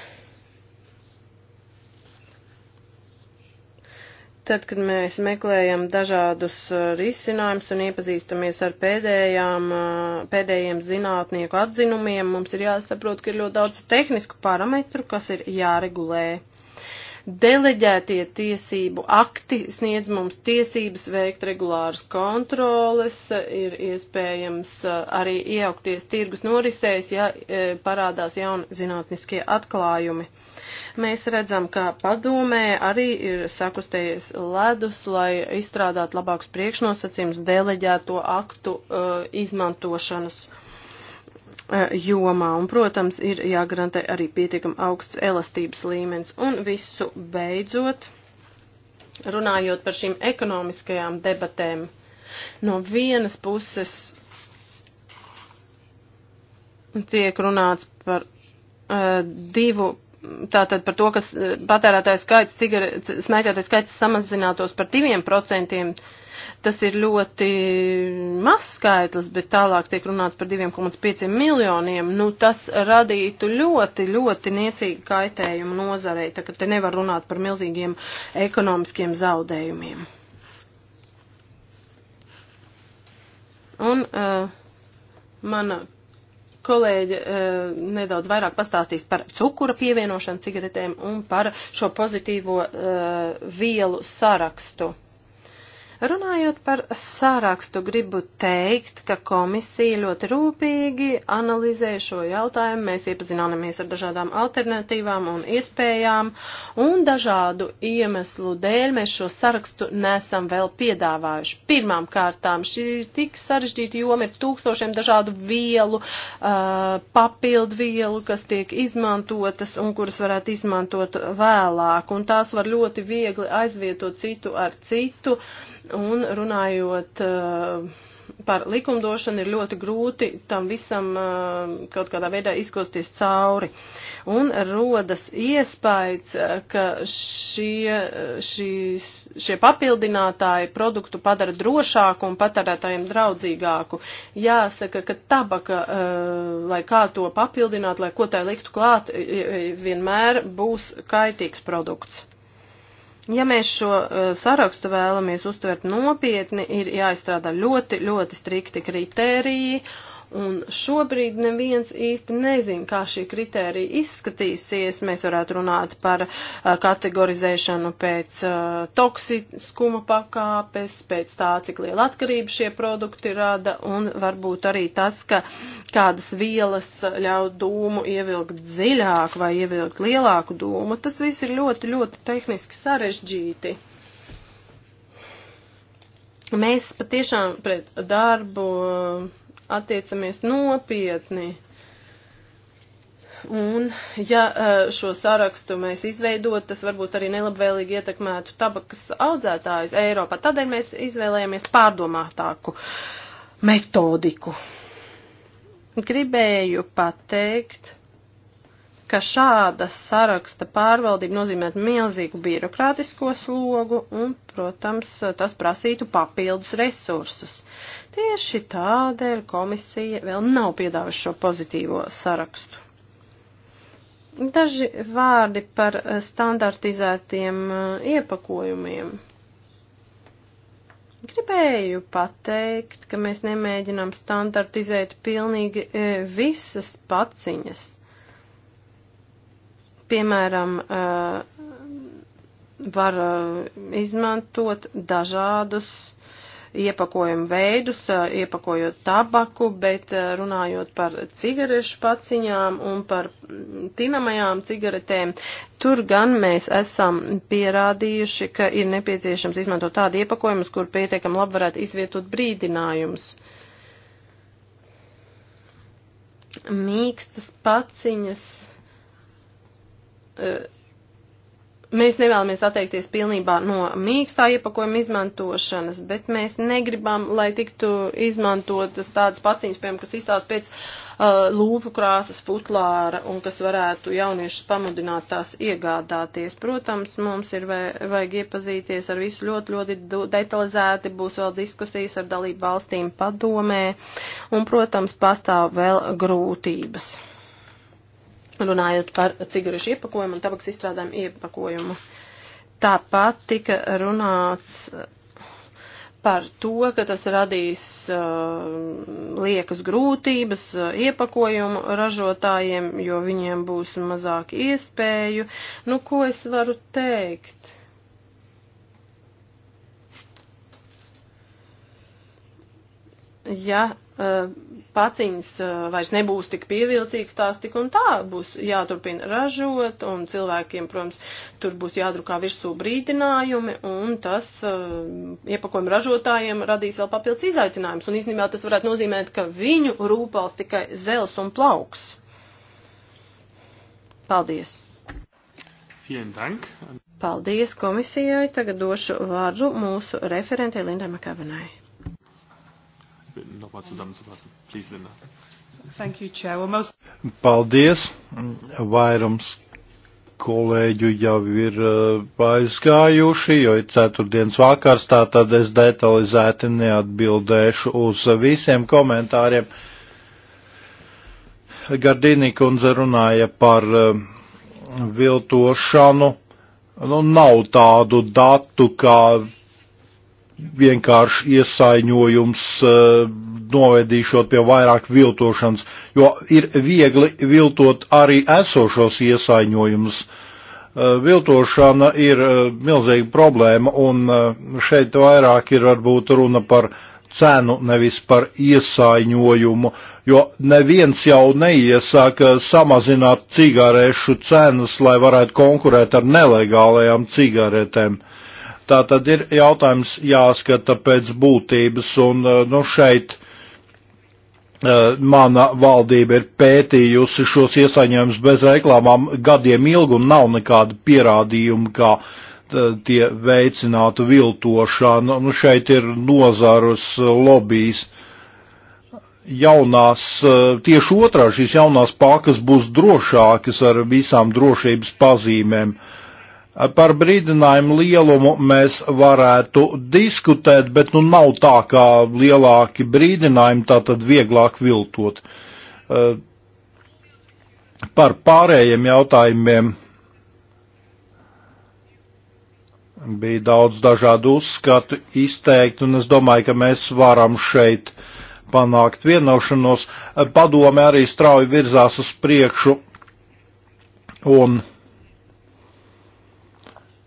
Tad, kad mēs meklējam dažādus uh, risinājumus un iepazīstamies ar pēdējām, uh, pēdējiem zinātnieku atzinumiem, mums ir jāsaprot, ka ir ļoti daudz tehnisku parametru, kas ir jāregulē. Deleģētie tiesību akti sniedz mums tiesības veikt regulāras kontroles, ir iespējams uh, arī iejaukties tirgus norisēs, ja parādās jauni zinātniskie atklājumi. Mēs redzam, ka padomē arī ir sakustējies ledus, lai izstrādātu labākus priekšnosacījumus deleģēto aktu uh, izmantošanas uh, jomā. Un, protams, ir jāgarantē arī pietiekam augsts elastības līmenis. Un visu beidzot, runājot par šīm ekonomiskajām debatēm, no vienas puses tiek runāts par uh, divu tātad par to, ka patērētājs skaits, cigar, smēķētais skaits samazinātos par 2%, tas ir ļoti mazs skaitlis, bet tālāk tiek runāts par 2,5 miljoniem. Nu, tas radītu ļoti, ļoti niecīgu kaitējumu nozarei, tā ka te nevar runāt par milzīgiem ekonomiskiem zaudējumiem. Un uh, mana Kolēģi eh, nedaudz vairāk pastāstīs par cukura pievienošanu cigaretēm un par šo pozitīvo eh, vielu sarakstu. Runājot par sārakstu, gribu teikt, ka komisija ļoti rūpīgi analizē šo jautājumu. Mēs iepazināmies ar dažādām alternatīvām un iespējām, un dažādu iemeslu dēļ mēs šo sarakstu nesam vēl piedāvājuši. Pirmām kārtām šī tik sarežģīta joma ir tūkstošiem dažādu vielu, uh, papildvielu, kas tiek izmantotas un kuras varētu izmantot vēlāk, un tās var ļoti viegli aizvietot citu ar citu Un runājot eh, par likumdošanu, ir ļoti grūti tam visam eh, kaut kādā veidā izkosties cauri. Un rodas iespējas, eh, ka šie, šīs, šie papildinātāji produktu padara drošāku un patērētājiem draudzīgāku. Jāsaka, ka tabaka, lai kā to papildinātu, lai ko tai liktu klāt, vienmēr būs kaitīgs produkts. Ja mēs šo uh, sarakstu vēlamies uztvert nopietni, ir jāizstrādā ļoti, ļoti strikti kritēriji, uh, Un šobrīd neviens īsti nezin, kā šī kritērija izskatīsies. Mēs varētu runāt par kategorizēšanu pēc toksiskuma pakāpes, pēc tā, cik liela atkarība šie produkti rada, un varbūt arī tas, ka kādas vielas ļauj dūmu ievilkt dziļāk vai ievilkt lielāku dūmu. Tas viss ir ļoti, ļoti tehniski sarežģīti. Mēs patiešām pret darbu attiecamies nopietni. Un, ja e, šo sarakstu mēs izveidot, tas varbūt arī nelabvēlīgi ietekmētu tabakas audzētājus Eiropā. Tādēļ mēs izvēlējāmies pārdomātāku metodiku. Gribēju pateikt, ka šāda saraksta pārvaldība nozīmētu milzīgu birokrātisko slogu un, protams, tas prasītu papildus resursus. Tieši tādēļ komisija vēl nav piedāvusi šo pozitīvo sarakstu. Daži vārdi par standartizētiem eh, iepakojumiem. Gribēju pateikt, ka mēs nemēģinām standartizēt pilnīgi eh, visas paciņas piemēram, eh, var eh, izmantot dažādus iepakojumu veidus, eh, iepakojot tabaku, bet runājot par cigarešu paciņām un par mm, tinamajām cigaretēm, tur gan mēs esam pierādījuši, ka ir nepieciešams izmantot tādu iepakojumus, kur pietiekam labi varētu izvietot brīdinājumus. Mīkstas paciņas Eh, mēs nevēlamies atteikties pilnībā no mīkstā iepakojuma izmantošanas, bet mēs negribam, lai tiktu izmantotas tādas paciņas, piemēram, kas izstās pēc uh, lūpu krāsas putlāra un kas varētu jauniešus pamudināt tās iegādāties. Protams, mums ir vai, vajag iepazīties ar visu ļoti, ļoti detalizēti, būs vēl diskusijas ar dalību valstīm padomē un, protams, pastāv vēl grūtības runājot par cigarešu iepakojumu un tabaks izstrādājumu iepakojumu. Tāpat tika runāts par to, ka tas radīs uh, liekas grūtības uh, iepakojumu ražotājiem, jo viņiem būs mazāk iespēju. Nu, ko es varu teikt? ja uh, paciņas uh, vairs nebūs tik pievilcīgas, tās tik un tā būs jāturpina ražot, un cilvēkiem, protams, tur būs jādrukā virsū brīdinājumi, un tas uh, e, iepakojuma ražotājiem radīs vēl papildus izaicinājumus, un īstenībā tas varētu nozīmēt, ka viņu rūpals tikai zels un plauks. Paldies! Paldies komisijai. Tagad došu vārdu mūsu referentei Lindai Makavenai nochmal zusammenzufassen. Please, Linda. Thank you, Chair. Well, most... Paldies. Vairums kolēģu jau ir uh, aizgājuši, jo ir ceturtdienas vakars, tā tad es detalizēti neatbildēšu uz visiem komentāriem. Gardīnī kundze runāja par uh, viltošanu. Nu, nav tādu datu, kā vienkārši iesaņojums uh, novedīšot pie vairāk viltošanas, jo ir viegli viltot arī esošos iesaiņojumus. Eh, viltošana ir eh, milzīga problēma, un eh, šeit vairāk ir varbūt runa par cenu, nevis par iesaiņojumu, jo neviens jau neiesāka samazināt cigarešu cenas, lai varētu konkurēt ar nelegālajām cigaretēm. Tā tad ir jautājums jāskata pēc būtības, un nu, šeit Eh, mana valdība ir pētījusi šos iesaņojumus bez reklāmām gadiem ilgi un nav nekāda pierādījuma, kā eh, tie veicinātu viltošanu. Nu, šeit ir nozaras lobijas jaunās, eh, tieši otrā šīs jaunās pakas būs drošākas ar visām drošības pazīmēm. Uh, Par brīdinājumu lielumu mēs varētu diskutēt, bet nu nav tā, kā lielāki brīdinājumi, tā tad vieglāk viltot. Eh, par pārējiem jautājumiem bija daudz dažādu uzskatu izteikt, un es domāju, ka mēs varam šeit panākt vienošanos. Padome arī strauji virzās uz priekšu, un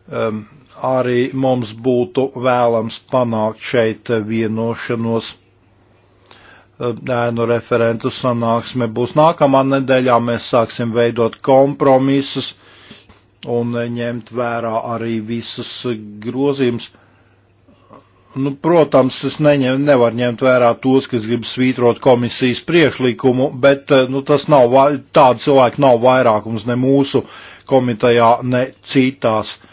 um, arī mums būtu vēlams panākt šeit vienošanos. Um, ēnu referentu sanāksme būs nākamā nedēļā. Mēs sāksim veidot kompromisus un ņemt vērā arī visas grozījums. Nu, protams, es neņem, nevaru ņemt vērā tos, kas grib svītrot komisijas priekšlikumu, bet eh, nu, tas nav, tāda cilvēka nav vairākums ne mūsu komitejā, ne citās uh,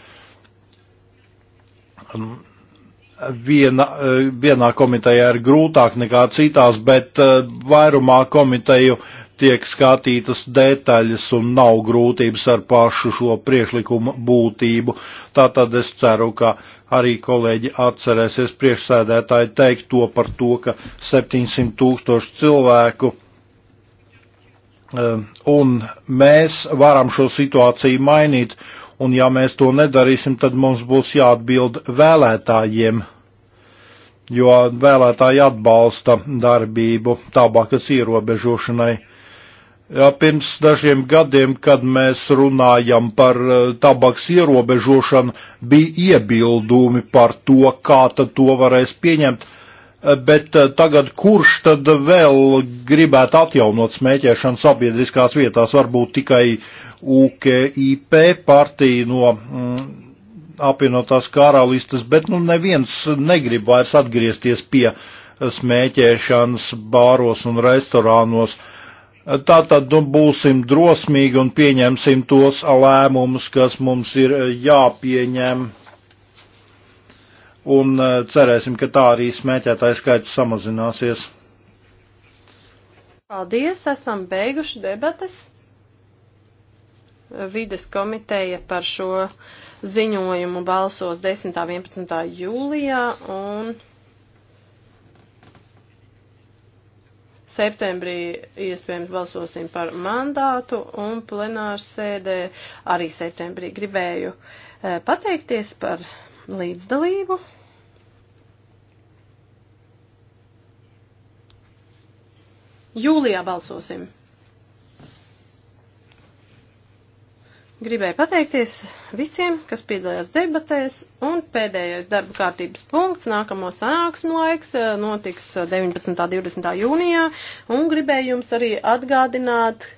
viena, e, vienā komitejā ir grūtāk nekā citās, bet e, vairumā komiteju tiek skatītas detaļas un nav grūtības ar pašu šo priekšlikumu būtību. Tātad es ceru, ka arī kolēģi atcerēsies priekšsēdētāji teikt to par to, ka 700 tūkstoši cilvēku e, un mēs varam šo situāciju mainīt un ja mēs to nedarīsim, tad mums būs jāatbild vēlētājiem, jo vēlētāji atbalsta darbību tabakas ierobežošanai. Ja, pirms dažiem gadiem, kad mēs runājam par eh, tabaks ierobežošanu, bija iebildumi par to, kā tad to varēs pieņemt. Uh, Eh, bet eh, tagad kurš tad vēl gribētu atjaunot smēķēšanu sabiedriskās vietās, varbūt tikai UKIP partija no mm, apvienotās karalistas, bet nu neviens negrib vairs atgriezties pie eh, smēķēšanas bāros un restorānos. Tātad nu, būsim drosmīgi un pieņemsim tos lēmumus, kas mums ir jāpieņem un e, cerēsim, ka tā arī smēķētāja skaits samazināsies. Paldies, esam beiguši debatas. Vides komiteja par šo ziņojumu balsos 10. un 11. jūlijā un septembrī iespējams balsosim par mandātu un plenārsēdē arī septembrī gribēju e, pateikties par līdzdalību. Jūlijā balsosim. Gribēju pateikties visiem, kas piedalījās debatēs, un pēdējais darba kārtības punkts nākamo sanāksmu laiks eh, notiks eh, 19. un 20. jūnijā, un gribēju jums arī atgādināt,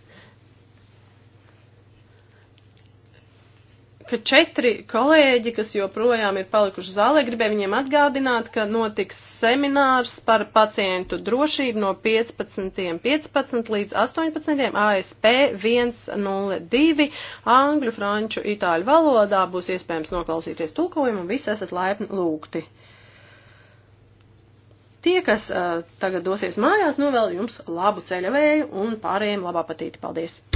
ka četri kolēģi, kas joprojām ir palikuši zālē, gribēja viņiem atgādināt, ka notiks seminārs par pacientu drošību no 15.15 .15 līdz 18. ASP 102 angļu, franču, itāļu valodā būs iespējams noklausīties tulkojumu un visi esat laipni lūgti. Tie, kas uh, tagad dosies mājās, novēl nu jums labu ceļavēju un pārējiem labā patīti. Paldies!